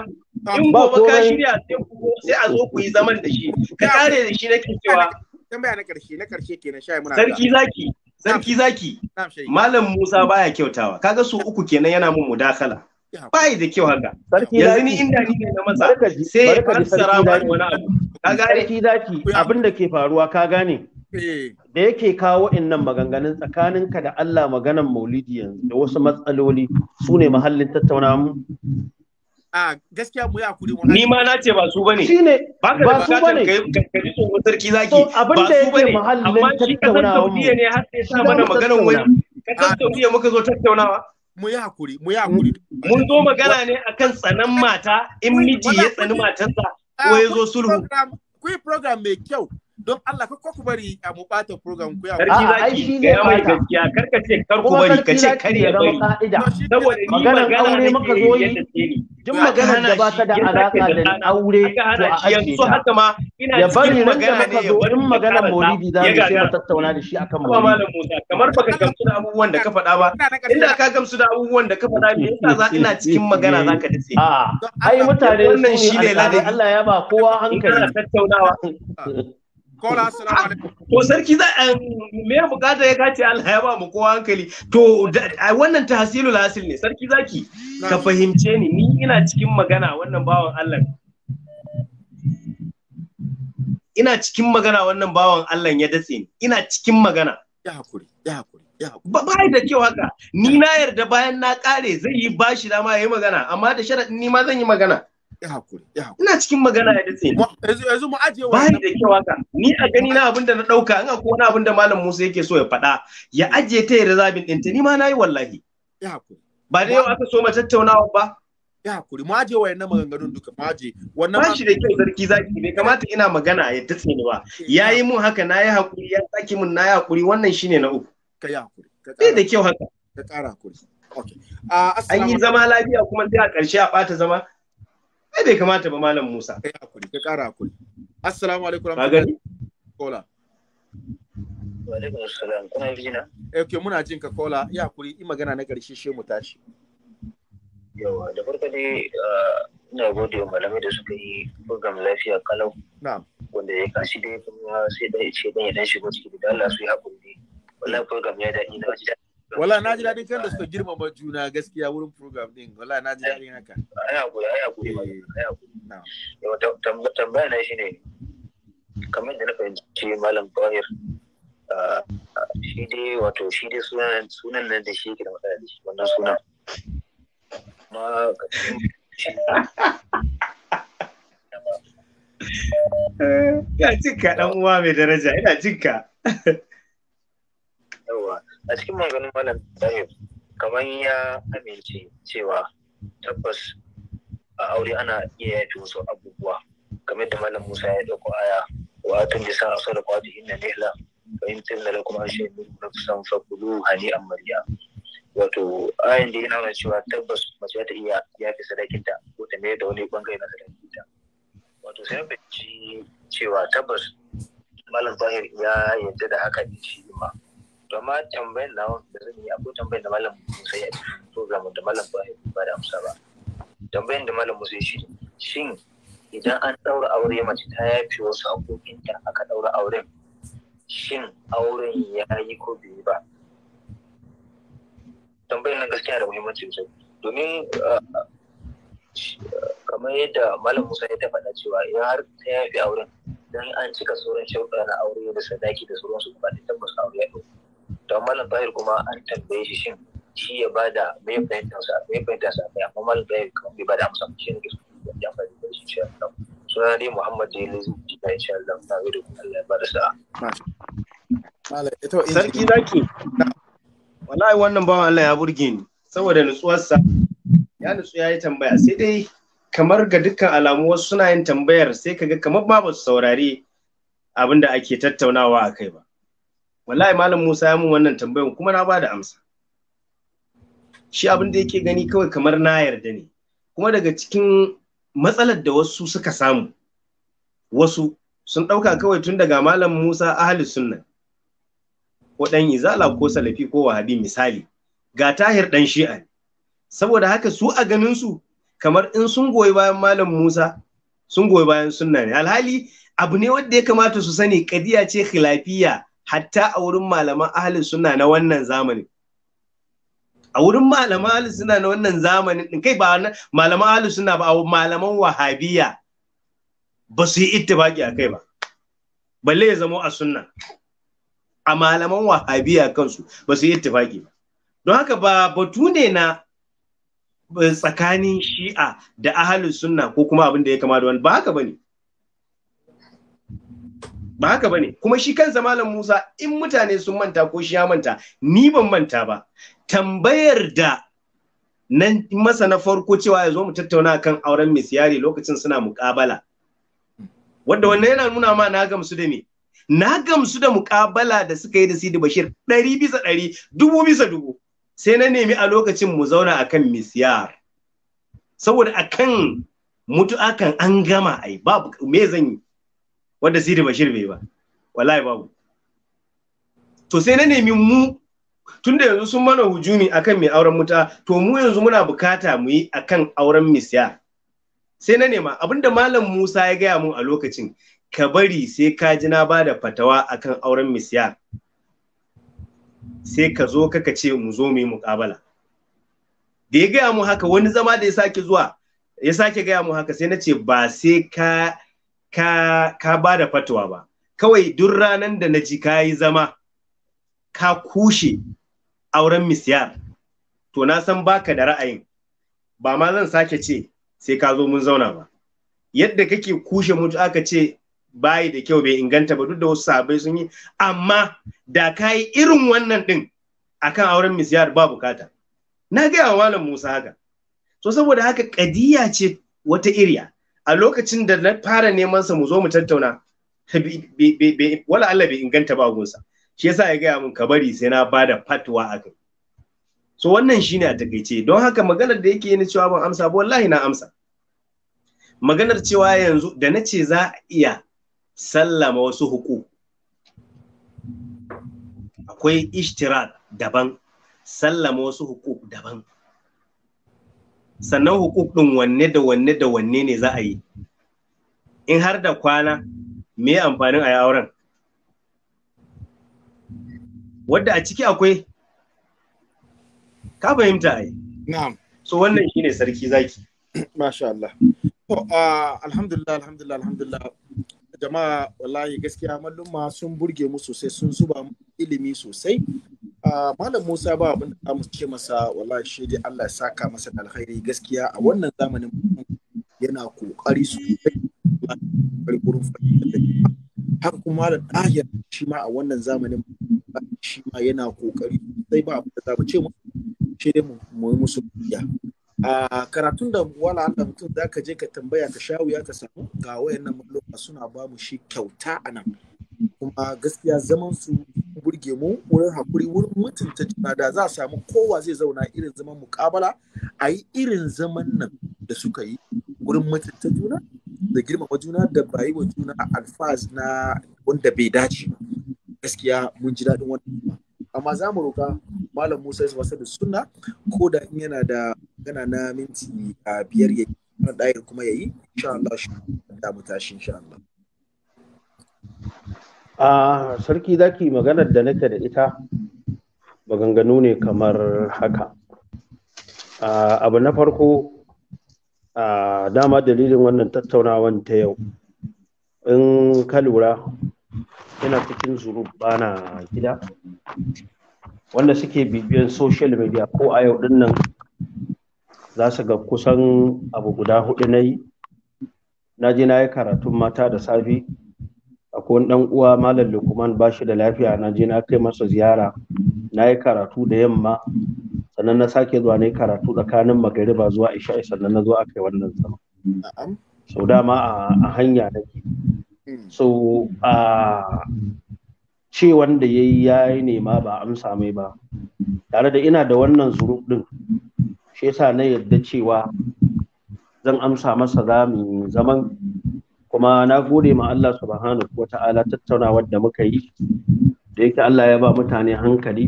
in gobe ka shirya sai ku sai a zo ku yi zaman da shi ka kare da shi nake cewa tambaya na karshe na karshe kenan sha muna sarki zaki
sarki zaki malam Musa baya kyautawa kaga su uku kenan yana mun mudakala bai da kyau haka
yanzu ni inda
ni ne na masa sai ya tsara wani abu
ka gane sarki zaki abin da ke faruwa ka gane eh. da yake kawo innan maganganun tsakaninka da Allah maganan maulidi yanzu da wasu matsaloli su ne mahallin tattaunawa
a ni ma na ce ba su
bane shine ba su bane
ka sarki zaki ba su bane amma shi kasan ne har
sai sa mana magana
muka zo tattaunawa
mu yi hakuri mu
mun zo magana ne akan tsanan mata in miji ya tsani matarsa ko ya zo sulhu
mai kyau don Allah ka ku bari a mu bata program ku ya Sarki zaki ga mai gaskiya
kar ka ce kar ku bari ka ce kar ya bari
saboda ni maganar aure
maka zo yi duk magana da ba ta da alaka da aure to a yanzu haka ma ina ya bari nan da muka zo in magana maulidi za mu sai mu tattauna da shi akan maulidi malam
Musa kamar baka gamsu da abubuwan da ka faɗa ba inda ka gamsu da abubuwan da ka faɗa me yasa za ina cikin magana za ka dace ah, ai mutane wannan shi ne ladai
Allah ya ba kowa hankali
tattaunawa Kola assalamu alaikum. To sarki za me ya bukata ya kace Allah ya ba mu kowa hankali. To wannan tahsilul hasil ne sarki zaki ka fahimce ni ni ina cikin magana wannan bawan Allah. Ina cikin magana wannan bawan Allah ya datse ni. Ina cikin magana. Ya hakuri, ya hakuri. Ba da kyau haka, ni na yarda bayan na kare zai yi bashi dama ya yi magana, amma da sharaɗin ni ma zan yi magana. Ina cikin magana ya dace. Yanzu mu ajiye Ba da kyau haka. Ni a gani na abin da na ɗauka, in akwai wani abin da Malam Musa yake so ya faɗa, ya ajiye ta yarda zabin ɗinta, ni ma na yi wallahi. Ba da yau aka so ma tattaunawa ba. Ya hakuri, mu ajiye wayannan maganganun duka, mu ajiye. Wannan ba shi da kyau sarki zaki, bai kamata ina magana ya datse ni ba. Ya yi mun haka, na yi hakuri, ya saki mun na yi hakuri, wannan shine na uku. Ka yi hakuri. Bai da kyau haka.
Ka ƙara hakuri.
Ah, An yi zama lafiya kuma sai a ƙarshe a ɓata zama. Ai bai kamata ba Malam Musa. Kai hakuri, ka ƙara hakuri.
Assalamu alaikum warahmatullahi Kola. Wa alaikum assalam. Kuna ji na? Eh, ke muna jin ka Kola. Ya hakuri, in magana na ƙarshe shi mu tashi.
Yawa, da farko dai ah, ina gode wa malamai da suka yi program lafiya kalau. Na'am. Wanda ya kashi dai kuma sai dai ce dan ya dan shigo cikin da Allah su ya hakuri.
Wallahi program ya daɗi na ji daɗi. wala na ji daɗin kan da suka girmama juna gaskiya wurin program din wala na ji daɗin haka ai hakuri ai hakuri ai eh, hakuri yau
tambaya na ne kamar da na fahimci malam Bahir ah, ah, shi dai wato shi dai sunan sunan nan da shi yake da matsala da shi wannan sunan ma
eh, Ina jinka ɗan uwa mai daraja, ina jinka.
Yawa, a cikin maganin malam zahir kamar ya amince cewa tabbas a aure ana iya yafi wasu abubuwa kamar da malam musa ya dauko aya wa tun bisa a da kwaji inna nihla fa in tinna lakum an shay'in min nafsan fa kulu hani amriya wato ayan da yana nuna cewa tabbas mace ta iya yafi sadakinta ko ta mai da wani bangare na sadakinta wato sai ci cewa tabbas malam zahir ya yadda da haka ne shi ma amma da akwai tambayar da malam musa ya program da malam ba ya ba da amsa ba tambayar da malam musa shi shin idan an ɗaura aure mace ta yafe wasu da aka ɗaura auren shin auren ya yi ko bai ba tambayar na gaskiya da muhimmanci sosai domin ah, kamar yadda malam musa ya cewa idan har ta yafe auren don an cika sauran shauɗa na aure da sadaki da sauransu ba da tabbas aure ya don malam bayar kuma an tambaye shi shin shi ya ba da mai fahimtar sa mai fahimtar sa mai amma malam bayar kuma
bai ba da amsa shi ne ke ya da shi insha Allah suna dai Muhammad da ji da insha Allah na gudu Allah ya ba da sa'a
eh eh, sarki
zaki wallahi wannan bawan Allah ya burge ni saboda nutsuwarsa ya nutsu ya yi tambaya sai dai kamar ga dukkan alamu wasu suna yin tambayar sai kaga kamar ba ba su saurari abin da ake tattaunawa a kai ba wallahi malam Musa ya mun wannan tambayar kuma na bada amsa shi abin da yake gani kawai kamar na yarda ne kuma daga cikin matsalar da wasu suka samu wasu sun ɗauka kawai tun daga malam Musa ahli sunna ko Dan izala ko salafi ko wahabi misali ga tahir ɗan shi'a saboda haka su a ganin su kamar in sun goyi bayan malam Musa sun goyi bayan sunna ne alhali abu ne wanda ya kamata su sani kadiya ce khilafiyya hatta a wurin malaman ahalin suna na wannan zamanin a wurin malaman ahalin suna na wannan zamanin din kai ba malaman ahalin suna ba malaman wahabiya ba su yi ittibaki a kai ba balle ya zamo a sunna a malaman wahabiya kansu ba su yi ittifaki ba don haka ba batu ne na tsakanin shi'a da ahalin sunna ko kuma abin da ya kama da wani ba haka bane ba haka bane kuma shi kansa malam Musa in mutane sun manta ko shi ya manta ni ban manta ba tambayar da nan masa na farko cewa ya zo mu tattauna kan auren misiyari lokacin suna muƙabala wanda wannan yana nuna ma na gamsu da me na gamsu da muƙabala da suka yi da Sidi Bashir ɗari bisa ɗari dubu bisa dubu sai na nemi a lokacin mu zauna akan misiyar. saboda akan mutu akan an gama ai babu me zan yi wanda Sidi Bashir bai ba wallahi babu to sai na nemi mu tunda yanzu sun mana hujumi akan mai auren muta to mu yanzu muna bukata mu yi akan auren misya sai na nema abinda malam Musa ya gaya mun a lokacin ka bari sai ka ji na ba fatawa akan auren misya sai ka zo kaka ce mu zo mu yi mukabala. da ya gaya mu haka wani zama da ya sake zuwa ya sake gaya mu haka sai na ce ba sai ka ka, ka ba da fatwa ba kawai duk ranar da na ji ka yi zama ka kushe auren misiyar. to na san baka da ra'ayin ba ma zan sake ce sai ka zo mun zauna ba yadda kake kushe mutu aka ce bai da kyau bai inganta ba duk da wasu sabai sun yi amma da ka yi irin wannan din akan auren misyar ba bukata na gaya wa musa haka so saboda haka kadiya ce wata iriya a lokacin da na fara neman sa mu zo mu tattauna wala Allah bai inganta ba gunsa shi yasa ya gaya min ka bari sai na bada fatwa a kai so wannan shine a takaice don haka maganar da yake yi cewa ban amsa ba wallahi na amsa maganar cewa yanzu da na ce za a iya sallama wasu huku akwai ishtirak daban sallama wasu huku daban sannan hukuk ɗin wanne da wanne da wanne ne za a yi in har da kwana me amfanin a yi auren wadda a
ciki akwai ka fahimta yi na'am so wannan shine sarki zaki masha Allah to ah, alhamdulillah alhamdulillah alhamdulillah jama'a wallahi gaskiya mallumma sun burge mu sosai sun zuba ilimi sosai Malam Musa ba abin da mu ce masa wallahi shi dai Allah ya saka masa alkhairi gaskiya a wannan zamanin yana kokari su gurin har kuma da ɗahiyar shi ma a wannan zamanin shi ma yana kokari sai ba abin da za mu ce mu, shi dai mu yi musu biya a karatun da wala Allah mutum za ka je ka tambaya ka shawuya ka samu ga wayannan mallaka suna ba mu shi kyauta a nan kuma gaskiya zaman su burge mu wurin hakuri wurin mutunta juna da za a samu kowa zai zauna irin zaman mukabala a yi irin zaman nan da suka yi wurin mutunta juna da girmama juna da bayi wa juna a alfaz na wanda bai dace gaskiya mun ji daɗin wannan amma za mu roƙa malam musa ya wasa da sunna ko da in yana da gana na minti biyar ya na ɗayar kuma ya yi insha Allah shi da mu tashi insha Allah a sarki zaki maganar da nake da ita
maganganu ne kamar haka abu na farko dama dalilin wannan tattaunawan ta yau in ka lura yana cikin zuru bana gida wanda suke bibiyan social media ko a yau din nan za su ga kusan abu guda hudu na yi na je na yi karatun mata da safe. akwai ɗan uwa malam lukman ba shi da lafiya na je na kai masa ziyara na yi karatu da yamma sannan na sake zuwa na yi karatu tsakanin magariba zuwa isha sannan na zo aka yi wannan sama, sau dama a hanya na ke hmm. so a ce wanda ya yi ya yi nema ba amsa mai ba tare da ina da wannan zurub din shi yasa na yadda cewa zan amsa masa za zaman kuma na gode ma Allah subhanahu wa ta'ala tattaunawar da muka yi da yake Allah ya ba mutane hankali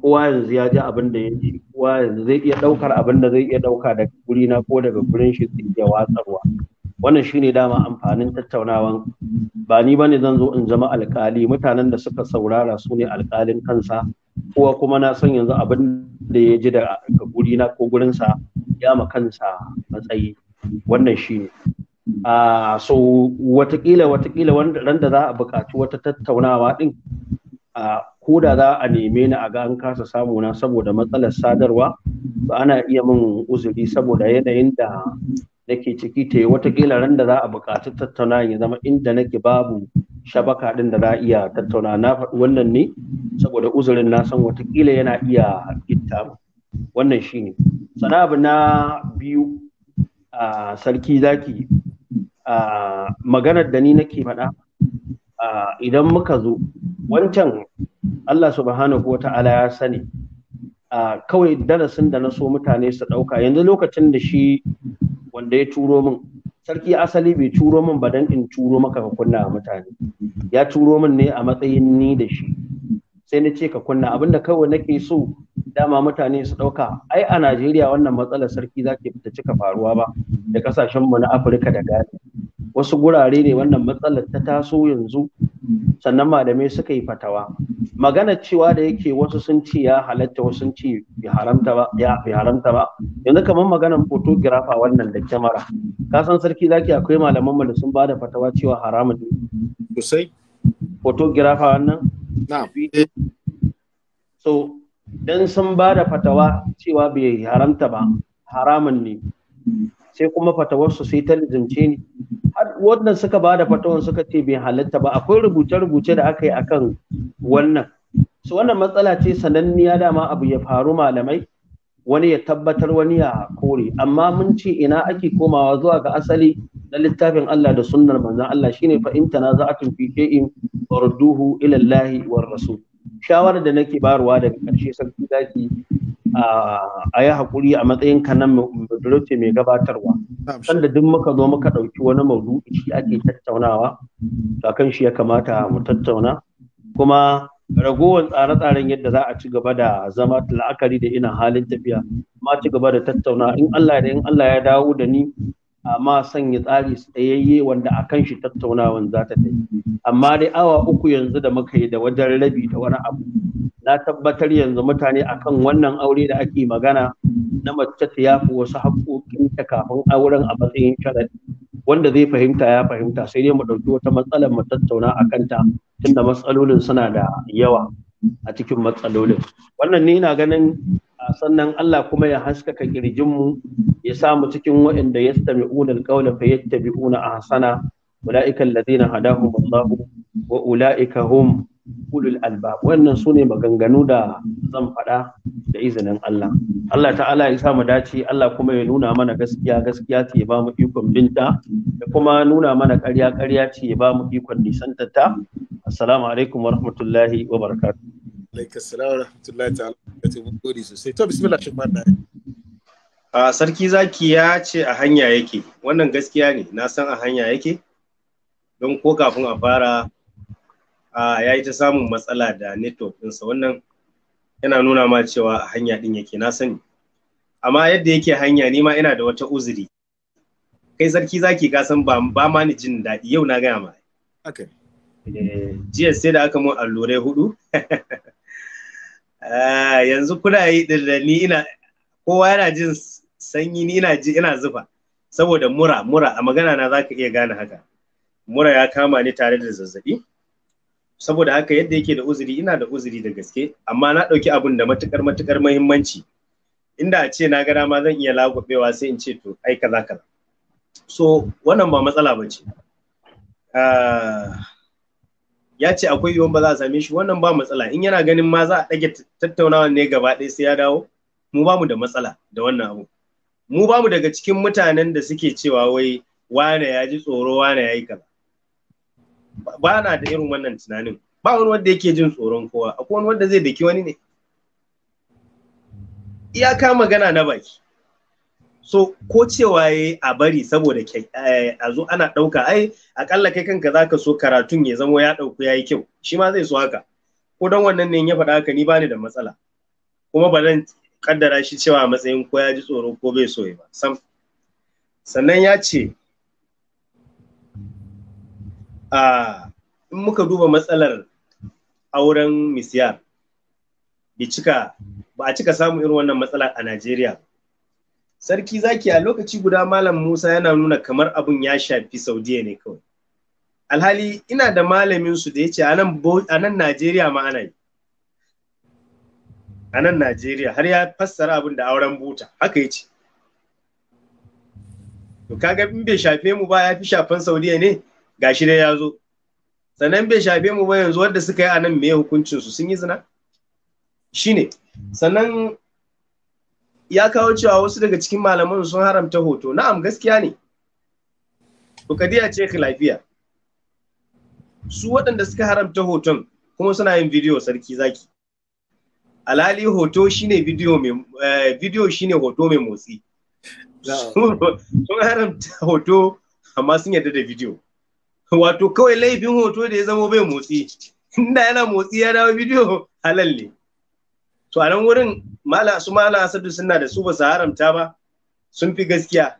kowa yanzu ya ji abin da ya ji kowa yanzu zai iya ɗaukar abin da zai iya ɗauka daga guri na ko daga gurin shi su iya watsarwa wannan shine dama amfanin tattaunawan ba ni bane zan zo in zama alƙali mutanen da suka saurara su ne alƙalin kansa kowa kuma na san yanzu abin da ya ji daga guri na ko gurinsa ya ma kansa matsayi wannan shine a ah, so watakila watakila wanda ran za a buƙaci wata tattaunawa din ko da za a neme ni a ga an kasa samu na saboda matsalar sadarwa ba ana iya min uzuri saboda yanayin da nake ciki ta watakila ran da za a buƙaci tattaunawa ya zama inda nake babu shabaka din da za a iya tattauna na faɗi wannan ne saboda uzurin na san watakila yana iya gitta wannan shine sana abu na biyu a sarki zaki maganar da ni nake faɗa idan muka zo wancan Allah subhanahu wa ta'ala ya sani kawai darasin da na so mutane su ɗauka yanzu lokacin da shi wanda ya turo min sarki asali bai turo min ba dan in turo maka ka kunna mutane ya turo min ne a matsayin ni da shi sai na ce ka kunna abinda kawai nake so dama mutane su ɗauka ai a Najeriya wannan matsalar sarki zaki ta cika faruwa ba da kasashen mu na Afirka da Ghana wasu gurare ne wannan matsalar ta taso yanzu sannan malamai suka yi fatawa magana cewa da yake wasu sun ce ya halatta wasu sun ce bi haramta ba ya bi haramta ba yanzu kamar maganar photographer wannan da kyamara ka san sarki zaki akwai malaman mu da sun bada fatawa cewa haramun ne sosai photographer wannan na'am so dan sun ba da fatawa cewa bai haramta ba haramun ne sai kuma fatawarsu sai ta lizimce ni wannan suka ba da fatawan suka ce bai halatta ba akwai rubuce-rubuce da aka yi akan wannan su wannan matsala ce sananniya dama abu ya faru malamai wani ya tabbatar wani ya kore amma mun ce ina ake komawa zuwa ga asali na littafin Allah da sunnar manzon Allah shine fa in tanaza'atun fi shay'in farduhu ila Allah wa rasul shawarar da nake barwa daga karshe, sarki zaki a yi haƙuri a matsayin ka nan mai gabatarwa sanda duk muka zo muka ɗauki wani maudu'i shi ake tattaunawa to kan shi ya kamata mu tattauna kuma ragowar tsare-tsaren yadda za a ci gaba da zama la'akari da ina halin tafiya ma ci gaba da tattauna in in Allah ya dawo da ni amma sanya tsari tsayayye wanda a kan shi tattaunawan za ta tafi amma dai awa uku yanzu da muka yi da wajen rabi da wani abu na tabbatar yanzu mutane akan wannan aure da ake magana na mace ta yafi wasu ta kafin auren a matsayin sharadi wanda zai fahimta ya fahimta sai dai mu ɗauki wata matsalar mu tattauna a kanta tunda matsalolin suna da yawa a cikin matsalolin wannan ne ina ganin sannan Allah kuma ya haskaka kirjinmu ya samu cikin waɗanda ya sami unar ƙaunar fa yadda bi'una a hasana ula'ika allazina hadahum Allahu wa ula'ika hum ulul albab wannan su ne maganganu da zan faɗa da izinin Allah Allah ta'ala ya samu dace Allah kuma ya nuna mana gaskiya gaskiya ce ya bamu ikon binta da kuma nuna mana ƙarya ƙarya ce ya bamu ikon nisantarta assalamu alaikum wa rahmatullahi wa barakatuh
sarki zaki ya ce a hanya yake wannan gaskiya ne na san a hanya yake don ko kafin a fara a ya yi ta samun matsala da network ɗinsa wannan yana nuna ma cewa a hanya ɗin yake na sani amma yadda yake hanya ni ma ina da wata uzuri kai sarki zaki ka san ba ba ma ni jin daɗi yau na gaya ma eh, jiya sai da aka mun allurai hudu Ah, yanzu kuna yi da ni ina kowa yana jin sanyi ni ina ji ina zufa saboda mura mura a magana na zaka iya gane haka mura ya kama ni tare da zazzabi saboda haka yadda yake da uzuri ina da uzuri da gaske amma na ɗauki abun da matukar matukar muhimmanci inda a ce na ga ma zan iya lagobewa sai in ce to ai kaza kaza so wannan ba matsala ba ce ah, ya ce akwai yiwuwan ba za a same shi wannan ba matsala in yana ganin ma za a ɗage tattaunawa ne gaba ɗaya sai ya dawo mu ba mu da matsala da wannan abu mu ba mu daga cikin mutanen da suke cewa wai wane ya ji tsoro wane ya yi kaza ba na da irin wannan tunanin ba wani wanda yake jin tsoron kowa akwai wani wanda zai daki wani ne iyaka magana na baki so ko cewa ya a bari saboda eh, a zo ana ɗauka ai aƙalla kai kanka za ka so karatun ya zama ya ɗauku ya yi kyau shi ma zai so haka ko don wannan ne ya faɗa haka ni bani da matsala kuma ba zan kaddara shi cewa matsayin ko ya ji tsoro ko bai so ya ba sam sannan ya ce a ah, in muka duba matsalar auren misiyar bi ba a cika samun irin wannan matsala a najeriya ba sarki zaki a lokaci guda malam musa yana nuna kamar abun ya shafi saudiya ne kawai alhali ina da malamin su da ya ce a nan najeriya ma ana yi a najeriya har ya fassara abin da auren buta haka ya ce to kaga in bai shafe mu ba ya fi shafan saudiya ne gashi dai ya zo sannan bai shafe mu ba yanzu wanda suka yi anan nan me hukuncin su sun yi zina shine sannan ya kawo cewa wasu daga cikin malaman sun haramta hoto na'am gaskiya ne bukadiya ce khilafiya su waɗanda suka haramta hoton kuma suna yin bidiyo sarki zaki alhali hoto shine bidiyo mai eh, shine hoto mai motsi sun haramta hoto amma sun yarda da bidiyo wato kawai laifin hoto da ya zama bai motsi inda yana motsi ya dawo bidiyo halal ne to a nan wurin mala su mala asadu suna da su ba su haramta ba sun fi gaskiya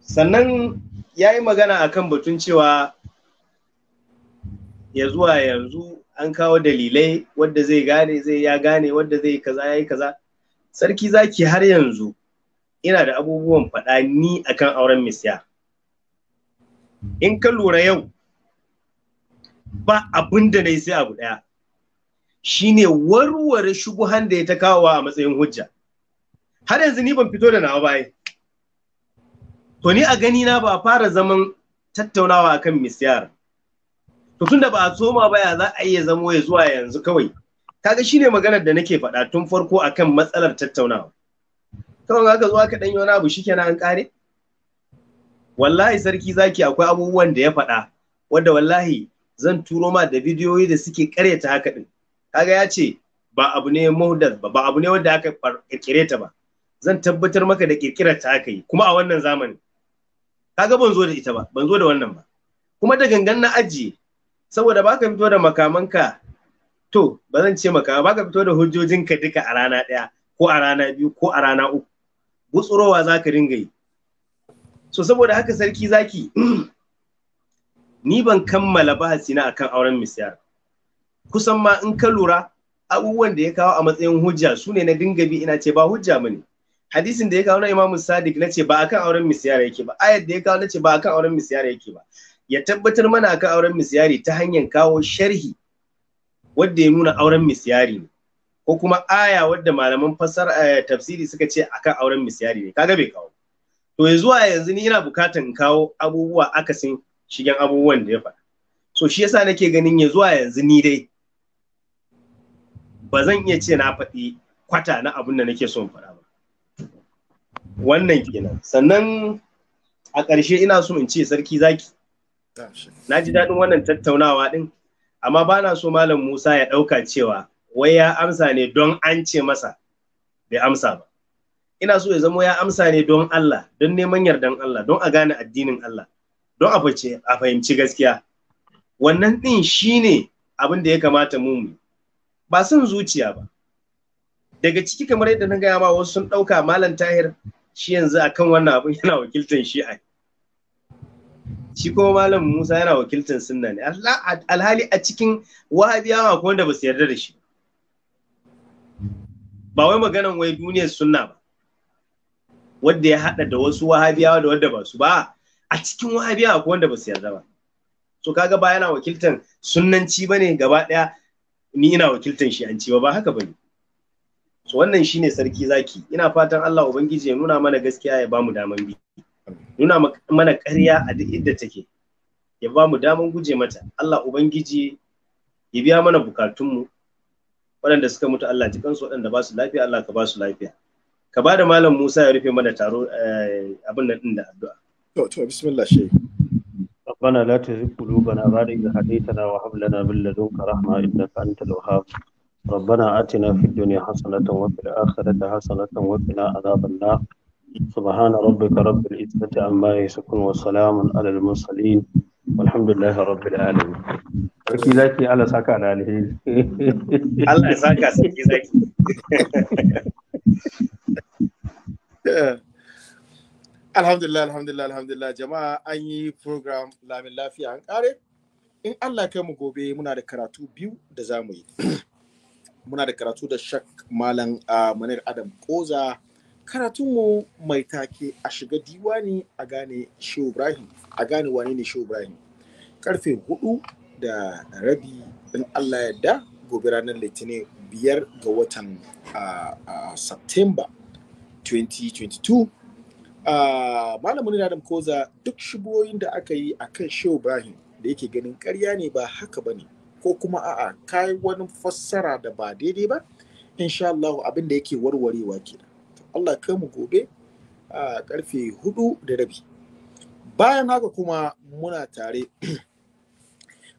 sannan ya yi magana a kan batun cewa ya zuwa yanzu an kawo dalilai wadda zai gane zai ya gane wadda zai kaza ya yi kaza sarki zaki har yanzu ina da abubuwan faɗa ni akan auren Misiya. in ka lura yau ba abin da na yi sai abu ɗaya shine warware shubuhan da ya ta kawo a matsayin hujja har yanzu ni ban fito da nawa baya to ni a gani na ba fara zaman tattaunawa akan misyar to tunda ba a soma ya za a iya zamo ya zuwa yanzu kawai kaga shine maganar da nake faɗa tun farko akan matsalar tattaunawa kawai ka zuwa ka danyi na abu shikenan an kare wallahi sarki zaki akwai abubuwan da ya faɗa wanda wallahi zan turo ma da bidiyoyi da suke ƙaryata haka din kaga ya ce ba abu ne muhdar ba ba abu ne wanda aka kirkire ta ba zan tabbatar maka da kirkirar ta aka yi kuma a wannan zamani kaga ban zo da ita ba ban zo da wannan ba kuma da gangan na ajiye saboda baka fito da makamanka to ba zan ce maka baka fito da hujjojinka duka a rana ɗaya ko a rana biyu ko a rana uku gutsurowa za ka ringa yi so saboda haka sarki zaki ni ban kammala bahasi na akan auren misyar kusan ma in ka lura abubuwan da ya kawo a matsayin hujja su ne na dinga bi ina ce ba hujja bane hadisin da ya kawo na imamu sadiq na ce ba akan auren misiyara yake ba ayat da ya kawo na ce ba akan auren misiyara yake ba ya tabbatar mana akan auren misiyari ta hanyar kawo sharhi wadda ya nuna auren misiyari ne ko kuma aya wadda malaman fasar eh, tafsiri suka ce akan auren misiyari ne kaga bai kawo to ya zuwa yanzu ni ina bukatan kawo abubuwa akasin shigen abubuwan da ya faɗa so shi yasa nake ganin ya zuwa yanzu ni dai ba zan iya ce na faɗi kwata na abin da nake son faɗa ba wannan kenan sannan a ƙarshe ina so in ce sarki zaki na ji daɗin wannan tattaunawa ɗin amma ba na so malam musa ya ɗauka cewa wai ya amsa ne don an ce masa bai amsa ba ina so ya zamo ya amsa ne don Allah don neman yardan Allah don a gane addinin Allah don a fahimci gaskiya wannan ɗin shine abin da ya kamata mu ba son zuciya ba daga ciki kamar yadda na gaya ma wasu sun ɗauka malam tahir shi yanzu akan wannan abin yana wakiltar shi'a shi kuma malam musa yana wakiltar sunna ne alhali a cikin wahabiyawa ko wanda ba su yarda da shi ba wai maganan wai duniyar sunna ba wanda ya haɗa da wasu wahabiyawa da wanda ba su ba a cikin wahabiyawa ko wanda ba su yarda ba so kaga ba yana wakiltar sunnanci bane gaba ɗaya ni ina wakiltan shi an cewa ba haka bane so wannan shine sarki zaki ina fatan Allah ubangiji ya nuna mana gaskiya ya bamu daman bi nuna mana ƙarya a duk inda take ya bamu daman guje mata Allah ubangiji ya biya mana bukatunmu waɗanda suka mutu Allah ji kansu waɗanda ba su lafiya Allah ka ba su lafiya ka ba da malam Musa ya rufe mana taro eh, abin nan din da addu'a to to bismillah shehu
ربنا لا تزغ قلوبنا بعد إذ هديتنا وهب لنا من لدنك رحمة إنك أنت الوهاب ربنا آتنا في الدنيا حسنة وفي الآخرة حسنة وقنا عذاب النار سبحان ربك رب العزة عما يصفون وسلام على المرسلين والحمد لله رب العالمين sarki zaki Allah saka da alheri Allah saka sarki
zaki Alhamdulillah, alhamdulillah, alhamdulillah. Jama'a an yi program lamin lafiya an kare. In Allah kai mu gobe muna da karatu biyu da za mu yi. muna da karatu da shak malam uh, manir Adam Koza. mu mai take a shiga diwani a gane Shehu Ibrahim, a gane wane ne Shehu Ibrahim. Karfe hudu da rabi in Allah yadda gobe ranar Litinin biyar ga watan uh, 2022. malamin Adam Koza duk shigoyin da aka yi a kan Shehu Ibrahim da yake ganin karya ne ba haka ba ne ko kuma a'a kai wani fassara da ba daidai ba insha Allah abin da yake warwarewa da. Allah kai mu gobe a karfe hudu da rabi bayan haka kuma muna tare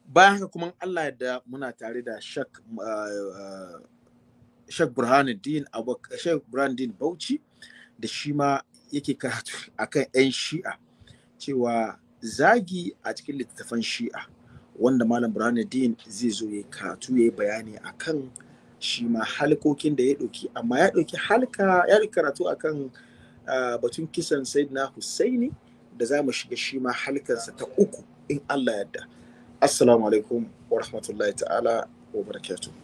bayan haka kuma Allah da muna tare da shak shak burhanuddin shak burhanuddin bauchi da shi ma yake karatu akan 'yan shi'a cewa zagi a cikin littattafan shi'a wanda malam din zai zo ya karatu ya yi bayani akan shi ma halkokin da ya ɗauki amma ya ɗauki halka ya karatu akan batun kisan na husaini da za mu shiga shi ma halkansa ta uku in allah yadda assalamu alaikum wa rahmatullahi ta'ala wa barakatuh